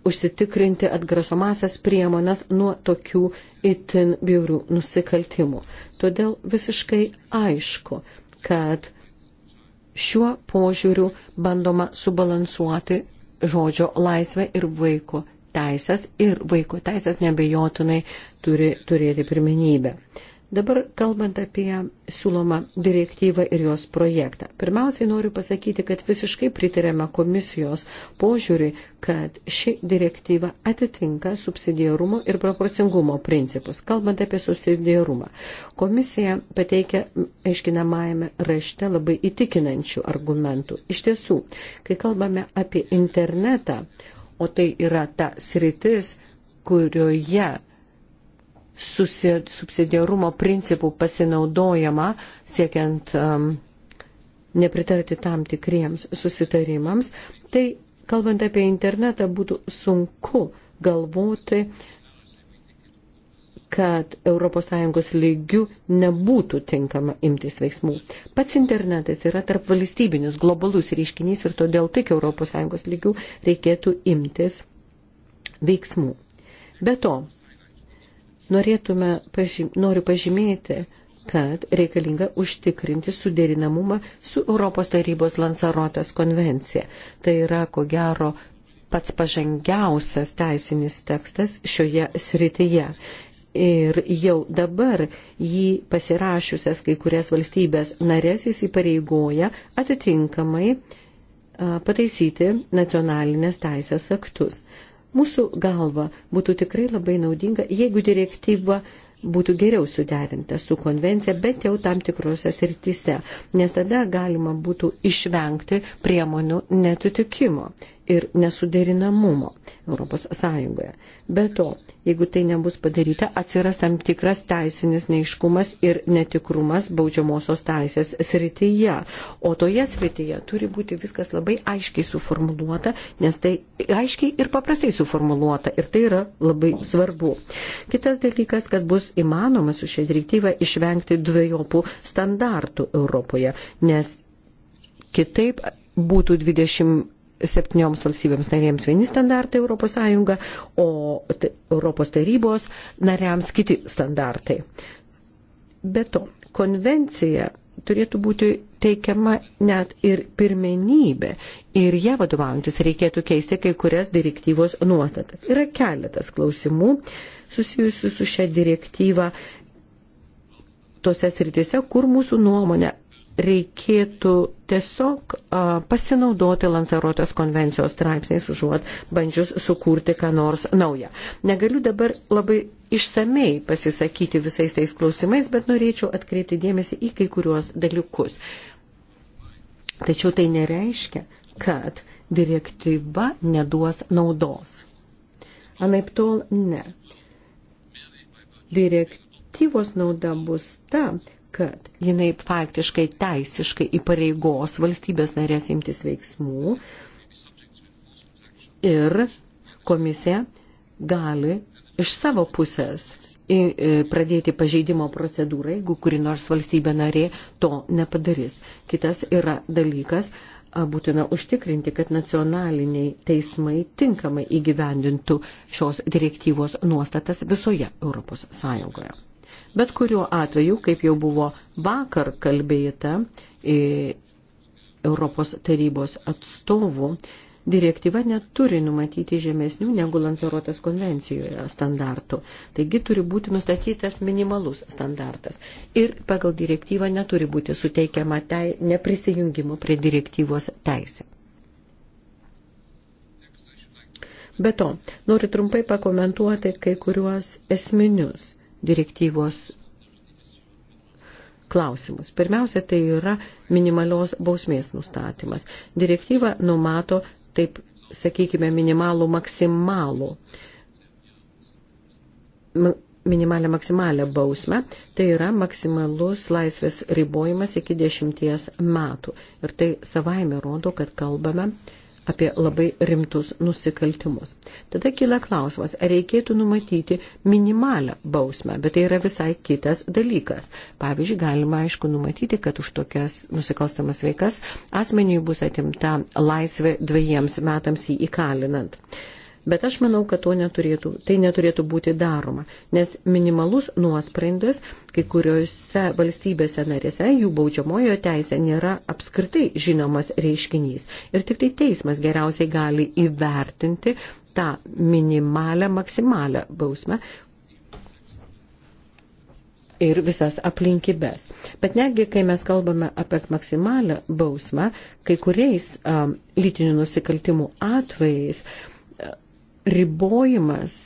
užsitikrinti atgrasomasias priemonas nuo tokių itin biurių nusikaltimų. Todėl visiškai aišku, kad šiuo požiūriu bandoma subalansuoti žodžio laisvę ir vaiko teisės ir vaiko teisės nebejotinai turi turėti pirmenybę. Dabar kalbant apie siūlomą direktyvą ir jos projektą. Pirmiausiai noriu pasakyti, kad visiškai pritarėme komisijos požiūriui, kad ši direktyva atitinka subsidiarumo ir proporcingumo principus. Kalbant apie subsidiarumą, komisija pateikia aiškinamajame rašte labai įtikinančių argumentų. Iš tiesų, kai kalbame apie internetą, o tai yra ta sritis, kurioje subsidiarumo principų pasinaudojama siekiant um, nepritarti tam tikriems susitarimams, tai kalbant apie internetą būtų sunku galvoti, kad ES lygių nebūtų tinkama imtis veiksmų. Pats internetas yra tarp valstybinis, globalus reiškinys ir todėl tik ES lygių reikėtų imtis veiksmų. Be to, Norėtume, pažym, noriu pažymėti, kad reikalinga užtikrinti suderinamumą su Europos tarybos Lansarotės konvencija. Tai yra, ko gero, pats pažangiausias teisinis tekstas šioje srityje. Ir jau dabar jį pasirašiusias kai kurias valstybės narės įsipareigoja atitinkamai pataisyti nacionalinės teisės aktus. Mūsų galva būtų tikrai labai naudinga, jeigu direktyva būtų geriau suderinta su konvencija, bet jau tam tikrose srityse, nes tada galima būtų išvengti priemonių netitikimo ir nesuderinamumo ES. Be to, jeigu tai nebus padaryta, atsiras tam tikras teisinis neiškumas ir netikrumas baudžiamosios teisės srityje. O toje srityje turi būti viskas labai aiškiai suformuluota, nes tai aiškiai ir paprastai suformuluota ir tai yra labai svarbu. Kitas dalykas, kad bus įmanoma su šia direktyva išvengti dviejopų standartų Europoje, nes kitaip būtų 20 septynioms valstybėms narėms vieni standartai Europos Sąjunga, o Europos tarybos nariams kiti standartai. Be to, konvencija turėtų būti teikiama net ir pirmenybė ir ją vadovaujantis reikėtų keisti kai kurias direktyvos nuostatas. Yra keletas klausimų susijusių su šia direktyva tose sritise, kur mūsų nuomonė reikėtų tiesiog a, pasinaudoti Lanzarotės konvencijos straipsniais, užuot bandžius sukurti ką nors naują. Negaliu dabar labai išsamei pasisakyti visais tais klausimais, bet norėčiau atkreipti dėmesį į kai kuriuos dalykus. Tačiau tai nereiškia, kad direktyva neduos naudos. Anaip tol ne. Direktyvos nauda bus ta, kad jinai faktiškai teisiškai įpareigos valstybės narės imtis veiksmų ir komisija gali iš savo pusės e, pradėti pažeidimo procedūrą, jeigu kuri nors valstybė narė to nepadarys. Kitas yra dalykas, būtina užtikrinti, kad nacionaliniai teismai tinkamai įgyvendintų šios direktyvos nuostatas visoje Europos Sąjungoje. Bet kuriuo atveju, kaip jau buvo vakar kalbėta e, Europos tarybos atstovų, direktyva neturi numatyti žemesnių negu Lanzarotės konvencijoje standartų. Taigi turi būti nustatytas minimalus standartas. Ir pagal direktyvą neturi būti suteikiama tai neprisijungimo prie direktyvos teisė. Be to, noriu trumpai pakomentuoti kai kuriuos esminius direktyvos klausimus. Pirmiausia, tai yra minimalios bausmės nustatymas. Direktyva numato, taip sakykime, minimalų maksimalų, minimalę maksimalę bausmę, tai yra maksimalus laisvės ribojimas iki dešimties metų. Ir tai savaime rodo, kad kalbame apie labai rimtus nusikaltimus. Tada kyla klausimas, ar reikėtų numatyti minimalę bausmę, bet tai yra visai kitas dalykas. Pavyzdžiui, galima aišku numatyti, kad už tokias nusikalstamas veikas asmeniui bus atimta laisvė dviejiems metams jį įkalinant. Uh, Bet aš manau, kad to neturėtų, tai neturėtų būti daroma, nes minimalus nuosprendas kai kuriuose valstybėse narėse jų baudžiamojo teisė nėra apskritai žinomas reiškinys. Ir tik tai teismas geriausiai gali įvertinti tą minimalę, maksimalę bausmę, ir visas aplinkybės. Bet netgi, kai mes kalbame apie maksimalę bausmą, kai kuriais um, lytinių nusikaltimų atvejais ribojimas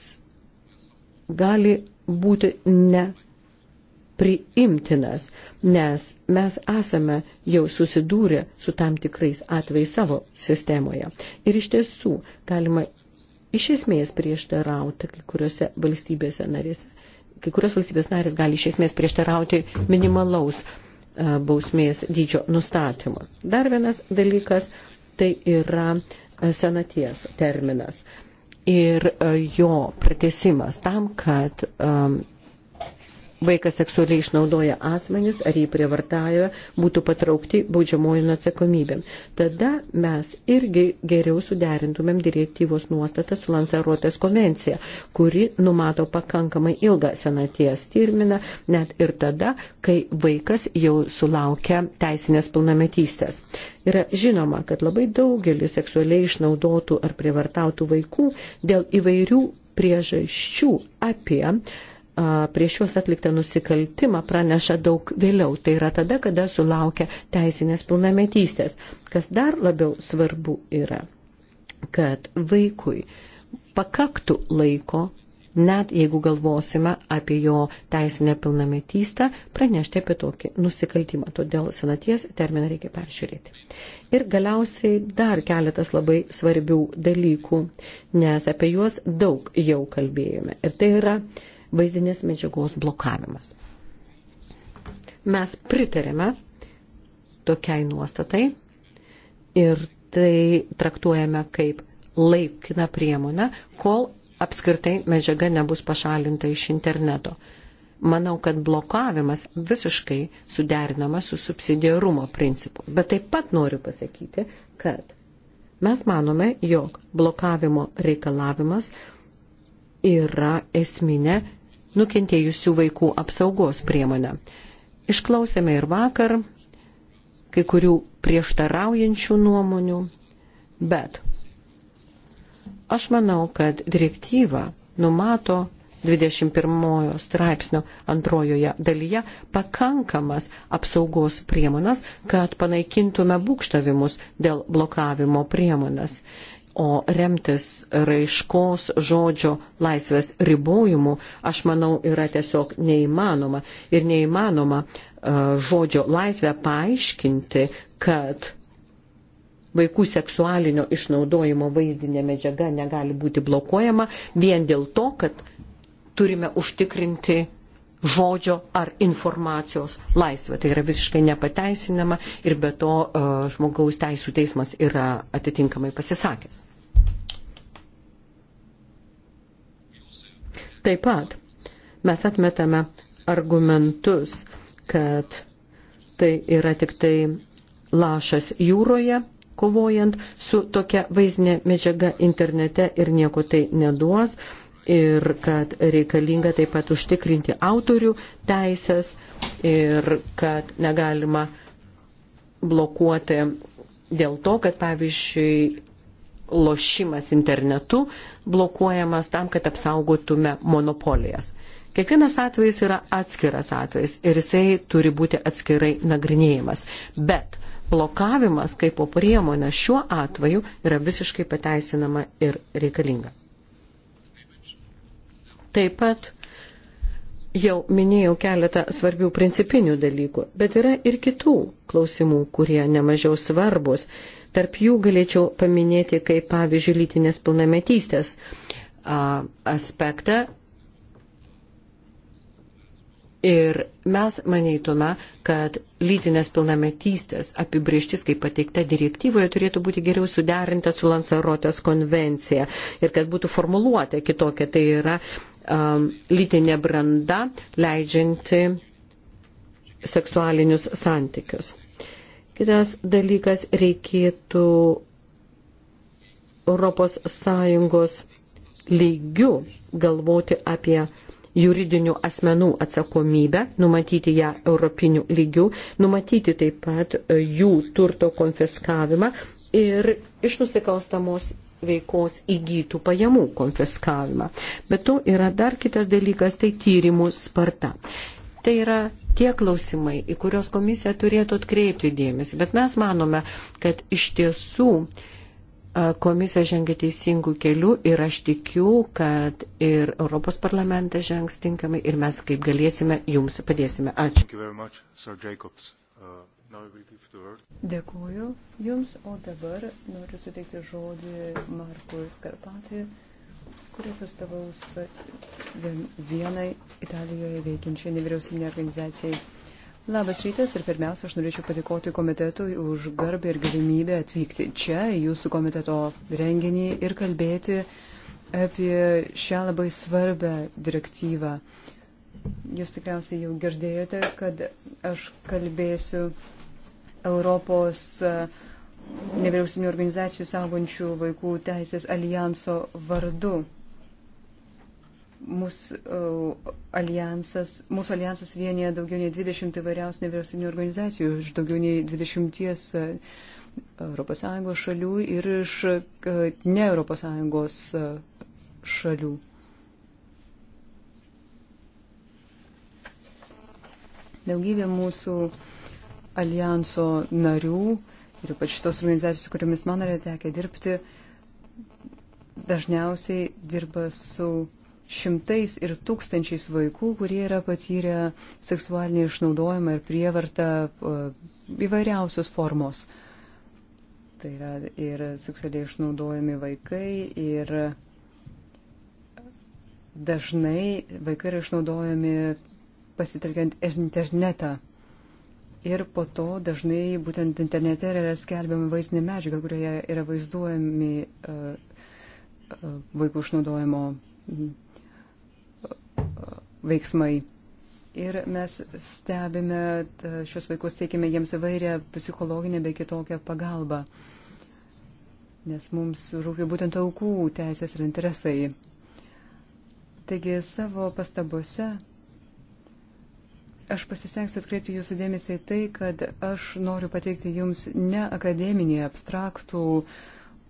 gali būti nepriimtinas, nes mes esame jau susidūrę su tam tikrais atvejais savo sistemoje. Ir iš tiesų galima iš esmės prieštarauti kai kuriuose valstybėse narėse. Kai kurios valstybės narės gali iš esmės prieštarauti minimalaus e, bausmės dydžio nustatymą. Dar vienas dalykas tai yra e, senaties terminas ir e, jo pratesimas tam, kad um, vaikas seksualiai išnaudoja asmenis ar jį prievartavo, būtų patraukti baudžiamojų atsakomybėm. Tada mes irgi geriau suderintumėm direktyvos nuostatą su Lansarotės konvencija, kuri numato pakankamai ilgą senaties terminą, net ir tada, kai vaikas jau sulaukia teisinės pilnametystės. Yra žinoma, kad labai daugelis seksualiai išnaudotų ar prievartautų vaikų dėl įvairių priežasčių apie uh, prieš juos atliktą nusikaltimą praneša daug vėliau, tai yra tada, kada sulaukia teisinės pilnametystės. Kas dar labiau svarbu yra, kad vaikui pakaktų laiko, net jeigu galvosime apie jo teisinę pilnametystę, pranešti apie tokį nusikaltimą. Todėl senaties terminą reikia peržiūrėti. Ir galiausiai dar keletas labai svarbių dalykų, nes apie juos daug jau kalbėjome. Ir tai yra uh, vaizdinės medžiagos blokavimas. Mes pritarėme tokiai nuostatai ir tai traktuojame kaip laikiną priemonę, kol apskritai medžiaga nebus pašalinta iš interneto. Manau, kad blokavimas visiškai suderinamas su subsidiarumo principu. Bet taip pat noriu pasakyti, kad mes manome, jog blokavimo reikalavimas yra esminė nukentėjusių vaikų apsaugos priemonę. Išklausėme ir vakar kai kurių prieštaraujančių nuomonių, bet aš manau, kad direktyva numato 21 straipsnio antrojoje dalyje pakankamas apsaugos priemonas, kad panaikintume būkštavimus dėl blokavimo priemonas. O remtis raiškos žodžio laisvės ribojimu, aš manau, yra tiesiog neįmanoma. Ir neįmanoma uh, žodžio laisvę paaiškinti, kad vaikų seksualinio išnaudojimo vaizdinė medžiaga negali būti blokuojama vien dėl to, kad turime užtikrinti žodžio ar informacijos laisvę. Tai yra visiškai nepateisinama ir be to e, žmogaus teisų teismas yra atitinkamai pasisakęs. Taip pat mes atmetame argumentus, kad tai yra tik tai lašas jūroje, kovojant su tokia vaizdinė medžiaga internete ir nieko tai neduos ir kad reikalinga taip pat užtikrinti autorių teisės ir kad negalima blokuoti dėl to, kad pavyzdžiui lošimas internetu blokuojamas tam, kad apsaugotume monopolijas. Kiekvienas atvejis yra atskiras atvejis ir jisai turi būti atskirai nagrinėjimas. Bet blokavimas kaip po priemonė šiuo atveju yra visiškai pateisinama ir reikalinga. Taip pat jau minėjau keletą svarbių principinių dalykų, bet yra ir kitų klausimų, kurie nemažiau svarbus. Tarp jų galėčiau paminėti, kaip pavyzdžiui, lytinės pilnametystės aspektą. Ir mes manytume, kad lytinės pilnametystės apibrieštis, kaip pateikta direktyvoje, turėtų būti geriau suderinta su Lansarotės konvencija ir kad būtų formuluota kitokia, tai yra Um, lytinė branda, leidžianti seksualinius santykius. Kitas dalykas reikėtų ES lygių galvoti apie juridinių asmenų atsakomybę, numatyti ją europinių lygių, numatyti taip pat e, jų turto konfiskavimą ir iš nusikalstamos veikos įgytų pajamų konfiskavimą. Bet to yra dar kitas dalykas, tai tyrimų sparta. Tai yra tie klausimai, į kurios komisija turėtų atkreipti dėmesį. Bet mes manome, kad iš tiesų komisija žengia teisingų kelių ir aš tikiu, kad ir Europos parlamentas žengs tinkamai ir mes kaip galėsime jums padėsime. Ačiū. Dėkuoju Jums, o dabar noriu suteikti žodį Markui Skarpatį, kuris atstovaus vienai Italijoje veikiančiai nevyriausybinė organizacijai. Labas rytas ir pirmiausia, aš norėčiau patikoti komitetui už garbę ir galimybę atvykti čia, jūsų komiteto renginį ir kalbėti apie šią labai svarbę direktyvą. Jūs tikriausiai jau girdėjote, kad aš kalbėsiu Europos e, nevyriausinių organizacijų saugančių vaikų teisės alijanso vardu. Mūsų e, alijansas, mūsų alijansas vienyje daugiau nei 20 įvairiausių nevyriausinių organizacijų iš daugiau nei 20 ES e, šalių ir iš ne ES šalių. Daugybė mūsų uh, alijanso narių ir ypač šitos organizacijos, su kuriomis man yra tekę dirbti, dažniausiai dirba su šimtais ir tūkstančiais vaikų, kurie yra patyrę seksualinį išnaudojimą ir prievartą e, įvairiausios formos. Tai yra ir seksualiai išnaudojami vaikai, ir dažnai vaikai yra išnaudojami pasitelkiant internetą Ir po to dažnai būtent internete yra skelbiama vaizdinė medžiaga, kurioje yra vaizduojami e, e, vaikų išnaudojimo e, veiksmai. Ir mes stebime šios vaikus, teikime jiems įvairią psichologinę bei kitokią pagalbą, nes mums rūpi būtent aukų teisės ir interesai. Taigi savo pastabose Aš pasistengsiu atkreipti jūsų dėmesį į tai, kad aš noriu pateikti jums ne akademinį abstraktų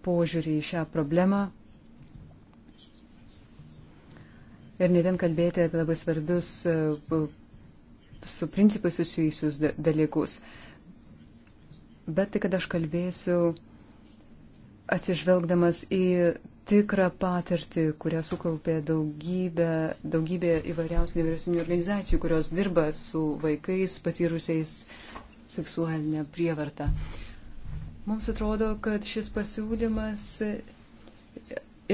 požiūrį į šią problemą ir ne vien kalbėti apie labai svarbius e, su principais susijusius dalykus, bet tai, kad aš kalbėsiu atsižvelgdamas į tikrą patirtį, kurią sukaupė daugybė, daugybė įvairiausių nevyriausybinių organizacijų, kurios dirba su vaikais patyrusiais seksualinę prievartą. Mums atrodo, kad šis pasiūlymas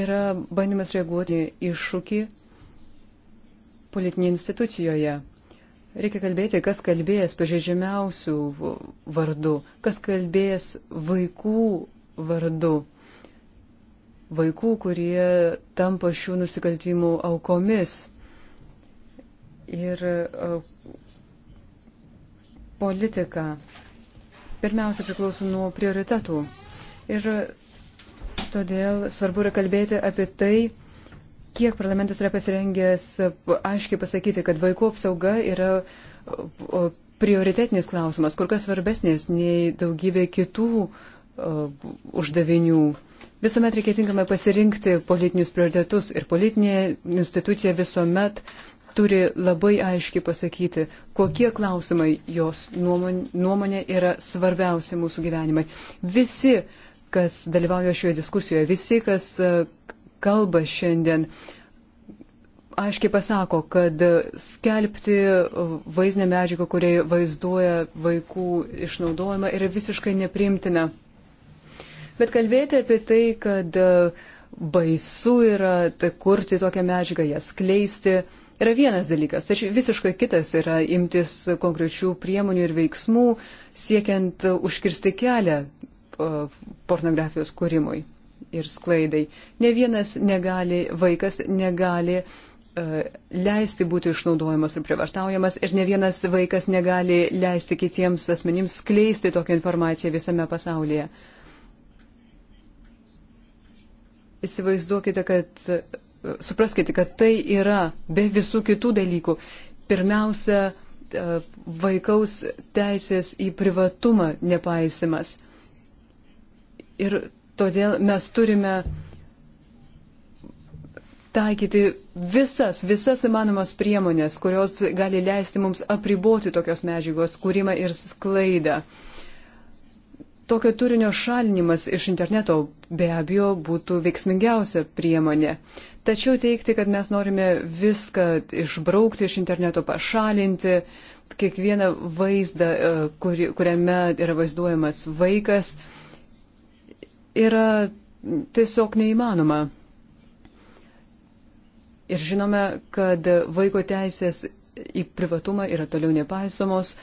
yra bandymas reaguoti iššūkį politinėje institucijoje. Reikia kalbėti, kas kalbės pažeidžiamiausių vardu, kas kalbės vaikų vardu vaikų, kurie tampa šių nusikaltimų aukomis. Ir e, politika pirmiausia priklauso nuo prioritetų. Ir todėl svarbu yra kalbėti apie tai, kiek parlamentas yra pasirengęs aiškiai pasakyti, kad vaikų apsauga yra e, prioritetinis klausimas, kur kas svarbesnis nei daugybė kitų e, uždavinių. Uh, Visuomet reikia tinkamai pasirinkti politinius prioritetus ir politinė institucija visuomet turi labai aiškiai pasakyti, kokie klausimai jos nuomonė yra svarbiausia mūsų gyvenimai. Visi, kas dalyvauja šioje diskusijoje, visi, kas e, kalba šiandien, aiškiai pasako, kad skelbti vaizdinę medžiagą, kurie vaizduoja vaikų išnaudojimą, yra visiškai neprimtina. Bet kalbėti apie tai, kad e, baisu yra kurti tokią medžiagą, ją skleisti, yra vienas dalykas. Tačiau visiškai kitas yra imtis konkrečių priemonių ir veiksmų, siekiant e, užkirsti kelią e, pornografijos kūrimui ir sklaidai. Ne vienas negali, vaikas negali leisti būti išnaudojamas ir privartaujamas ir ne vienas vaikas negali leisti kitiems asmenims skleisti tokią informaciją visame pasaulyje įsivaizduokite, kad, supraskite, kad tai yra be visų kitų dalykų. Pirmiausia, e, vaikaus teisės į privatumą nepaisimas. Ir todėl mes turime taikyti visas, visas įmanomas priemonės, kurios gali leisti mums apriboti tokios medžiagos kūrimą ir sklaidą. Uh, Tokio turinio šalinimas iš interneto be abejo būtų veiksmingiausia priemonė. Tačiau teikti, kad mes norime viską išbraukti iš interneto, pašalinti, kiekvieną vaizdą, e, kuri, kuriame yra vaizduojamas vaikas, yra tiesiog neįmanoma. Ir žinome, kad vaiko teisės į privatumą yra toliau nepaisomos,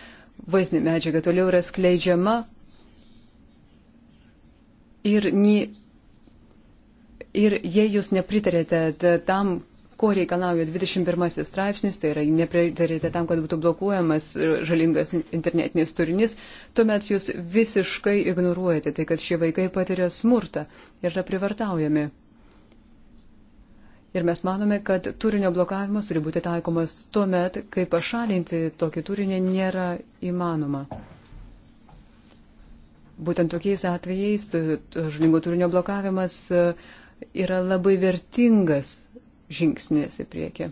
vaizdinė medžiaga toliau yra skleidžiama, ir, nie, ir jei jūs nepritarėte tam, ko reikalauja 21 straipsnis, tai yra nepritarėte tam, kad būtų blokuojamas žalingas internetinis turinys, tuomet jūs visiškai ignoruojate tai, kad šie vaikai patiria smurtą ir yra privartaujami. Ir mes manome, kad turinio blokavimas turi būti taikomas tuo met, kai pašalinti tokį turinį nėra įmanoma. Būtent tokiais atvejais žalingo turinio blokavimas e, yra labai vertingas žingsnis į priekį.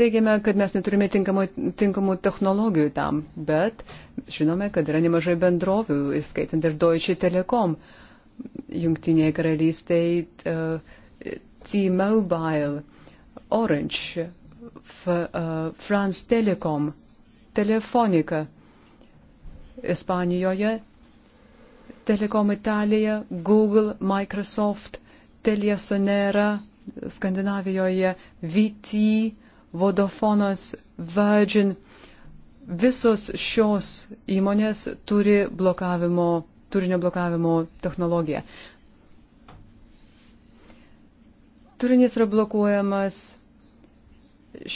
Teigiame, kad mes neturime tinkamų, tinkamų technologijų tam, bet žinome, kad yra nemažai bendrovių, įskaitant ir Deutsche Telekom, Jungtinėje karalystėje uh, T-Mobile, Orange, F, uh, France Telecom, Telefonica. Uh, Ispanijoje Telekom Italija, Google, Microsoft, Telia Sonera, Skandinavijoje VT, Vodafonas, Virgin. Visos šios įmonės turi blokavimo, turinio blokavimo technologiją. Turinys yra blokuojamas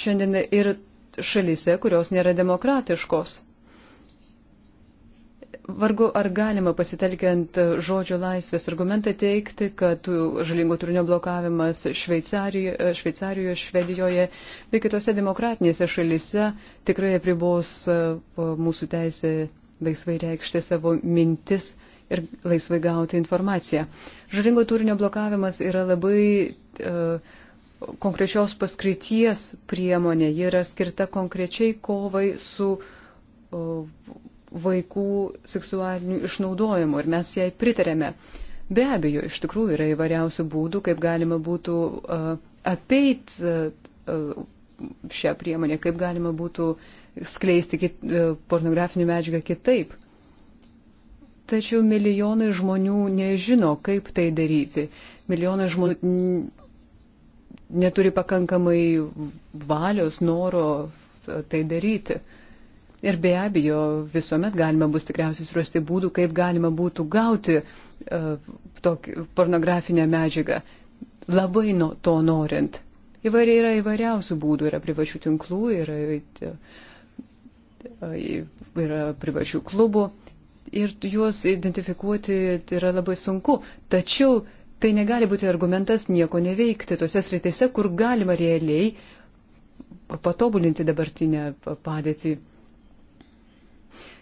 šiandien ir šalyse, kurios nėra demokratiškos vargu ar galima pasitelkiant žodžio laisvės argumentą teikti, kad žalingo turinio blokavimas Šveicarijoje, Šveicarijoje, Švedijoje bei kitose demokratinėse šalise tikrai apribos e, mūsų teisę laisvai reikšti savo mintis ir laisvai gauti informaciją. Žalingo turinio blokavimas yra labai uh, konkrečios paskirties priemonė, ji yra skirta konkrečiai kovai su uh, vaikų seksualiniu išnaudojimu ir mes jai pritarėme. Be abejo, iš tikrųjų yra įvairiausių būdų, kaip galima būtų uh, apeiti uh, uh, šią priemonę, kaip galima būtų skleisti kit, uh, pornografinį medžiagą kitaip. Tačiau milijonai žmonių nežino, kaip tai daryti. Milijonai žmonių neturi pakankamai valios, noro uh, tai daryti. Uh, Ir be abejo, visuomet galima bus tikriausiai surasti būdų, kaip galima būtų gauti uh, tokį pornografinę medžiagą, labai no, to norint. Įvairiai yra įvairiausių būdų, yra privačių tinklų, yra, e, e, yra privačių klubų ir juos identifikuoti yra labai sunku. Tačiau tai negali būti argumentas nieko neveikti tose sritise, kur galima realiai patobulinti dabartinę padėtį.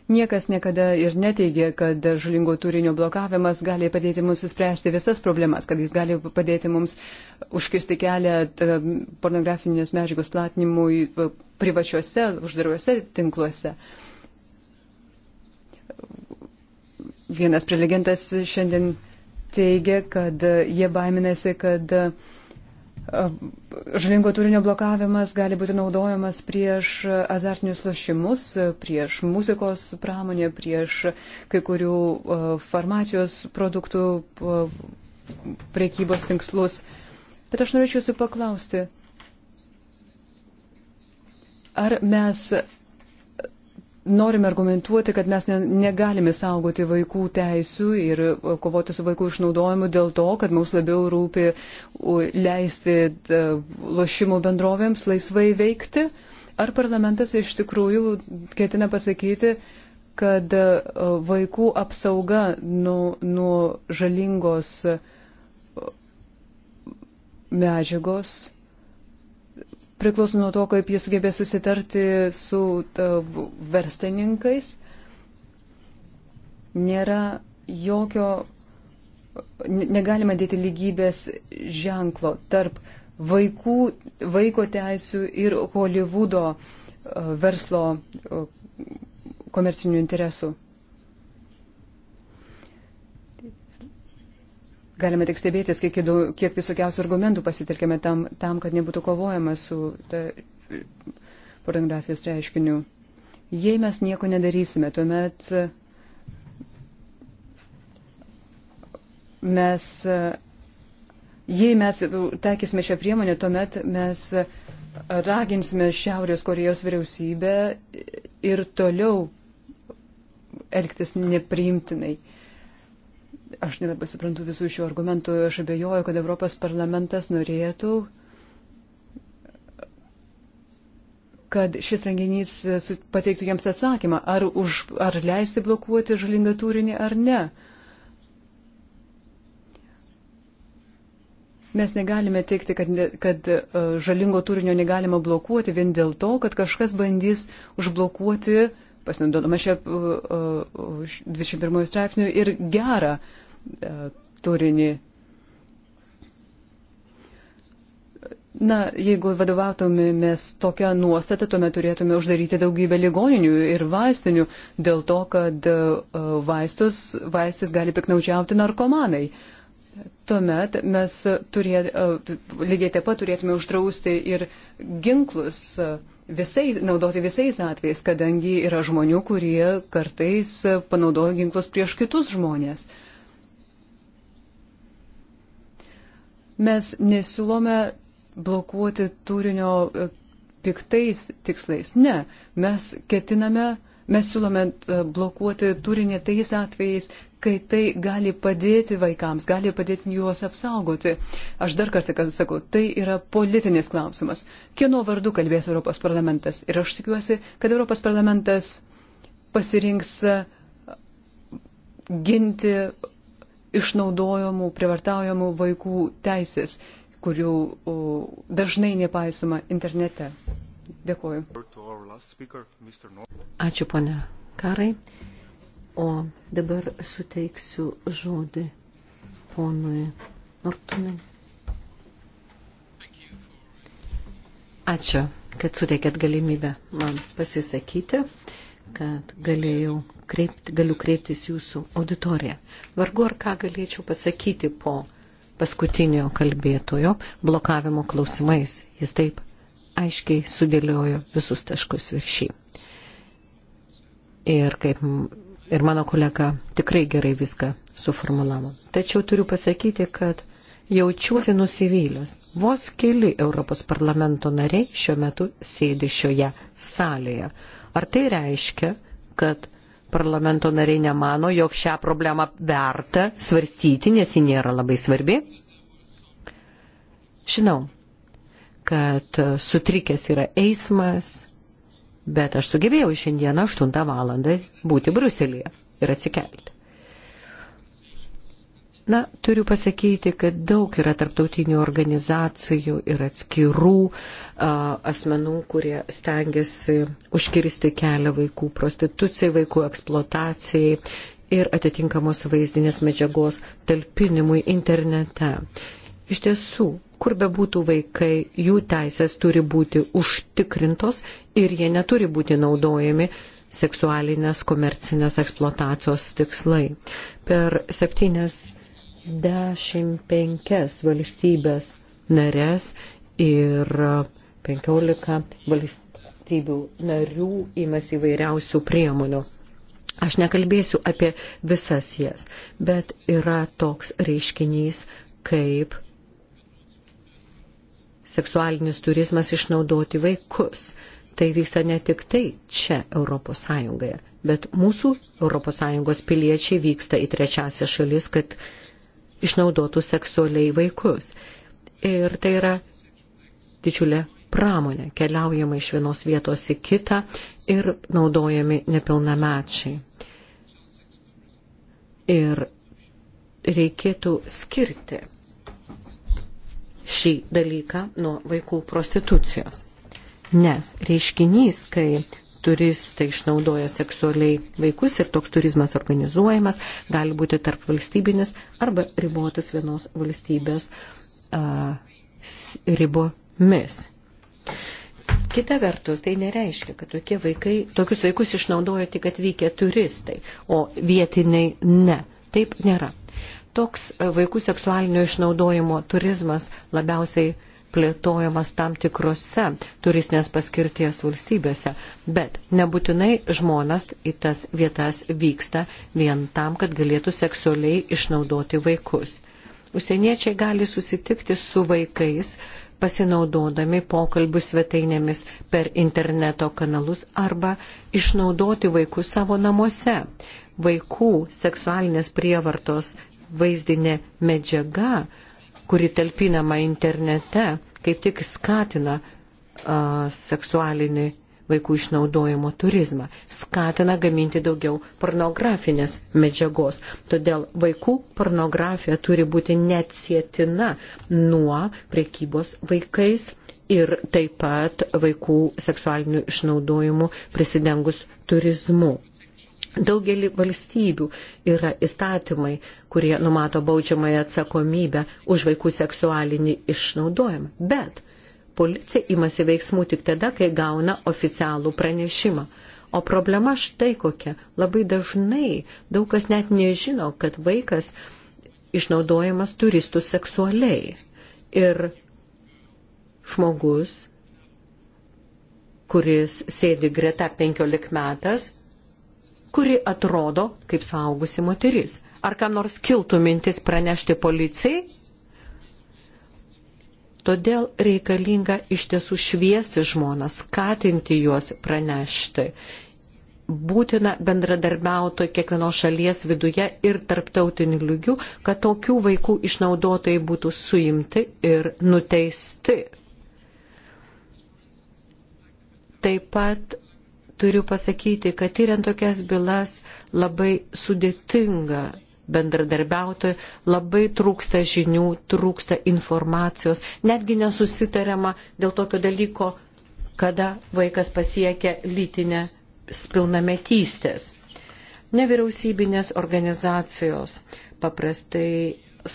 Niekas niekada ir neteigė, kad žalingo turinio blokavimas gali padėti mums įspręsti visas problemas, kad jis gali padėti mums užkirsti kelią pornografinės medžiagos platinimui e, privačiuose, uždaruose tinkluose. Vienas prelegentas šiandien teigia, kad jie baiminasi, kad uh, Žalingo turinio blokavimas gali būti naudojamas prieš azartinius lošimus, prieš muzikos pramonę, prieš kai kurių e, farmacijos produktų e, prekybos tinkslus. Bet aš norėčiau jūsų paklausti, ar mes norime argumentuoti, kad mes ne, negalime saugoti vaikų teisų ir e, kovoti su vaikų išnaudojimu dėl to, kad mums labiau rūpi leisti e, lošimo bendrovėms laisvai veikti. Ar parlamentas iš tikrųjų ketina pasakyti, kad e, vaikų apsauga nuo, nuo žalingos medžiagos priklauso nuo to, kaip jie sugebė susitarti su verslininkais. Nėra jokio, negalima dėti lygybės ženklo tarp vaikų, vaiko teisų ir Hollywoodo e, verslo e, komercinių interesų. Galime tik stebėtis, kiek, kiek visokiausių argumentų pasitelkėme tam, tam, kad nebūtų kovojama su ta, pornografijos reiškiniu. Jei mes nieko nedarysime, tuomet mes, jei mes taikysime šią priemonę, tuomet mes raginsime Šiaurės Korejos vyriausybę ir toliau elgtis nepriimtinai. Aš nelabai suprantu visų šių argumentų. Aš abejoju, kad Europos parlamentas norėtų, kad šis renginys pateiktų jiems atsakymą, ar, už, ar leisti blokuoti žalingą turinį ar ne. Mes negalime teikti, kad, ne, kad e, žalingo turinio negalima blokuoti vien dėl to, kad kažkas bandys užblokuoti pasinaudodama šią 21 e, e, straipsnių ir gerą E, turinį. Na, jeigu vadovautumėmės tokią nuostatą, tuomet turėtume uždaryti daugybę ligoninių ir vaistinių dėl to, kad e, vaistus, vaistis gali piknaudžiauti narkomanai. Tuomet mes turė, e, lygiai taip pat turėtume uždrausti ir ginklus visai, naudoti visais atvejais, kadangi yra žmonių, kurie kartais panaudoja ginklus prieš kitus žmonės. Uh, Mes nesiūlome blokuoti turinio e, piktais tikslais. Ne, mes ketiname, mes siūlome e, blokuoti turinį tais atvejais, kai tai gali padėti vaikams, gali padėti juos apsaugoti. Aš dar kartą sakau, tai yra politinis klausimas. Kieno vardu kalbės Europos parlamentas? Ir aš tikiuosi, kad Europos parlamentas pasirinks e, ginti išnaudojamų, privartaujamų vaikų teisės, kurių o, dažnai nepaisoma internete. Dėkuoju. Ačiū, ponia Karai. O dabar suteiksiu žodį ponui Nortunui. Ačiū, kad suteikėt galimybę man pasisakyti, kad galėjau kreipti, galiu kreiptis jūsų auditoriją. Vargu ar ką galėčiau pasakyti po paskutinio kalbėtojo blokavimo klausimais. Jis taip aiškiai sudėliojo visus taškus viršį. Ir kaip ir mano kolega tikrai gerai viską suformulavo. Tačiau turiu pasakyti, kad jaučiuosi nusivylęs. Vos keli Europos parlamento nariai šiuo metu sėdi šioje salėje. Ar tai reiškia, kad parlamento nariai nemano, jog šią problemą verta svarstyti, nes ji nėra labai svarbi? Žinau, kad sutrikęs yra eismas, bet aš sugebėjau šiandieną 8 valandą būti Bruselėje ir atsikelti. Na, turiu pasakyti, kad daug yra tarptautinių organizacijų ir atskirų a, asmenų, kurie stengiasi užkirsti kelią vaikų prostitucijai, vaikų eksploatacijai ir atitinkamos vaizdinės medžiagos talpinimui internete. Iš tiesų, kur be būtų vaikai, jų teisės turi būti užtikrintos ir jie neturi būti naudojami seksualinės komercinės eksploatacijos tikslai. Per septynės 25 valstybės narės ir 15 valstybių narių imasi įvairiausių priemonių. Aš nekalbėsiu apie visas jas, bet yra toks reiškinys kaip seksualinis turizmas išnaudoti vaikus. Tai vyksta ne tik tai čia Europos Sąjungoje, bet mūsų Europos Sąjungos piliečiai vyksta į trečiasią šalis, kad uh, išnaudotų seksualiai vaikus. Ir tai yra didžiulė pramonė, keliaujama iš vienos vietos į kitą ir naudojami nepilnamečiai. Ir reikėtų skirti šį dalyką nuo vaikų prostitucijos. Nes reiškinys, kai turistai išnaudoja seksualiai vaikus ir toks turizmas organizuojamas gali būti tarp valstybinis arba ribotas vienos valstybės a, ribomis. Kita vertus, tai nereiškia, kad tokie vaikai, tokius vaikus išnaudoja tik atvykę turistai, o vietiniai ne. Taip nėra. Toks vaikų seksualinio išnaudojimo turizmas labiausiai plėtojamas tam tikrose turistinės paskirties valstybėse, bet nebūtinai žmonas į tas vietas vyksta vien tam, kad galėtų seksualiai išnaudoti vaikus. Užsieniečiai gali susitikti su vaikais, pasinaudodami pokalbių svetainėmis per interneto kanalus arba išnaudoti vaikus savo namuose. Vaikų seksualinės prievartos vaizdinė medžiaga, kuri talpinama internete, kaip tik skatina a, seksualinį vaikų išnaudojimo turizmą, skatina gaminti daugiau pornografinės medžiagos. Todėl vaikų pornografija turi būti neatsietina nuo prekybos vaikais ir taip pat vaikų seksualinių išnaudojimų prisidengus turizmu. Daugelį valstybių yra įstatymai, kurie numato baudžiamąją atsakomybę už vaikų seksualinį išnaudojimą. Bet policija imasi veiksmų tik tada, kai gauna oficialų pranešimą. O problema štai kokia. Labai dažnai daug kas net nežino, kad vaikas išnaudojamas turistų seksualiai. Ir žmogus, kuris sėdi greta 15 metas, kuri atrodo kaip saugusi moteris. Ar ką nors kiltų mintis pranešti policijai? Todėl reikalinga iš tiesų šviesti žmonas, skatinti juos pranešti. Būtina bendradarbiauti kiekvienos šalies viduje ir tarptautiniu lygiu, kad tokių vaikų išnaudotojai būtų suimti ir nuteisti. Taip pat turiu pasakyti, kad tyriant tokias bylas labai sudėtinga bendradarbiauti, labai trūksta žinių, trūksta informacijos, netgi nesusitariama dėl tokio dalyko, kada vaikas pasiekia lytinę pilnametystės. Nevyriausybinės organizacijos paprastai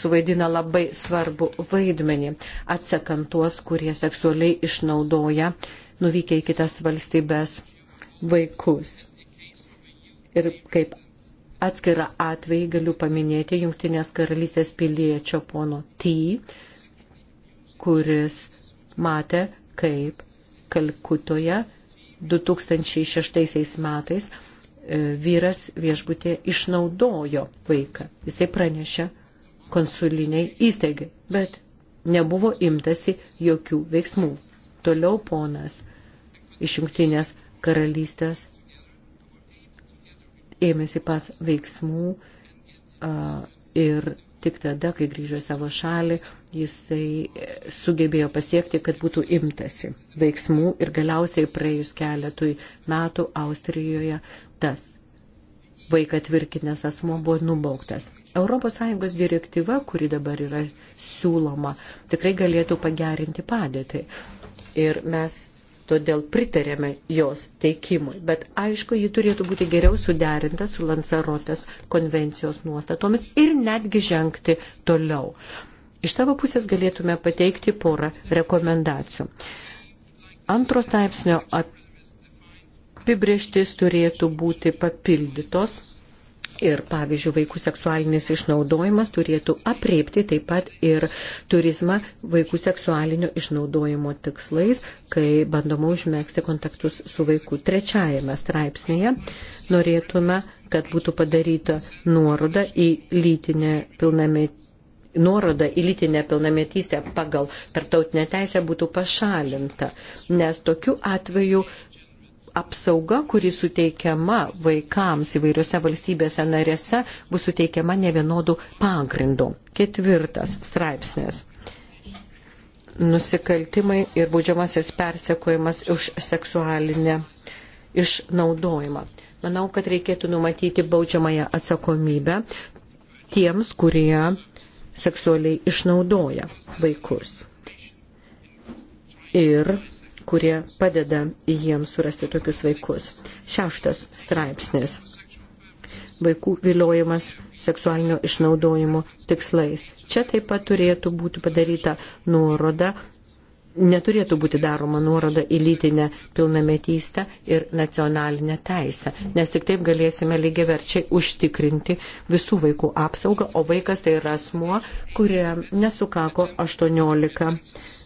suvaidina labai svarbu vaidmenį, atsekant tuos, kurie seksualiai išnaudoja nuvykę į kitas valstybės vaikus. Ir kaip atskirą atvejį galiu paminėti Junktinės karalystės piliečio pono T, kuris matė, kaip Kalkutoje 2006 metais e, vyras viešbutė išnaudojo vaiką. Jisai pranešė konsuliniai įstaigai, bet nebuvo imtasi jokių veiksmų. Toliau ponas iš jungtinės karalystės ėmėsi pats veiksmų ir tik tada, kai grįžo į savo šalį, jisai e, sugebėjo pasiekti, kad būtų imtasi veiksmų ir galiausiai praėjus keletui metų Austrijoje tas vaiką tvirkinęs asmo buvo nubauktas. ES direktyva, kuri dabar yra siūloma, tikrai galėtų pagerinti padėtį. Ir mes todėl pritarėme jos teikimui. Bet aišku, ji turėtų būti geriau suderinta su Lansarotės konvencijos nuostatomis ir netgi žengti toliau. Iš savo pusės galėtume pateikti porą rekomendacijų. Antros taipsnio apibrieštis turėtų būti papildytos Ir, pavyzdžiui, vaikų seksualinis išnaudojimas turėtų apriepti taip pat ir turizmą vaikų seksualinio išnaudojimo tikslais, kai bandoma užmėgsti kontaktus su vaiku. Trečiajame straipsnėje norėtume, kad būtų padaryta nuoroda į lytinę pilnametį nuoroda į lytinę pilnametystę pagal tarptautinę teisę būtų pašalinta, nes tokiu atveju apsauga, kuri suteikiama vaikams įvairiose valstybėse narėse, bus suteikiama ne vienodų pagrindų. Ketvirtas straipsnis. Nusikaltimai ir būdžiamasis persekojimas už seksualinę išnaudojimą. Manau, kad reikėtų numatyti baudžiamąją atsakomybę tiems, kurie seksualiai išnaudoja vaikus. Ir kurie padeda jiems surasti tokius vaikus. Šeštas straipsnis. Vaikų viliojimas seksualinio išnaudojimo tikslais. Čia taip pat turėtų būti padaryta nuoroda, neturėtų būti daroma nuoroda į lytinę pilnametystę ir nacionalinę teisę, nes tik taip galėsime lygiai verčiai užtikrinti visų vaikų apsaugą, o vaikas tai yra asmuo, kurie nesukako 18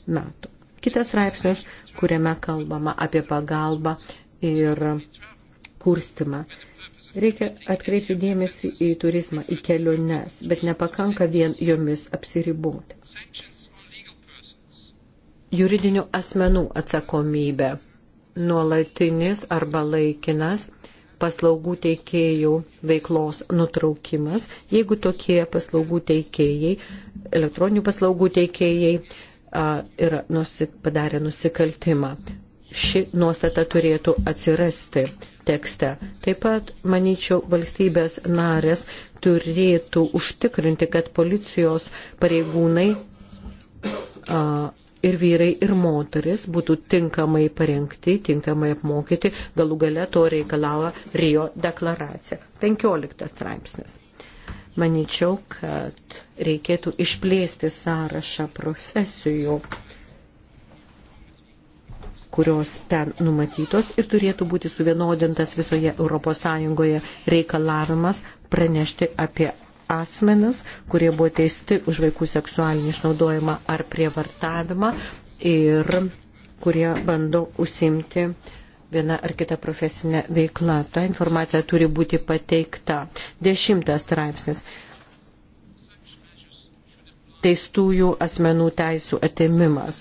metų. Kitas straipsnis kuriame kalbama apie pagalbą ir kurstimą. Reikia atkreipti dėmesį į turizmą, į keliones, bet nepakanka vien jomis apsiriboti. Juridinių asmenų atsakomybė - nuolatinis arba laikinas paslaugų teikėjų veiklos nutraukimas, jeigu tokie paslaugų teikėjai, elektroninių paslaugų teikėjai yra nusik, padarę nusikaltimą. Ši nuostata turėtų atsirasti tekste. Taip pat, manyčiau, valstybės narės turėtų užtikrinti, kad policijos pareigūnai a, ir vyrai, ir moteris būtų tinkamai parengti, tinkamai apmokyti. Galų gale to reikalavo Rio deklaracija. 15 straipsnis. Maničiau, kad reikėtų išplėsti sąrašą profesijų, kurios ten numatytos ir turėtų būti suvienodintas visoje ES reikalavimas pranešti apie asmenis, kurie buvo teisti už vaikų seksualinį išnaudojimą ar prievartavimą ir kurie bando užsimti uh, viena ar kita profesinė veikla. Ta informacija turi būti pateikta. Dešimtas straipsnis. Teistųjų asmenų teisų atėmimas.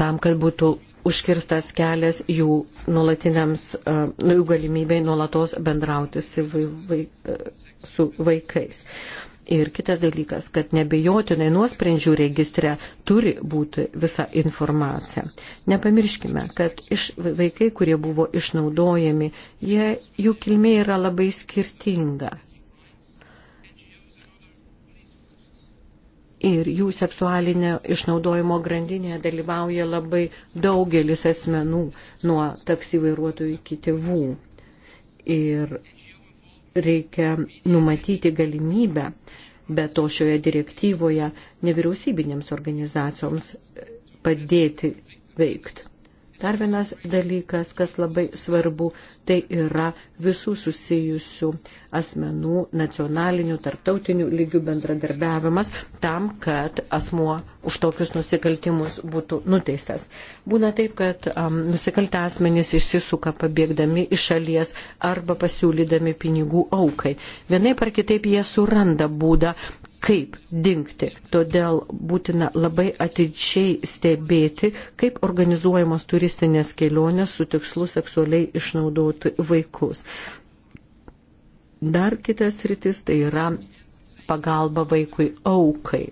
Tam, kad būtų užkirstas kelias jų nuolatiniams, e, jų galimybei nuolatos bendrauti su e, vaikais. Ir kitas dalykas, kad nebejotinai nuosprendžių registre turi būti visa informacija. Nepamirškime, kad iš vaikai, kurie buvo išnaudojami, jie, jų kilmė yra labai skirtinga. ir jų seksualinio išnaudojimo grandinėje dalyvauja labai daugelis asmenų, nuo taksi vairuotojų iki tėvų. Ir reikia numatyti galimybę, Be to šioje direktyvoje nevyriausybinėms organizacijoms padėti veikti. Dar vienas dalykas, kas labai svarbu, tai yra visų susijusių asmenų nacionalinių, tarptautinių lygių bendradarbiavimas tam, kad asmuo už tokius nusikaltimus būtų nuteistas. Būna taip, kad um, nusikaltę asmenys išsisuka pabėgdami iš šalies arba pasiūlydami pinigų aukai. Vienai par kitaip jie suranda būdą kaip dinkti. Todėl būtina labai atidžiai stebėti, kaip organizuojamos turistinės kelionės su tikslu seksualiai išnaudoti vaikus. Dar kitas rytis tai yra pagalba vaikui aukai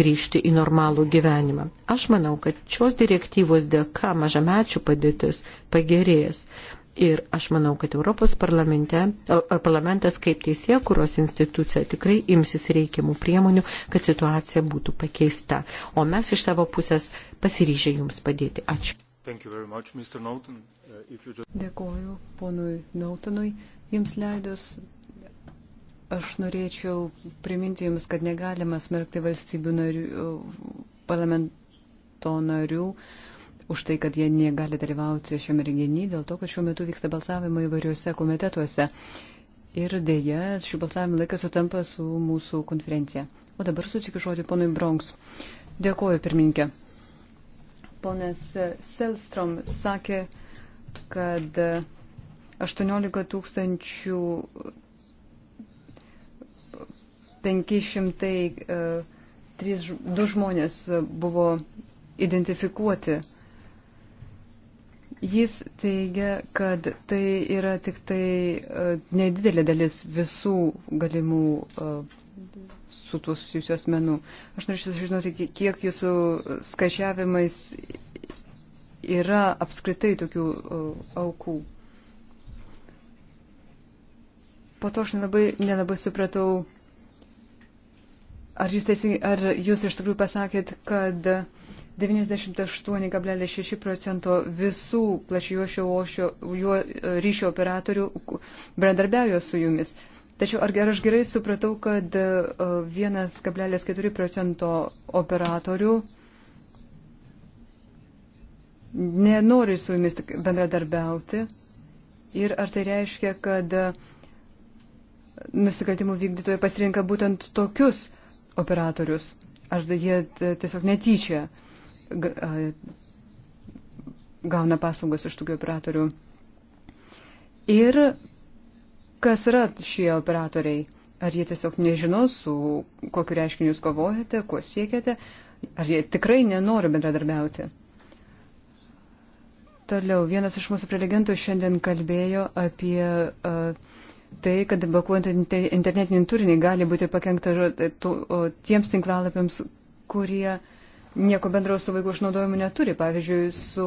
grįžti į normalų gyvenimą. Aš manau, kad šios direktyvos dėka mažamečių padėtis pagerės. Ir aš manau, kad Europos e, e, parlamentas kaip teisė, kurios institucija tikrai imsis reikiamų priemonių, kad situacija būtų pakeista. O mes iš savo pusės pasiryžę jums padėti. Ačiū. Much, uh, just... Dėkuoju ponui Nautonui. Jums leidus, aš norėčiau priminti jums, kad negalima smerkti valstybių narių, uh, parlamento narių už tai, kad jie negali dalyvauti šiame renginyje, dėl to, kad šiuo metu vyksta balsavimai įvairiuose komitetuose. Ir dėja, šių balsavimų laikas sutampa su mūsų konferencija. O dabar sutikiu žodį ponui Bronks. Dėkoju, pirmininkė. Ponas Selstrom sakė, kad 18 tūkstančių 500 e, du žmonės buvo identifikuoti Jis teigia, kad tai yra tik tai e, nedidelė dalis visų galimų e, su tuo susijusiu asmenų. Aš norėčiau sužinoti, kiek jūsų skaičiavimais yra apskritai tokių e, aukų. Po to aš nelabai, nelabai supratau, ar jūs, teisingai, ar jūs iš tikrųjų pasakėt, kad 98,6 procento visų plačiuošio ošio e, ryšio operatorių bendarbiauja su jumis. Tačiau ar aš gerai supratau, kad 1,4 e, procento operatorių nenori su jumis bendradarbiauti? Ir ar tai reiškia, kad e, nusikaltimų vykdytojai pasirinka būtent tokius operatorius? Ar jie tiesiog netyčia uh, gauna paslaugas iš tokių operatorių. Ir kas yra šie operatoriai? Ar jie tiesiog nežino, su kokiu reiškiniu jūs kovojate, ko siekiate, ar jie tikrai nenori bendradarbiauti? Toliau, vienas iš mūsų prelegentų šiandien kalbėjo apie uh, tai, kad blokuojant internetinį turinį gali būti pakengta tiems tinklalapiams, kurie uh, nieko bendro su vaikų išnaudojimu neturi, pavyzdžiui, su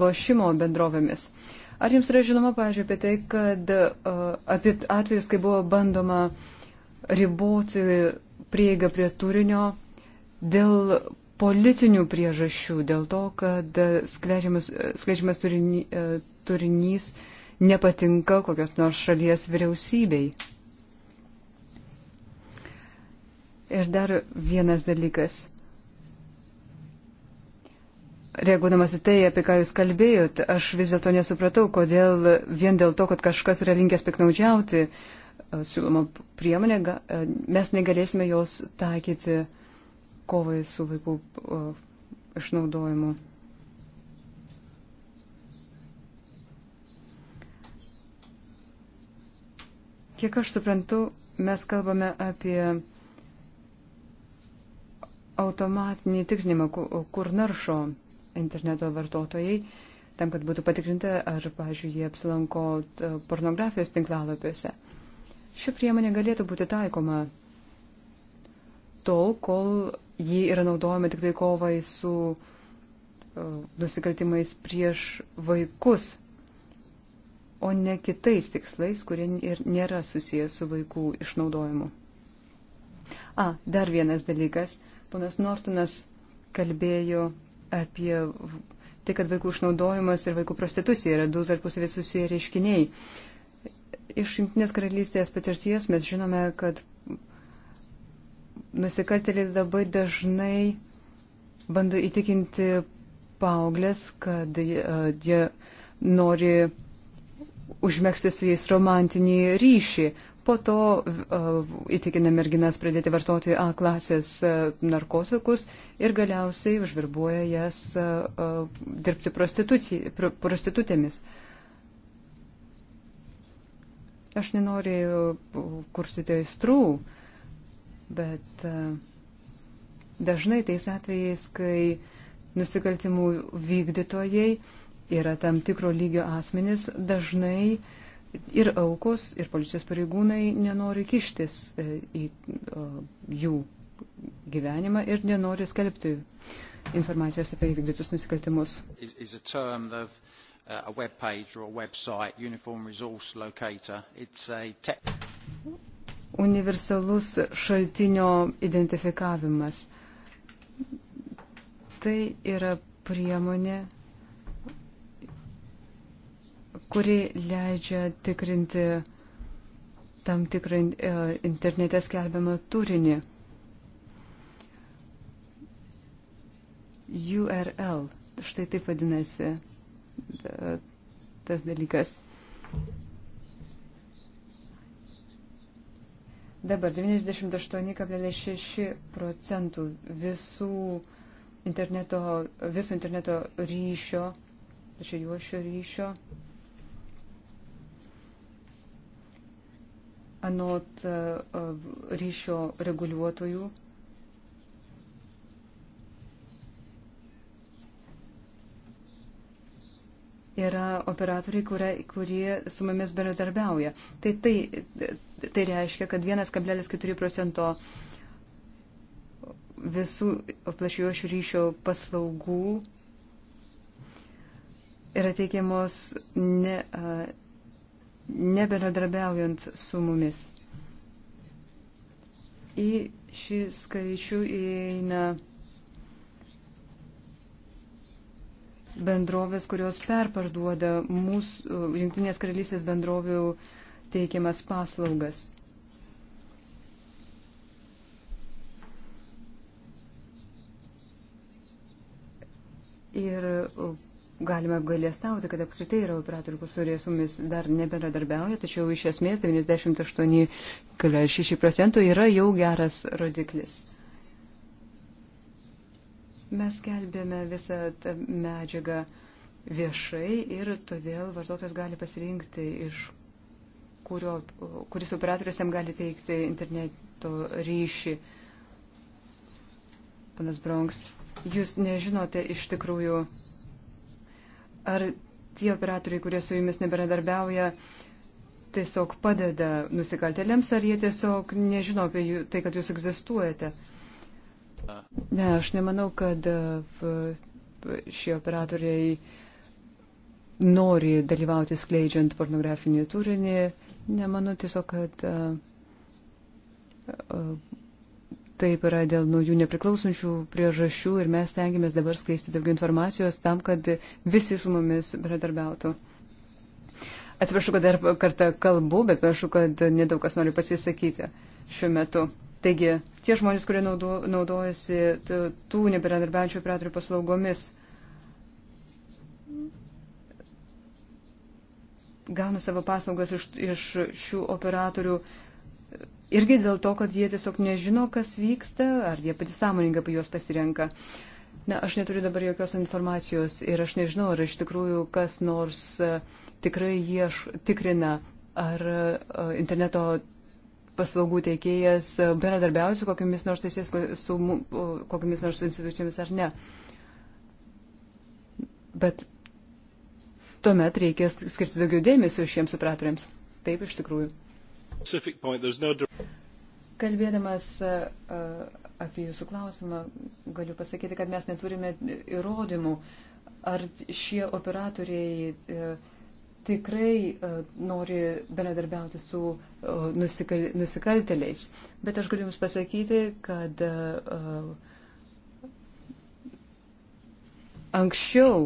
lošimo bendrovėmis. Ar jums yra žinoma, pavyzdžiui, apie tai, kad apie atvejus, kai buvo bandoma riboti prieigą prie turinio dėl politinių priežasčių, dėl to, kad skleidžiamas, skleidžiamas turinys, turinys nepatinka kokios nors šalies vyriausybei. Ir dar vienas dalykas. Reaguodamas į tai, apie ką Jūs kalbėjot, aš vis dėlto nesupratau, kodėl vien dėl to, kad kažkas yra linkęs piknaudžiauti e, siūloma priemonė, e, mes negalėsime jos taikyti kovai su vaikų e, išnaudojimu. Kiek aš suprantu, mes kalbame apie automatinį tikrinimą, kur naršo interneto vartotojai, tam, kad būtų patikrinta, ar, pavyzdžiui, jie apsilanko e, pornografijos tinklalapiuose. Ši priemonė galėtų būti taikoma tol, kol ji yra naudojama tik tai kovai su e, nusikaltimais prieš vaikus, o ne kitais tikslais, kurie ir nėra susijęs su vaikų išnaudojimu. A, dar vienas dalykas. Ponas Nortonas kalbėjo apie tai, kad vaikų išnaudojimas ir vaikų prostitucija yra du tarpusavį susiję reiškiniai. Iš Junktinės karalystės patirties mes žinome, kad nusikaltėliai labai dažnai bando įtikinti paauglės, kad jie nori užmėgsti su jais romantinį ryšį po to įtikina merginas pradėti vartoti A klasės narkotikus ir galiausiai užverbuoja jas dirbti prostitutėmis. Aš nenorėjau kursyti aistrų, bet dažnai tais atvejais, kai nusikaltimų vykdytojai yra tam tikro lygio asmenys, dažnai uh, ir aukos, ir policijos pareigūnai nenori kištis e, į jų gyvenimą ir nenori skelbti informacijos apie įvykdytus nusikaltimus. Uh, a web page or a website, uniform resource locator. It's a tech. Universalus šaltinio identifikavimas. Tai yra priemonė kuri leidžia tikrinti tam tikrą e, internete skelbiamą turinį. URL, štai taip vadinasi e, tas dalykas. Dabar 98,6 procentų visų interneto, viso interneto ryšio, šio juošio ryšio anot e, e, ryšio reguliuotojų yra operatoriai, kurie, kurie su mumis bendradarbiauja. Tai, tai, tai reiškia, kad 1,4 procento visų plašiošių ryšio paslaugų yra teikiamos ne, e, nebendradarbiaujant su mumis. Į šį skaičių įeina bendrovės, kurios perparduoda mūsų Junktinės karalystės bendrovių teikiamas paslaugas. Ir Galime apgailėstauti, kad apskritai yra operatorių, kurie su mumis dar nebendradarbiauja, tačiau iš esmės 98,6 procentų yra jau geras rodiklis. Mes kelbėme visą medžiagą viešai ir todėl vartotojas gali pasirinkti, iš kurio, kuris operatorius jam gali teikti interneto ryšį. Panas Bronks, jūs nežinote iš tikrųjų Ar tie operatoriai, kurie su jumis nebedarbiauja, tiesiog padeda nusikaltėliams, ar jie tiesiog nežino apie jų, tai, kad jūs egzistuojate? Ne, aš nemanau, kad e, šie operatoriai nori dalyvauti skleidžiant pornografinį turinį. Nemanau tiesiog, kad e, e, Taip yra dėl naujų nepriklausančių priežasčių ir mes tengiamės dabar skleisti daugiau informacijos tam, kad visi su mumis bendradarbiautų. Atsiprašau, kad dar kartą kalbu, bet atsiprašau, kad nedaug kas nori pasisakyti šiuo metu. Taigi, tie žmonės, kurie naudo, naudojasi tų nebendradarbiaujančių operatorių paslaugomis, gauna savo paslaugas iš, iš šių operatorių uh, Irgi dėl to, kad jie tiesiog nežino, kas vyksta, ar jie pati sąmoningai apie juos pasirenka. Na, aš neturiu dabar jokios informacijos ir aš nežinau, ar iš tikrųjų kas nors e, tikrai jieš, tikrina, ar e, interneto paslaugų teikėjas e, bendradarbiausiu kokiamis nors teisės, su kokiamis nors institucijomis ar ne. Bet tuomet reikės skirti daugiau dėmesio šiems operatoriams. Taip, iš tikrųjų. Kalbėdamas apie jūsų klausimą, galiu pasakyti, kad mes neturime įrodymų, ar šie operatoriai e, tikrai nori bendradarbiauti su nusikal, nusikalteliais. Bet aš galiu Jums pasakyti, kad anksčiau,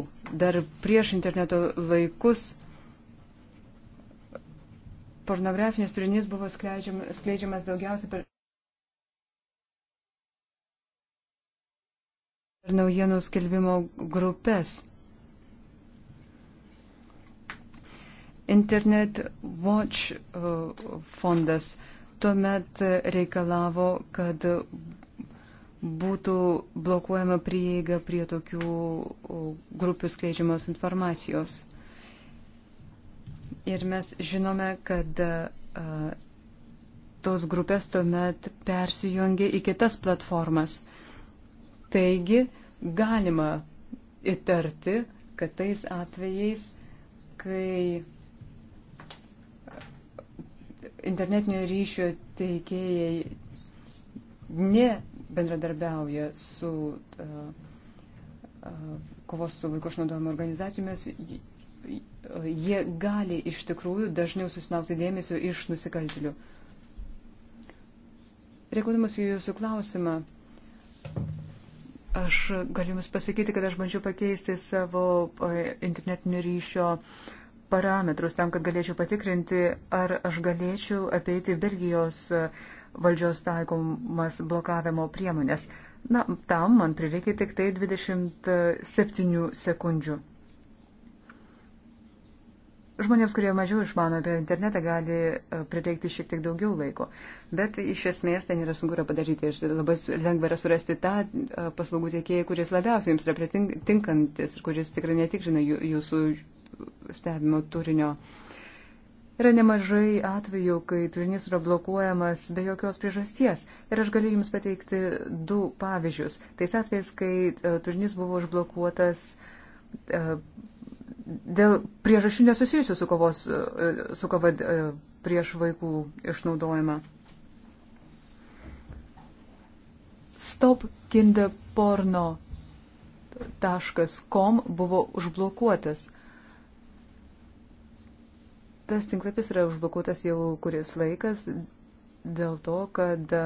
dar prieš interneto laikus, pornografinis turinys buvo skleidžiamas daugiausia per, per naujienų skelbimo grupės. Internet Watch uh, fondas tuomet reikalavo, kad būtų blokuojama prieiga prie tokių uh, grupių skleidžiamos informacijos. Ir mes žinome, kad uh, tos grupės tuomet persijungia į kitas platformas. Taigi galima įtarti, kad tais atvejais, kai internetinio ryšio teikėjai nebendradarbiauja su uh, uh, kovos su vaikų išnaudojimu organizacijomis, jie gali iš tikrųjų dažniau susinaukti dėmesio iš nusikaltėlių. Reaguodamas į jūsų klausimą, aš galiu jums pasakyti, kad aš bandžiau pakeisti savo e, internetinio ryšio parametrus tam, kad galėčiau patikrinti, ar aš galėčiau apeiti Belgijos e, valdžios taikomas blokavimo priemonės. Na, tam man prireikė tik tai 27 e, sekundžių. Žmonėms, kurie mažiau išmano apie internetą, gali e, prireikti šiek tiek daugiau laiko. Bet iš esmės ten yra sunku yra padaryti ir labai lengva yra surasti tą e, paslaugų tiekėją, kuris labiausiai jums yra tinkantis ir kuris tikrai netikrina jūsų stebimo turinio. Yra nemažai atvejų, kai turinys yra blokuojamas be jokios priežasties. Ir aš galiu Jums pateikti du pavyzdžius. Tais atvejais, kai e, turinys buvo užblokuotas dėl priežasčių nesusijusių su, kovos, e, su kova e, prieš vaikų išnaudojimą. Stop kinderporno .com buvo užblokuotas. Tas tinklapis yra užblokuotas jau kuris laikas dėl to, kad e,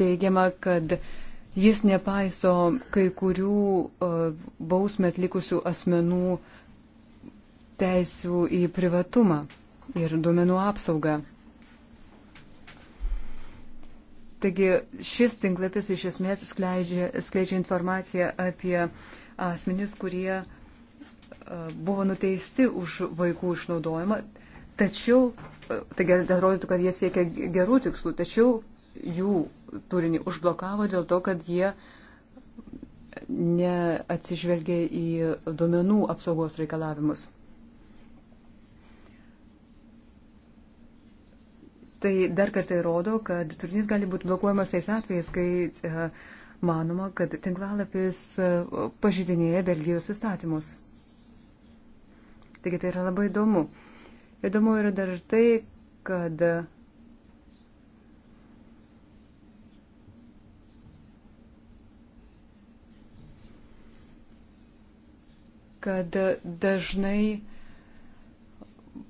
teigiama, kad uh, Jis nepaiso kai kurių e, bausmę atlikusių asmenų teisų į privatumą ir duomenų apsaugą. Taigi šis tinklapis iš esmės skleidžia, skleidžia informaciją apie asmenys, kurie e, buvo nuteisti už vaikų išnaudojimą, tačiau, e, taigi atrodytų, kad jie siekia gerų tikslų, tačiau jų turinį užblokavo dėl to, kad jie neatsižvelgia į duomenų apsaugos reikalavimus. Tai dar kartą įrodo, kad turinys gali būti blokuojamas tais atvejais, kai e, manoma, kad tinklalapis e, pažydinėja Belgijos įstatymus. Taigi tai yra labai įdomu. Įdomu yra dar ir tai, kad kad dažnai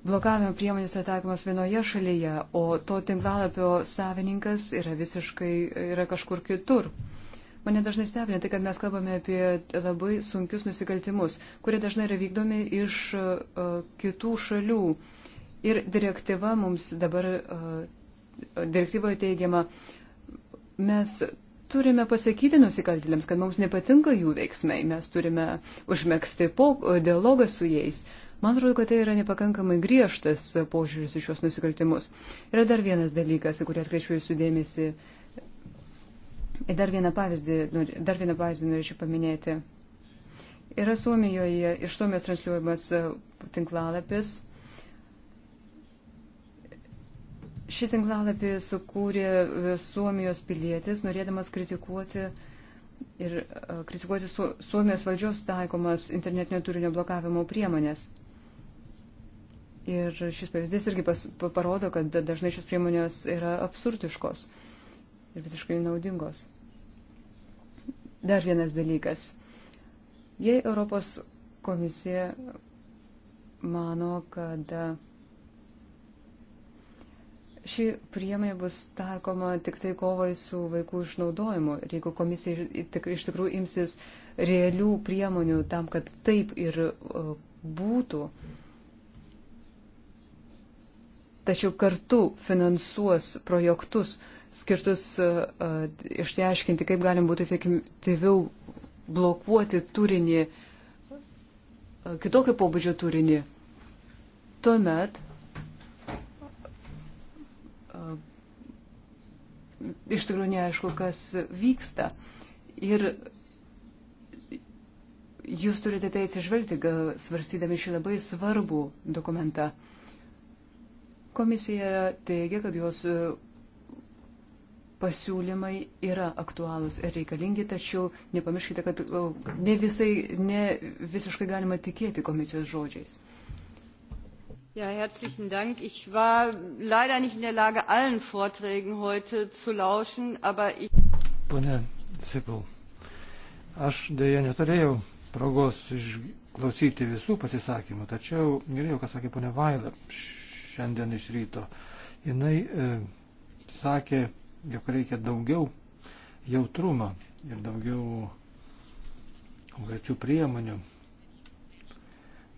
blokavimo priemonės yra taikomas vienoje šalyje, o to tinklalapio savininkas yra visiškai yra kažkur kitur. Mane dažnai stebina tai, kad mes kalbame apie labai sunkius nusikaltimus, kurie dažnai yra vykdomi iš uh, kitų šalių. Ir direktyva mums dabar, uh, direktyvoje teigiama, mes turime pasakyti nusikaltėliams, kad mums nepatinka jų veiksmai, mes turime užmėgsti po, dialogą su jais. Man atrodo, kad tai yra nepakankamai griežtas požiūris į šios nusikaltimus. Yra dar vienas dalykas, į kurį atkreipiu jūsų dėmesį. Dar vieną pavyzdį, dar vieną pavyzdį norėčiau paminėti. Yra Suomijoje iš Suomijos transliuojamas tinklalapis Šį tinklalapį sukūrė Suomijos pilietis, norėdamas kritikuoti ir e, kritikuoti su, Suomijos valdžios taikomas internetinio turinio blokavimo priemonės. Ir šis pavyzdys irgi pas, parodo, kad dažnai šios priemonės yra absurdiškos ir visiškai naudingos. Dar vienas dalykas. Jei Europos komisija mano, kad Ši priemonė bus taikoma tik tai kovai su vaikų išnaudojimu. Ir jeigu komisija iš tikrųjų imsis realių priemonių tam, kad taip ir e, būtų, tačiau kartu finansuos projektus skirtus e, e, išteiškinti, kaip galim būtų efektyviau blokuoti turinį, kitokio pobūdžio turinį, tuomet iš tikrųjų neaišku, kas vyksta. Ir jūs turite tai atsižvelgti, svarstydami šį labai svarbų dokumentą. Komisija teigia, kad jos e, pasiūlymai yra aktualūs ir reikalingi, tačiau nepamirškite, kad e, ne, visai, ne visiškai galima tikėti komisijos žodžiais. Ja, herzlichen Dank. Ich war leider nicht in der Lage, allen Vorträgen heute zu lauschen, aber ich. Pone Sipil, aš dėja neturėjau progos išklausyti visų pasisakymų, tačiau girdėjau, ką sakė ponia Vaila šiandien iš ryto. Jis e, sakė, jog reikia daugiau jautrumo ir daugiau konkrečių priemonių.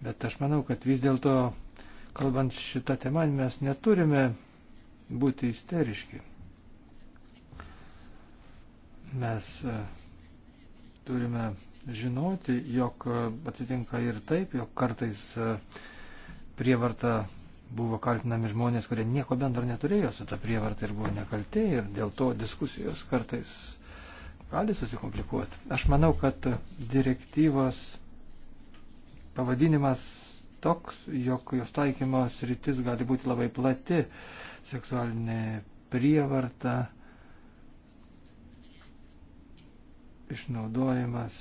Bet aš manau, kad vis dėlto kalbant šitą temą, mes neturime būti isteriški. Mes e, turime žinoti, jog atsitinka ir taip, jog kartais e, prievarta buvo kaltinami žmonės, kurie nieko bendro neturėjo su ta prievarta ir buvo nekalti ir dėl to diskusijos kartais gali susikomplikuoti. Aš manau, kad direktyvos pavadinimas toks, jog jos taikymos rytis gali būti labai plati - seksualinė prievarta, išnaudojimas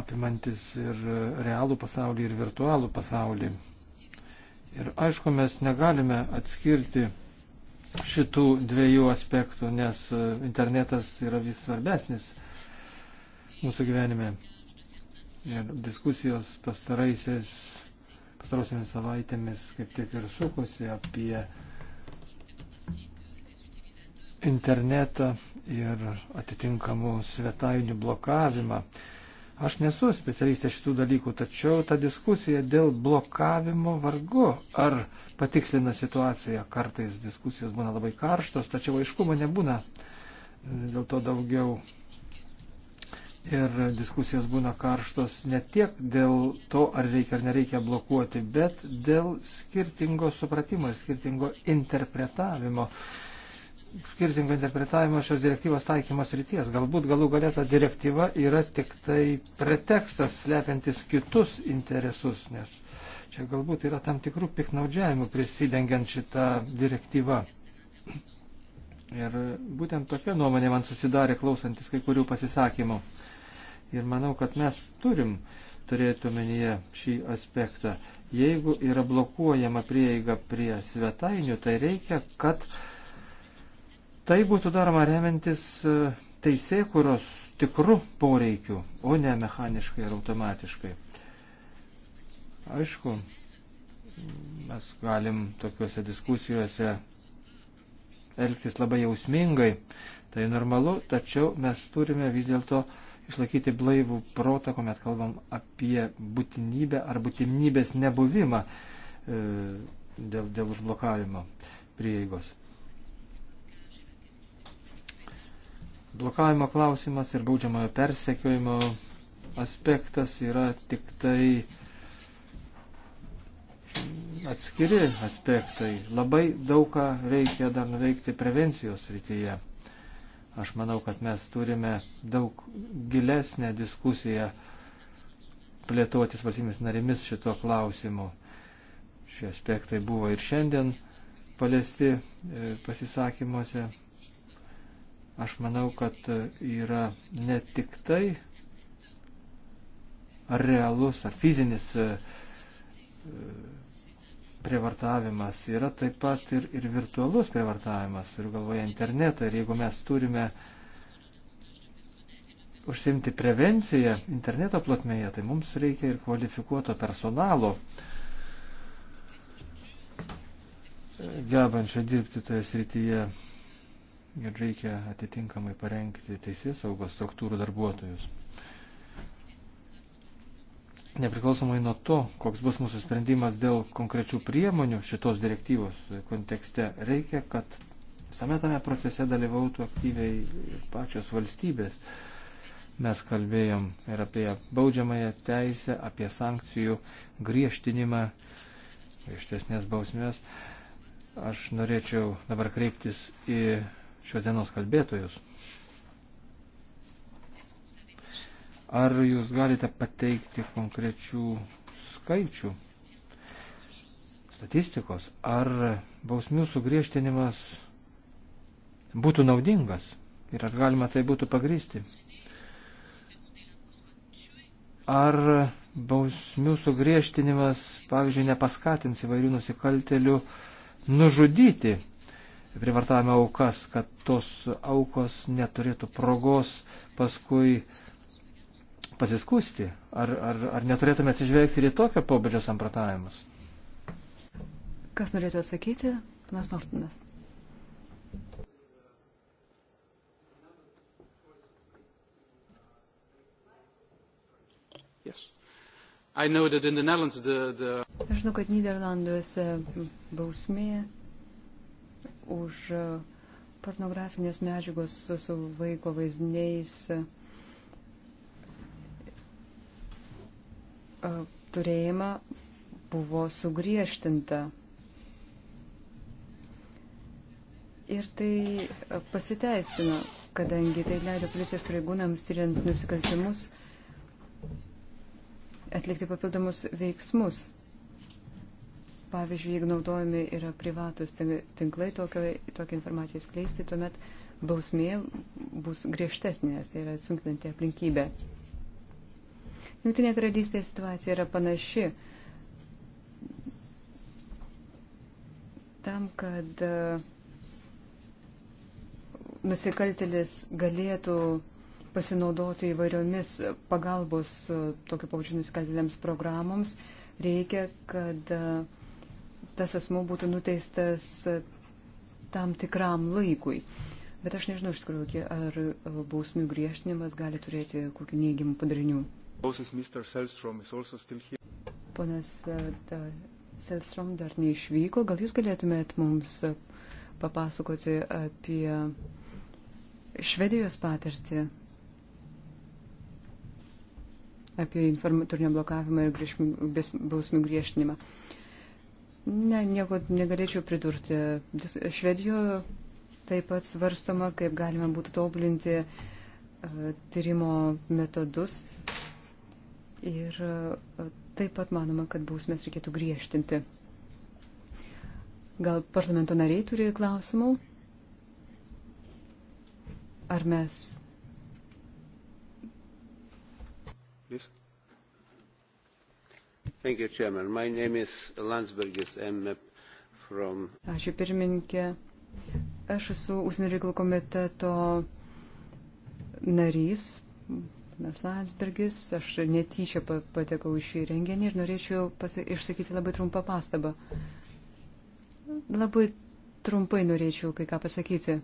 apimantis ir realų pasaulį, ir virtualų pasaulį. Ir aišku, mes negalime atskirti šitų dviejų aspektų, nes internetas yra vis svarbesnis mūsų gyvenime. Ir diskusijos pastarosiamis savaitėmis kaip tik ir sukosi apie internetą ir atitinkamų svetainių blokavimą. Aš nesu specialistė šitų dalykų, tačiau ta diskusija dėl blokavimo vargu ar patikslina situaciją. Kartais diskusijos būna labai karštos, tačiau aiškumo nebūna dėl to daugiau ir diskusijos būna karštos ne tiek dėl to, ar reikia ar nereikia blokuoti, bet dėl skirtingo supratimo ir skirtingo interpretavimo. Skirtingo interpretavimo šios direktyvos taikymos ryties. Galbūt galų galėta direktyva yra tik tai pretekstas slepiantis kitus interesus, nes čia galbūt yra tam tikrų piknaudžiavimų prisidengiant šitą direktyvą. Ir būtent tokia nuomonė man susidarė klausantis kai kurių pasisakymų. Uh, Ir manau, kad mes turim turėti omenyje šį aspektą. Jeigu yra blokuojama prieiga prie svetainių, tai reikia, kad tai būtų daroma remiantis e, teisėkuros tikrų poreikių, o ne mechaniškai ar automatiškai. Aišku, mes galim tokiuose diskusijose elgtis labai jausmingai, tai normalu, tačiau mes turime vis dėlto uh, išlaikyti blaivų protą, kuomet kalbam apie būtinybę ar būtinybės nebuvimą e, dėl, dėl užblokavimo prieigos. Blokavimo klausimas ir baudžiamojo persekiojimo aspektas yra tik tai atskiri aspektai. Labai daug ką reikia dar nuveikti prevencijos rytyje. Aš manau, kad mes turime daug gilesnę diskusiją plėtotis valstybės narėmis šituo klausimu. Šie aspektai buvo ir šiandien paliesti e, pasisakymuose. Aš manau, kad e, yra ne tik tai ar realus, ar fizinis e, prievartavimas yra taip pat ir, ir virtualus prievartavimas, turiu galvoje internetą. Ir jeigu mes turime užsimti prevenciją interneto platmėje, tai mums reikia ir kvalifikuoto personalo, e, gebančio dirbti toje srityje. Ir reikia atitinkamai parengti teisės saugos struktūrų darbuotojus nepriklausomai nuo to, koks bus mūsų sprendimas dėl konkrečių priemonių šitos direktyvos kontekste, reikia, kad visame tame procese dalyvautų aktyviai pačios valstybės. Mes kalbėjom ir apie baudžiamąją teisę, apie sankcijų griežtinimą, griežtesnės bausmės. Aš norėčiau dabar kreiptis į šios dienos kalbėtojus. Ar jūs galite pateikti konkrečių skaičių, statistikos, ar bausmių sugriežtinimas būtų naudingas ir ar galima tai būtų pagrysti? Ar bausmių sugriežtinimas, pavyzdžiui, nepaskatins įvairių nusikaltelių nužudyti privartavimo aukas, kad tos aukos neturėtų progos paskui uh, pasiskusti? Ar, ar, ar neturėtume atsižvelgti ir į tokio pobūdžio samprotavimus? Kas norėtų atsakyti? Panas Nortinas. Yes. I know that in the Netherlands the, the... Aš žinau, kad Niderlanduose bausmė už uh, pornografinės medžiagos su, su vaiko vaizdiniais uh, E, turėjimą buvo sugriežtinta. Ir tai e, pasiteisino, kadangi tai leido policijos pareigūnams tyriant nusikaltimus atlikti papildomus veiksmus. Pavyzdžiui, jeigu naudojami yra privatus tinklai tokią informaciją skleisti, tuomet bausmė bus griežtesnė, nes tai yra sunkinanti aplinkybė. Jungtinė nu, tai karalystė situacija yra panaši. Tam, kad e, nusikaltelis galėtų pasinaudoti įvairiomis pagalbos e, tokio pavyzdžio nusikaltėliams programoms, reikia, kad e, tas asmo būtų nuteistas tam tikram laikui. Bet aš nežinau iš tikrųjų, ar bausmių griežtinimas gali turėti kokių neigiamų padarinių. Ponas e, Selstrom dar neišvyko. Gal jūs galėtumėt mums e, papasakoti apie Švedijos patirtį, apie informatorinio blokavimą ir grįžmį, bausmių griežtinimą? Ne, nieko negalėčiau pridurti. Švedijoje taip pat svarstoma, kaip galima būtų tobulinti e, tyrimo metodus Ir e, taip pat manoma, kad bausmės reikėtų griežtinti. Gal parlamento nariai turi klausimų? Ar mes. Please. Thank you, Chairman. My name is Landsbergis M. From... Ačiū pirmininkė. Aš esu Užsienio reikalų komiteto narys, Panas Landsbergis, aš netyčia patekau į šį renginį ir norėčiau pasi... išsakyti labai trumpą pastabą. Labai trumpai norėčiau kai ką pasakyti.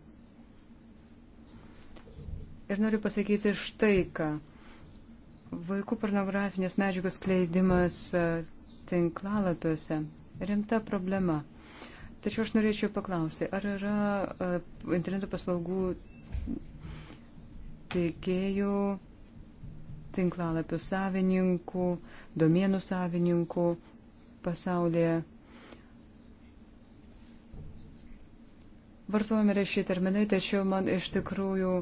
Ir noriu pasakyti štai ką. Vaikų pornografinės medžiagos kleidimas e, tinklalapiuose rimta problema. Tačiau aš norėčiau paklausti, ar yra e, interneto paslaugų teikėjų tinklalapių savininkų, domenų savininkų pasaulyje. Vartojame ir šį terminai, tačiau man iš tikrųjų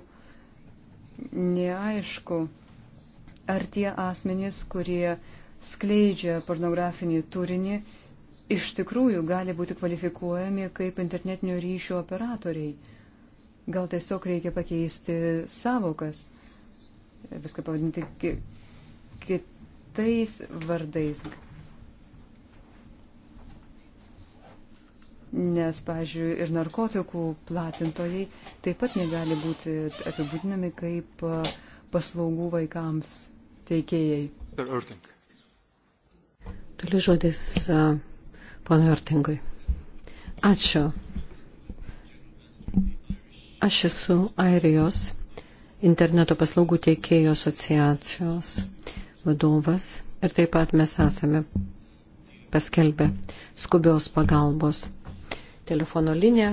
neaišku, ar tie asmenys, kurie skleidžia pornografinį turinį, iš tikrųjų gali būti kvalifikuojami kaip internetinio ryšio operatoriai. Gal tiesiog reikia pakeisti savokas viską pavadinti kitais vardais. Nes, pavyzdžiui, ir narkotikų platintojai taip pat negali būti apibūdinami kaip paslaugų vaikams teikėjai. Toliau žodis ponui Artingui. Ačiū. Aš esu Airijos interneto paslaugų teikėjų asociacijos vadovas ir taip pat mes esame paskelbę skubios pagalbos telefono liniją,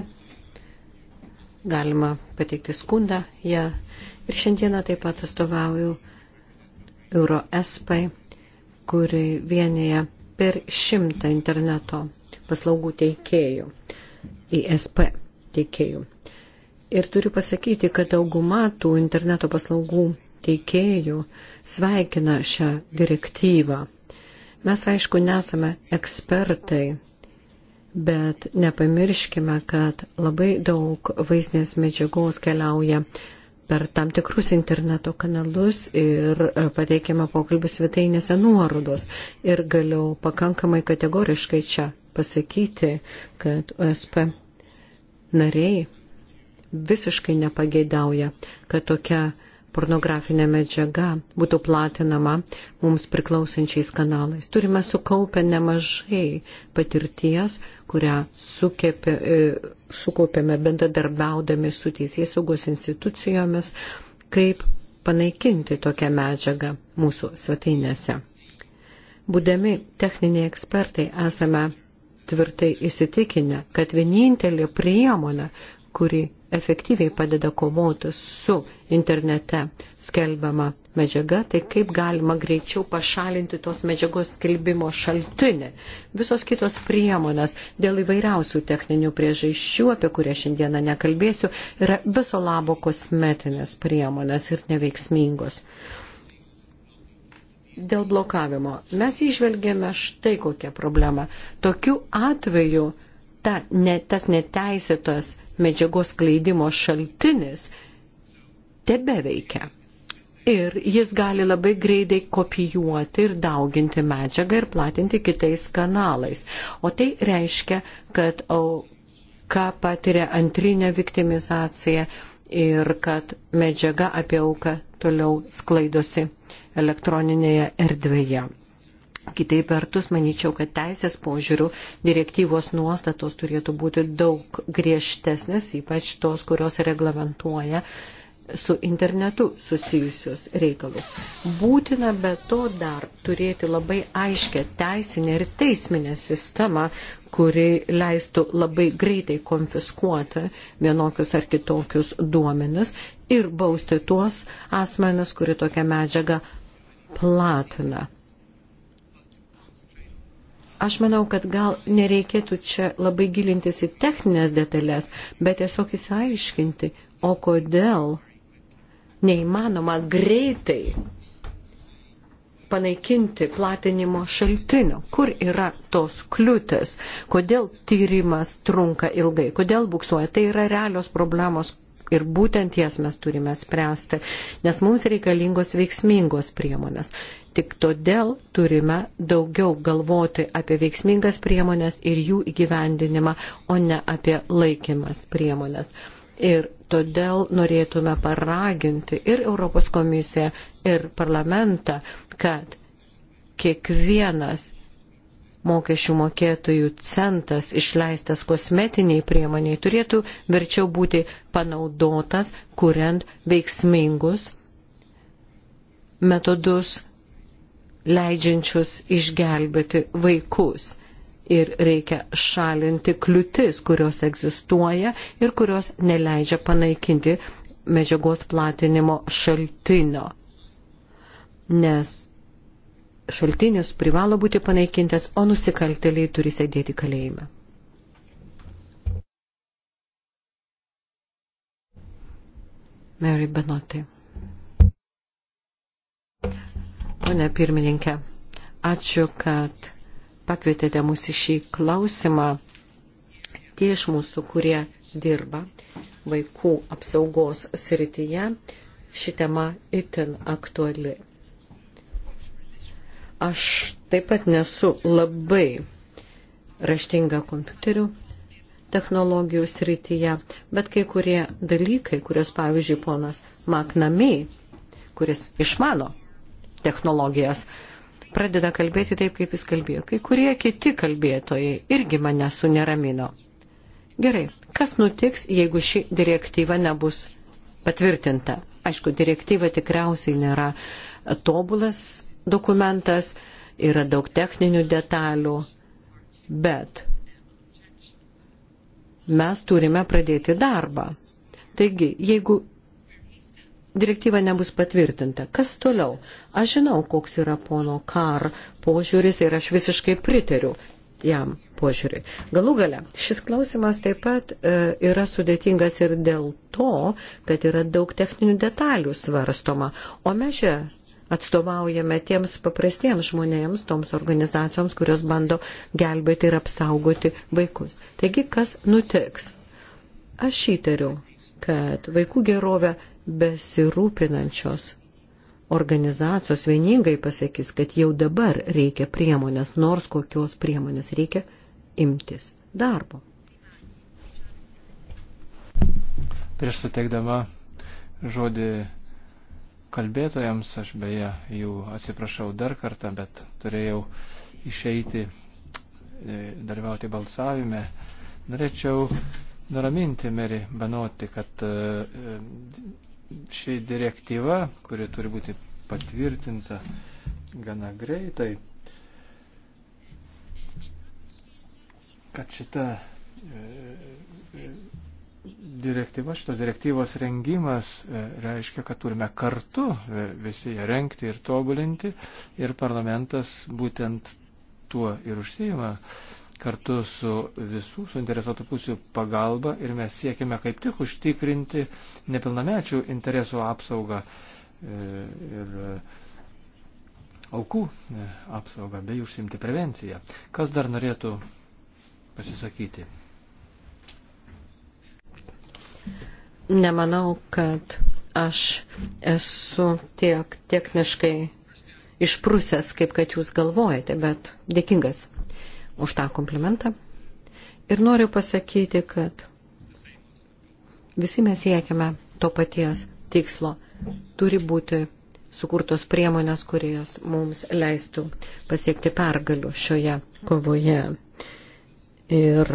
galima pateikti skundą ją ir šiandieną taip pat atstovauju EuroEspai, kuri vienyje per šimtą interneto paslaugų teikėjų, ISP teikėjų. Ir turiu pasakyti, kad dauguma tų interneto paslaugų teikėjų sveikina šią direktyvą. Mes, aišku, nesame ekspertai, bet nepamirškime, kad labai daug vaizdinės medžiagos keliauja per tam tikrus interneto kanalus ir e, pateikiama pokalbių svetainėse nuorodos. Ir galiu pakankamai kategoriškai čia pasakyti, kad OSP nariai visiškai nepageidauja, kad tokia pornografinė medžiaga būtų platinama mums priklausančiais kanalais. Turime sukaupę nemažai patirties, kurią sukėpė, e, sukaupėme bendradarbiaudami su teisės saugos institucijomis, kaip panaikinti tokią medžiagą mūsų svetainėse. Būdami techniniai ekspertai esame tvirtai įsitikinę, kad vienintelė priemonė, kuri efektyviai padeda kovoti su internete skelbiama medžiaga, tai kaip galima greičiau pašalinti tos medžiagos skelbimo šaltinį. Visos kitos priemonės dėl įvairiausių techninių priežasčių, apie kurias šiandieną nekalbėsiu, yra viso labo kosmetinės priemonės ir neveiksmingos. Dėl blokavimo. Mes išvelgėme štai kokią problemą. Tokiu atveju ta, ne, tas neteisėtas medžiagos kleidimo šaltinis tebeveikia. Ir jis gali labai greitai kopijuoti ir dauginti medžiagą ir platinti kitais kanalais. O tai reiškia, kad auka patiria antrinę viktimizaciją ir kad medžiaga apie auką toliau sklaidosi elektroninėje erdvėje. Kitaip vertus, manyčiau, kad teisės požiūrių direktyvos nuostatos turėtų būti daug griežtesnės, ypač tos, kurios reglamentuoja su internetu susijusius reikalus. Būtina be to dar turėti labai aiškę teisinę ir teisminę sistemą, kuri leistų labai greitai konfiskuoti vienokius ar kitokius duomenis ir bausti tuos asmenis, kuri tokią medžiagą platina Aš manau, kad gal nereikėtų čia labai gilintis į techninės detalės, bet tiesiog įsiaiškinti, o kodėl neįmanoma greitai panaikinti platinimo šaltinio. Kur yra tos kliūtis? Kodėl tyrimas trunka ilgai? Kodėl buksuoja? Tai yra realios problemos. Ir būtent jas mes turime spręsti, nes mums reikalingos veiksmingos priemonės. Tik todėl turime daugiau galvoti apie veiksmingas priemonės ir jų įgyvendinimą, o ne apie laikimas priemonės. Ir todėl norėtume paraginti ir Europos komisiją, ir parlamentą, kad kiekvienas mokesčių mokėtojų centas išleistas kosmetiniai priemoniai turėtų verčiau būti panaudotas, kuriant veiksmingus metodus leidžiančius išgelbėti vaikus. Ir reikia šalinti kliūtis, kurios egzistuoja ir kurios neleidžia panaikinti medžiagos platinimo šaltinio. Nes šaltinis privalo būti panaikintas, o nusikalteliai turi sėdėti kalėjime. Mary Benotai. Pone pirmininkė, ačiū, kad pakvietėte mus į šį klausimą. Tie iš mūsų, kurie dirba vaikų apsaugos srityje, ši tema itin aktuali. Aš taip pat nesu labai raštinga kompiuterių technologijų srityje, bet kai kurie dalykai, kurios pavyzdžiui ponas Maknamiai, kuris išmano technologijas. Pradeda kalbėti taip, kaip jis kalbėjo. Kai kurie kiti kalbėtojai irgi mane suneramino. Gerai, kas nutiks, jeigu ši direktyva nebus patvirtinta? Aišku, direktyva tikriausiai nėra tobulas dokumentas, yra daug techninių detalių, bet mes turime pradėti darbą. Taigi, jeigu direktyva nebus patvirtinta. Kas toliau? Aš žinau, koks yra pono kar požiūris ir aš visiškai pritariu jam požiūriui. Galų gale, šis klausimas taip pat e, yra sudėtingas ir dėl to, kad yra daug techninių detalių svarstoma, o mes čia atstovaujame tiems paprastiems žmonėms, toms organizacijoms, kurios bando gelbėti ir apsaugoti vaikus. Taigi, kas nutiks? Aš įtariu, kad vaikų gerovę besirūpinančios organizacijos vieningai pasakys, kad jau dabar reikia priemonės, nors kokios priemonės reikia imtis darbo. Prieš suteikdama žodį kalbėtojams, aš beje jų atsiprašau dar kartą, bet turėjau išeiti e, dalyvauti balsavime. Norėčiau nuraminti Meri Banoti, kad e, ši direktyva, kuri turi būti patvirtinta gana greitai, kad šita e, e, direktyva, šitos direktyvos rengimas e, reiškia, kad turime kartu visi ją renkti ir tobulinti ir parlamentas būtent tuo ir užsijima. Uh, kartu su visų suinteresuotų pusių pagalba ir mes siekime kaip tik užtikrinti nepilnamečių interesų apsaugą e, ir e, aukų e, apsaugą bei užsimti prevenciją. Kas dar norėtų pasisakyti? Nemanau, kad aš esu tiek techniškai išprusęs, kaip kad jūs galvojate, bet dėkingas už tą komplimentą. Ir noriu pasakyti, kad visi mes siekiame to paties tikslo. Turi būti sukurtos priemonės, kurios mums leistų pasiekti pergalių šioje kovoje. Ir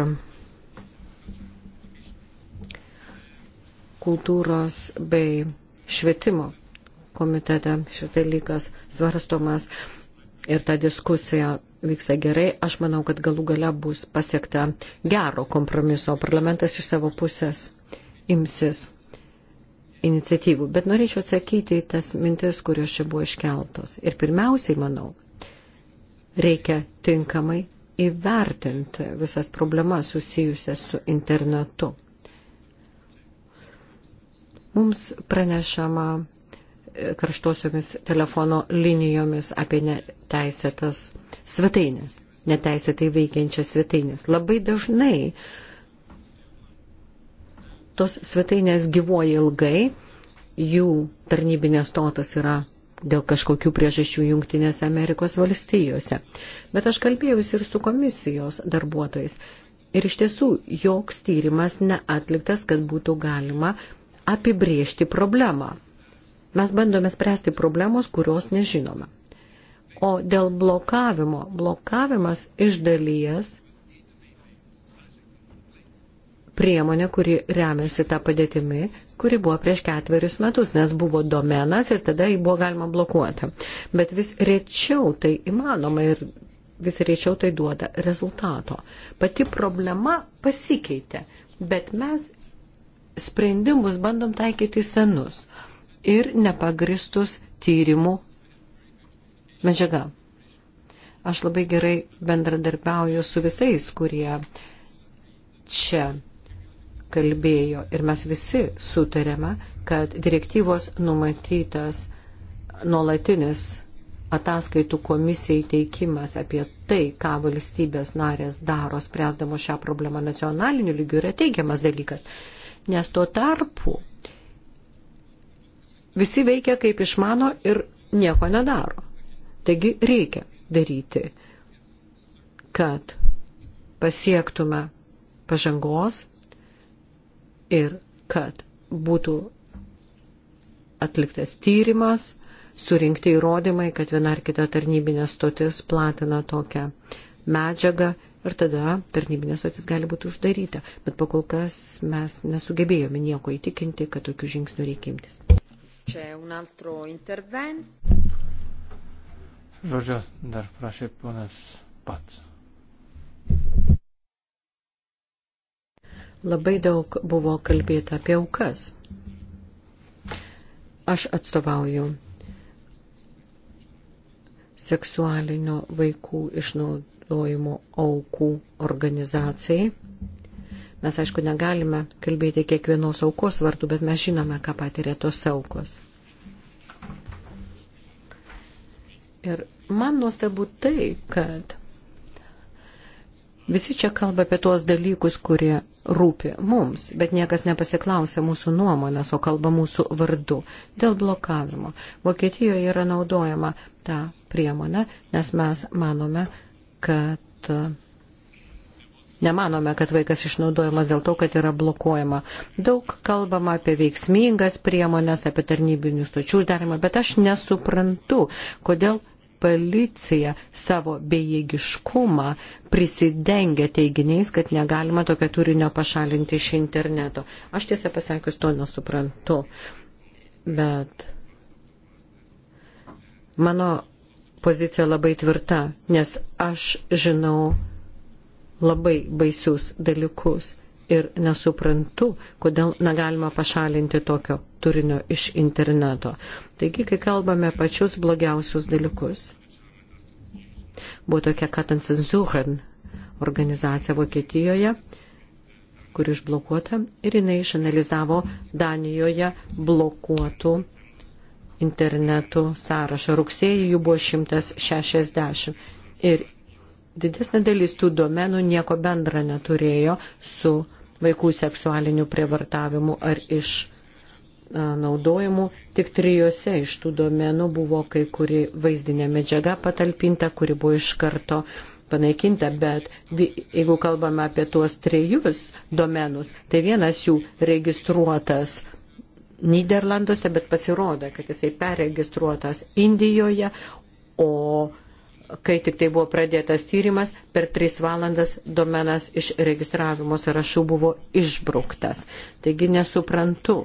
kultūros bei švietimo komitete šis dalykas svarstomas ir ta diskusija vyksta gerai, aš manau, kad galų gale bus pasiekta gero kompromiso. Parlamentas iš savo pusės imsis iniciatyvų. Bet norėčiau atsakyti į tas mintis, kurios čia buvo iškeltos. Ir pirmiausiai, manau, reikia tinkamai įvertinti visas problemas susijusias su internetu. Mums pranešama karštosiomis telefono linijomis apie neteisėtas svetainės, neteisėtai veikiančias svetainės. Labai dažnai tos svetainės gyvoja ilgai, jų tarnybinės totas yra dėl kažkokių priežasčių Junktinėse Amerikos valstijose. Bet aš kalbėjausi ir su komisijos darbuotojais. Ir iš tiesų, joks tyrimas neatliktas, kad būtų galima apibriežti problemą. Mes bandome spręsti problemos, kurios nežinome. O dėl blokavimo, blokavimas iš dalies priemonė, kuri remiasi tą padėtimi, kuri buvo prieš ketverius metus, nes buvo domenas ir tada jį buvo galima blokuoti. Bet vis rečiau tai įmanoma ir vis rečiau tai duoda rezultato. Pati problema pasikeitė, bet mes sprendimus bandom taikyti senus ir nepagristus tyrimų medžiaga. Aš labai gerai bendradarbiauju su visais, kurie čia kalbėjo ir mes visi sutarėme, kad direktyvos numatytas nuolatinis ataskaitų komisijai teikimas apie tai, ką valstybės narės daro, spręsdamo šią problemą nacionaliniu lygiu, yra teigiamas dalykas. Nes tuo tarpu visi veikia kaip išmano ir nieko nedaro. Taigi reikia daryti, kad pasiektume pažangos ir kad būtų atliktas tyrimas, surinkti įrodymai, kad viena ar kita tarnybinė stotis platina tokią medžiagą ir tada tarnybinė stotis gali būti uždaryta. Bet pakol kas mes nesugebėjome nieko įtikinti, kad tokių žingsnių reikia imtis. Čia un altro intervent. Žodžio dar prašė ponas pats. Labai daug buvo kalbėta apie aukas. Aš atstovauju seksualinio vaikų išnaudojimo aukų organizacijai Mes, aišku, negalime kalbėti kiekvienos aukos vardu, bet mes žinome, ką patiria tos aukos. Ir man nuostabu tai, kad visi čia kalba apie tuos dalykus, kurie rūpi mums, bet niekas nepasiklausia mūsų nuomonės, o kalba mūsų vardu dėl blokavimo. Vokietijoje yra naudojama ta priemonė, nes mes manome, kad Nemanome, kad vaikas išnaudojamas dėl to, kad yra blokuojama. Daug kalbama apie veiksmingas priemonės, apie tarnybinių stočių uždarimą, bet aš nesuprantu, kodėl policija savo bejėgiškumą prisidengia teiginiais, kad negalima tokio turinio pašalinti iš interneto. Aš tiesą pasakius to nesuprantu, bet mano pozicija labai tvirta, nes aš žinau labai baisius dalykus ir nesuprantu, kodėl negalima pašalinti tokio turinio iš interneto. Taigi, kai kalbame pačius blogiausius dalykus, buvo tokia Katansenzuchen organizacija Vokietijoje, kuri išblokuota ir jinai išanalizavo Danijoje blokuotų internetų sąrašą. Rugsėjį jų buvo 160 ir didesnė dalis tų domenų nieko bendra neturėjo su vaikų seksualiniu prievartavimu ar iš naudojimu. Tik trijose iš tų domenų buvo kai kuri vaizdinė medžiaga patalpinta, kuri buvo iš karto panaikinta, bet jeigu kalbame apie tuos trejus domenus, tai vienas jų registruotas Niderlanduose, bet pasirodo, kad jisai perregistruotas Indijoje, o kai tik tai buvo pradėtas tyrimas, per tris valandas domenas iš registravimo sąrašų buvo išbrauktas. Taigi nesuprantu,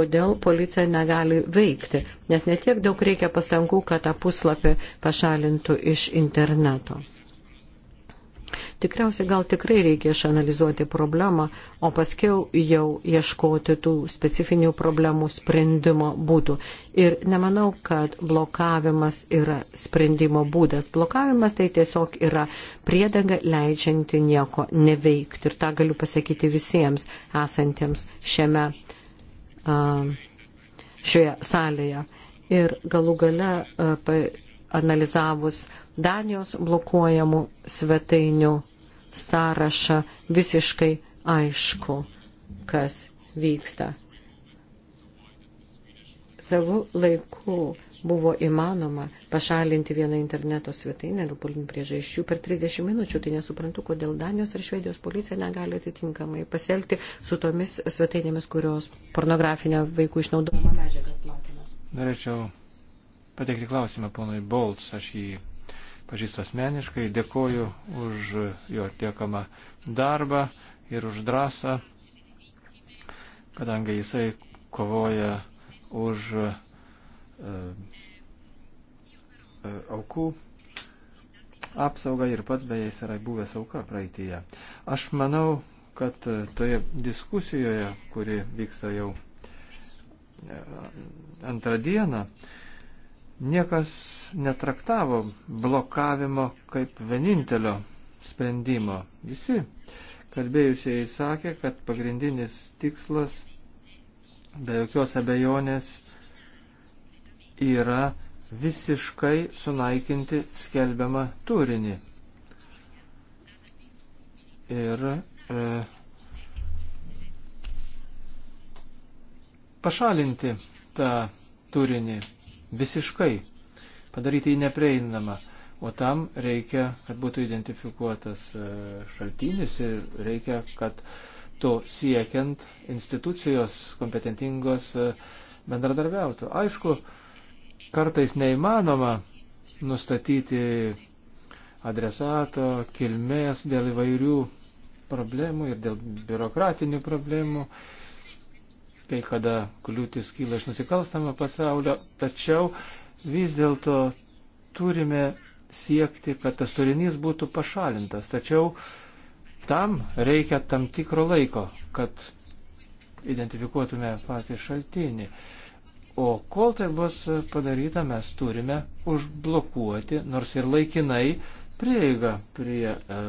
kodėl policija negali veikti, nes netiek daug reikia pastangų, kad tą puslapį pašalintų iš interneto. Tikriausiai gal tikrai reikia išanalizuoti problemą, o paskiau jau ieškoti tų specifinių problemų sprendimo būdų. Ir nemanau, kad blokavimas yra sprendimo būdas. Blokavimas tai tiesiog yra priedanga leidžianti nieko neveikti. Ir tą galiu pasakyti visiems esantiems šiame, šioje salėje. Ir galų gale analizavus Danijos blokuojamų svetainių sąrašą visiškai aišku, kas vyksta. Savų laikų buvo įmanoma pašalinti vieną interneto svetainę dėl politinių priežasčių per 30 minučių, tai nesuprantu, kodėl Danijos ir Švedijos policija negali atitinkamai pasielgti su tomis svetainėmis, kurios pornografinę vaikų išnaudojimą medžiagą platino. Norėčiau pateikti klausimą ponui Bolts, aš jį pažįstu asmeniškai, dėkoju už jo atliekamą darbą ir už drąsą, kadangi jisai kovoja už e, e, aukų apsaugą ir pats beje jis yra buvęs auka praeitėje. Aš manau, kad e, toje diskusijoje, kuri vyksta jau e, antrą dieną, e, Niekas netraktavo blokavimo kaip vienintelio sprendimo. Visi kalbėjusiai sakė, kad pagrindinis tikslas be jokios abejonės yra visiškai sunaikinti skelbiamą turinį. Ir e, pašalinti tą turinį visiškai, padaryti jį neprieinamą. O tam reikia, kad būtų identifikuotas e, šaltinis ir reikia, kad to siekiant institucijos kompetentingos e, bendradarbiautų. Aišku, kartais neįmanoma nustatyti adresato, kilmės dėl įvairių problemų ir dėl biurokratinių problemų. Uh, kai kada kliūtis kyla iš nusikalstamo pasaulio, tačiau vis dėlto turime siekti, kad tas turinys būtų pašalintas. Tačiau tam reikia tam tikro laiko, kad identifikuotume patį šaltinį. O kol tai bus padaryta, mes turime užblokuoti, nors ir laikinai, prieigą prie. E,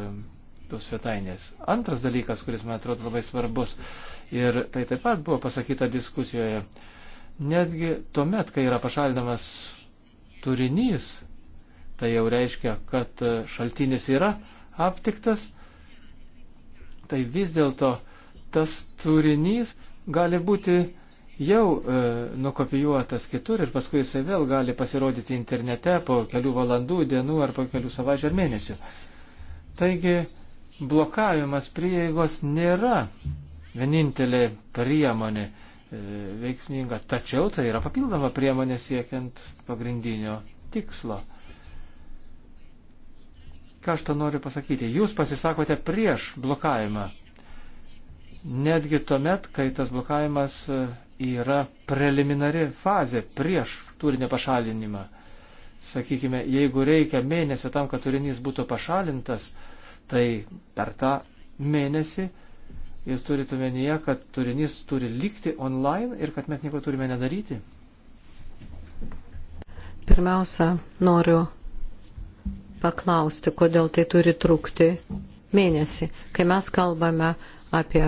tos svetainės. Antras dalykas, kuris man atrodo labai svarbus, ir tai taip pat buvo pasakyta diskusijoje, netgi tuomet, kai yra pašalinamas turinys, tai jau reiškia, kad šaltinis yra aptiktas, tai vis dėlto tas turinys gali būti jau e, nukopijuotas kitur ir paskui jisai vėl gali pasirodyti internete po kelių valandų, dienų ar po kelių savaičių ar mėnesių. Taigi blokavimas prieigos nėra vienintelė priemonė e, veiksminga, tačiau tai yra papildoma priemonė siekiant pagrindinio tikslo. Ką aš to noriu pasakyti? Jūs pasisakote prieš blokavimą. Netgi tuomet, kai tas blokavimas e, yra preliminari fazė prieš turinio pašalinimą. Sakykime, jeigu reikia mėnesio tam, kad turinys būtų pašalintas, tai per tą mėnesį jūs turite omenyje, kad turinys turi likti online ir kad mes nieko turime nedaryti? Pirmiausia, noriu paklausti, kodėl tai turi trukti mėnesį. Kai mes kalbame apie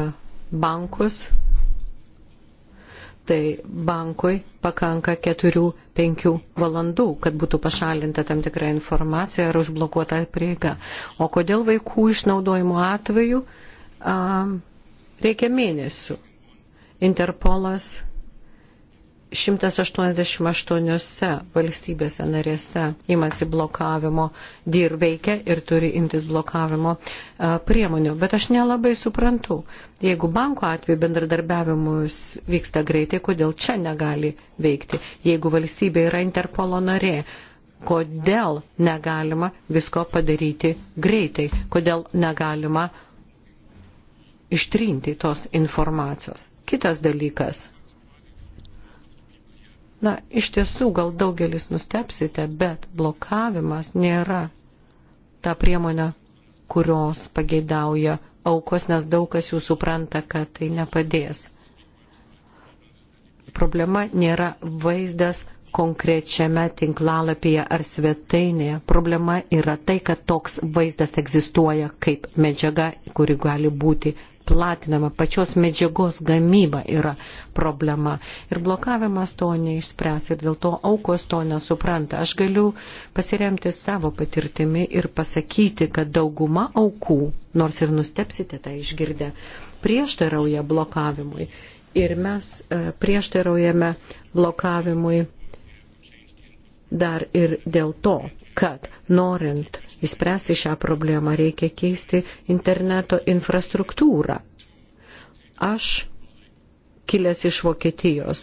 bankus, tai bankui pakanka keturių penkių valandų, kad būtų pašalinta tam tikra informacija ar užblokuota prieiga. O kodėl vaikų išnaudojimo atveju a, reikia mėnesių? Interpolas 188 valstybėse narėse imasi blokavimo, dir veikia ir turi imtis blokavimo e, priemonių. Bet aš nelabai suprantu, jeigu banko atveju bendradarbiavimus vyksta greitai, kodėl čia negali veikti, jeigu valstybė yra Interpolo narė. Kodėl negalima visko padaryti greitai, kodėl negalima ištrinti tos informacijos. Kitas dalykas Na, iš tiesų, gal daugelis nustepsite, bet blokavimas nėra ta priemonė, kurios pageidauja aukos, nes daug kas jų supranta, kad tai nepadės. Problema nėra vaizdas konkrečiame tinklalapyje ar svetainėje. Problema yra tai, kad toks vaizdas egzistuoja kaip medžiaga, kuri gali būti platinama, pačios medžiagos gamyba yra problema. Ir blokavimas to neišspręs ir dėl to aukos to nesupranta. Aš galiu pasiremti savo patirtimi ir pasakyti, kad dauguma aukų, nors ir nustepsite tą išgirdę, prieštarauja blokavimui. Ir mes e, prieštaraujame blokavimui dar ir dėl to, kad norint Įspręsti šią problemą reikia keisti interneto infrastruktūrą. Aš kilęs iš Vokietijos,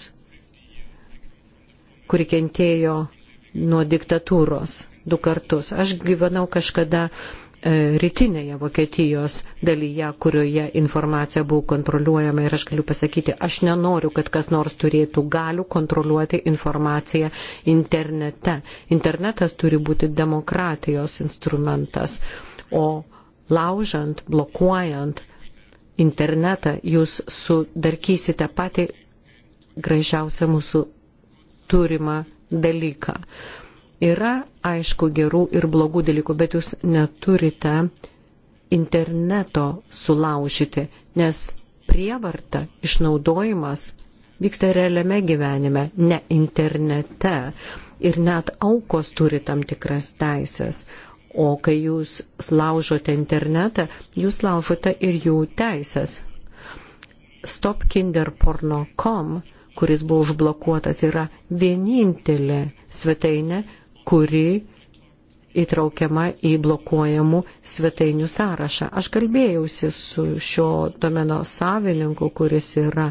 kuri kentėjo nuo diktatūros du kartus. Aš gyvenau kažkada E, rytinėje Vokietijos dalyje, kurioje informacija buvo kontroliuojama ir aš galiu pasakyti, aš nenoriu, kad kas nors turėtų galių kontroliuoti informaciją internete. Internetas turi būti demokratijos instrumentas, o laužant, blokuojant internetą jūs sudarkysite patį gražiausią mūsų turimą dalyką. Yra, aišku, gerų ir blogų dalykų, bet jūs neturite interneto sulaužyti, nes prievarta, išnaudojimas vyksta realiame gyvenime, ne internete. Ir net aukos turi tam tikras teisės. O kai jūs laužote internetą, jūs laužote ir jų teisės. Stopkinderporno.com, kuris buvo užblokuotas, yra vienintelė svetainė, kuri įtraukiama į blokuojamų svetainių sąrašą. Aš kalbėjausi su šio domeno savininku, kuris yra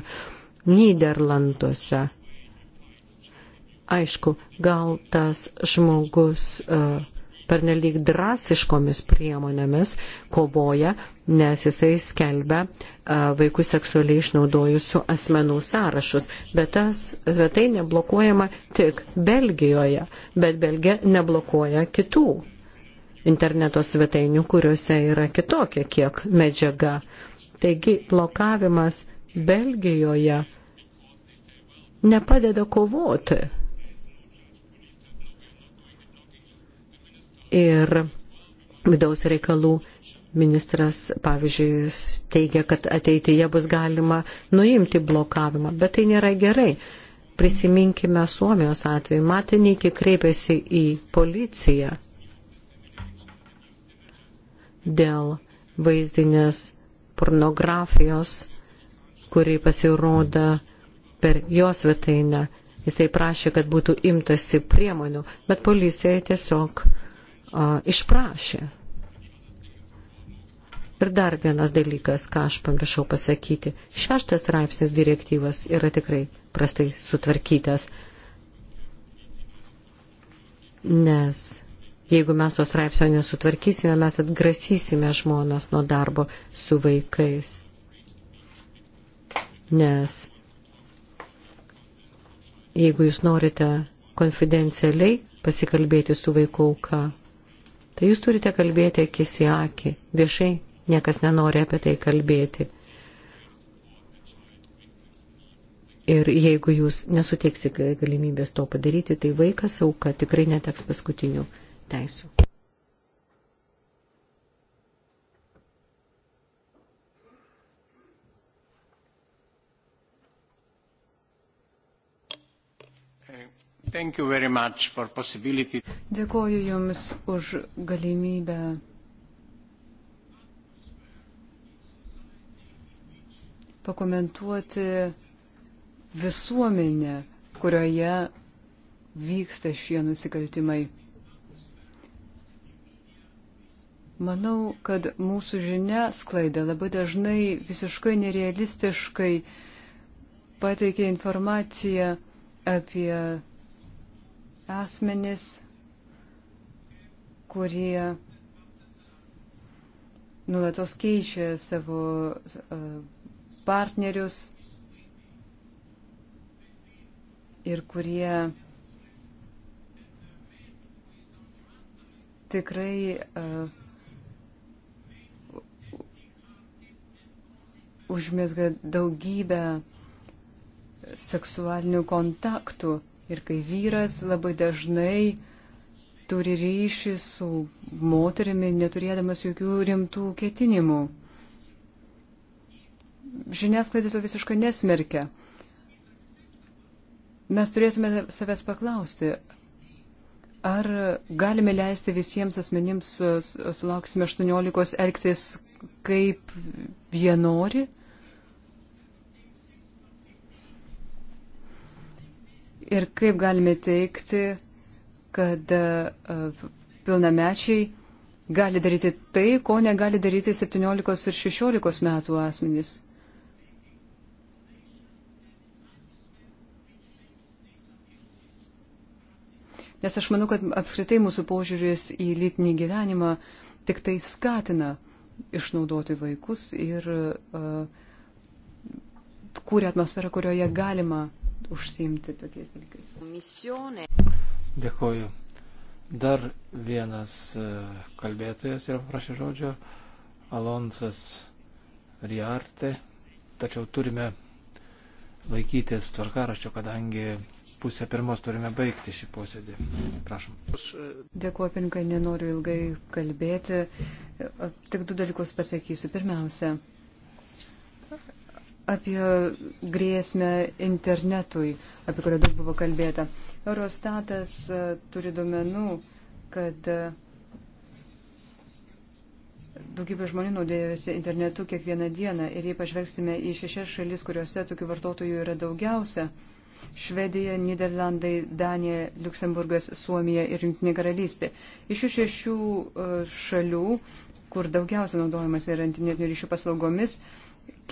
Niderlanduose. Aišku, gal tas žmogus uh, pernelyg drastiškomis priemonėmis kovoja nes jisai skelbia vaikų seksualiai išnaudojusių asmenų sąrašus. Bet tas svetai neblokuojama tik Belgijoje, bet Belgija neblokuoja kitų interneto svetainių, kuriuose yra kitokia kiek medžiaga. Taigi blokavimas Belgijoje nepadeda kovoti. Ir vidaus reikalų ministras, pavyzdžiui, teigia, kad ateityje bus galima nuimti blokavimą, bet tai nėra gerai. Prisiminkime Suomijos atveju. Matininkė kreipėsi į policiją dėl vaizdinės pornografijos, kuri pasirodo per jos svetainę. Jisai prašė, kad būtų imtasi priemonių, bet policija tiesiog a, išprašė Ir dar vienas dalykas, ką aš pamiršau pasakyti. Šeštas straipsnis direktyvos yra tikrai prastai sutvarkytas, nes jeigu mes to straipsnio nesutvarkysime, mes atgrasysime žmonas nuo darbo su vaikais. Nes jeigu jūs norite konfidencialiai pasikalbėti su vaiku auka, tai jūs turite kalbėti akis į akį, viešai Niekas nenori apie tai kalbėti. Ir jeigu jūs nesuteiksite galimybės to padaryti, tai vaikas auka tikrai neteks paskutinių teisų. Dėkuoju Jums už galimybę pakomentuoti visuomenę, kurioje vyksta šie nusikaltimai. Manau, kad mūsų žiniasklaida labai dažnai visiškai nerealistiškai pateikia informaciją apie asmenis, kurie nulatos keičia savo uh, partnerius ir kurie tikrai uh, e, užmėsga daugybę seksualinių kontaktų ir kai vyras labai dažnai turi ryšį su moterimi, neturėdamas jokių rimtų ketinimų žiniasklaida to visiškai nesmerkia. Mes turėtume savęs paklausti, ar galime leisti visiems asmenims, sulauksime 18, elgtis kaip jie nori? Ir kaip galime teikti, kad e, pilnamečiai gali daryti tai, ko negali daryti 17 ir 16 metų asmenys. Nes aš manau, kad apskritai mūsų požiūris į lytinį gyvenimą tik tai skatina išnaudoti vaikus ir uh, kūrė atmosferą, kurioje galima užsiimti tokiais dalykais. Misionė. Dėkuoju. Dar vienas uh, kalbėtojas yra prašė žodžio, Alonsas Riarte, tačiau turime laikytis tvarkaraščio, kadangi pusę pirmos turime baigti šį posėdį. Prašom. Dėkuoju, pinkai, nenoriu ilgai kalbėti. Tik du dalykus pasakysiu. Pirmiausia, apie grėsmę internetui, apie kurią daug buvo kalbėta. Eurostatas e, turi duomenų, kad e, daugybė žmonių naudėjasi internetu kiekvieną dieną ir jei pažvelgsime į šešias šalis, kuriuose tokių vartotojų yra daugiausia, Švedija, Niderlandai, Danija, Luksemburgas, Suomija ir Junktinė karalystė. Iš šių šešių e, šalių, kur daugiausia naudojamas yra internetinių ryšių paslaugomis,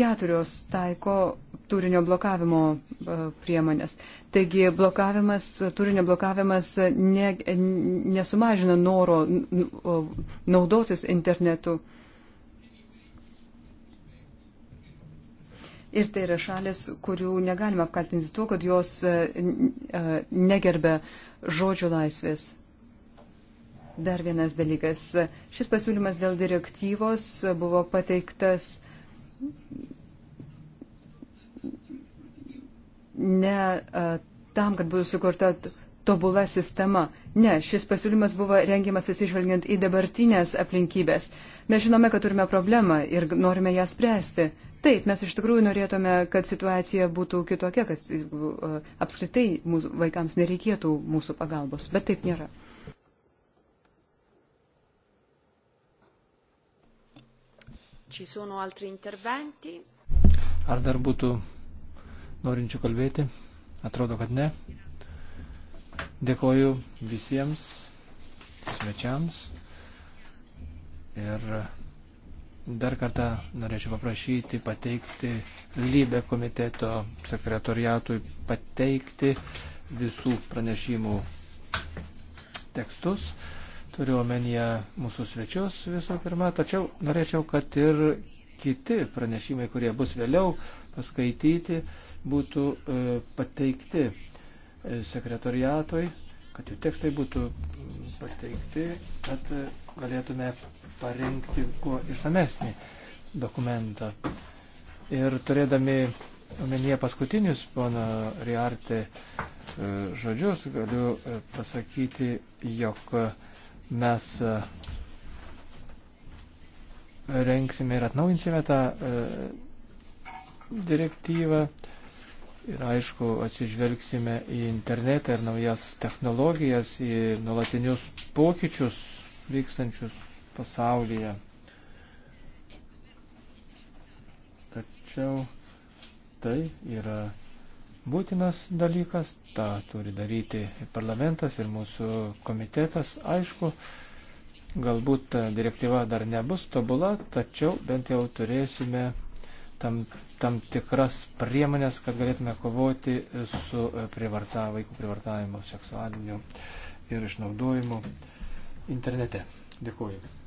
keturios taiko turinio blokavimo e, priemonės. Taigi blokavimas, turinio blokavimas ne, nesumažina noro naudotis internetu. Uh, Ir tai yra šalis, kurių negalima apkaltinti tuo, kad jos e, e, negerbė žodžio laisvės. Dar vienas dalykas. Šis pasiūlymas dėl direktyvos buvo pateiktas ne e, tam, kad būtų sukurta tobula sistema. Ne, šis pasiūlymas buvo rengiamas atsižvelgiant į dabartinės aplinkybės. Mes žinome, kad turime problemą ir norime ją spręsti. Taip, mes iš tikrųjų norėtume, kad situacija būtų kitokia, kad e, apskritai mūsų vaikams nereikėtų mūsų pagalbos, bet taip nėra. Ar dar būtų norinčių kalbėti? Atrodo, kad ne. Dėkoju visiems svečiams ir dar kartą norėčiau paprašyti pateikti lybę komiteto sekretoriatui pateikti visų pranešimų tekstus. Turiu omenyje mūsų svečius visų pirma, tačiau norėčiau, kad ir kiti pranešimai, kurie bus vėliau paskaityti, būtų e, pateikti e, sekretoriatui, kad jų tekstai būtų pateikti, kad e, galėtume parengti kuo išsamesnį dokumentą. Ir turėdami omenyje paskutinius pono Riarte e, žodžius, galiu e, pasakyti, jog mes e, rengsime ir atnaujinsime tą direktyvą ir aišku atsižvelgsime į internetą ir naujas technologijas, į nuolatinius pokyčius vykstančius pasaulyje. Tačiau tai yra būtinas dalykas, tą turi daryti ir parlamentas, ir mūsų komitetas. Aišku, galbūt ta direktyva dar nebus tobula, tačiau bent jau turėsime tam, tam tikras priemonės, kad galėtume kovoti su privarta, vaikų privartavimu, seksualiniu ir išnaudojimu internete. Dėkuoju.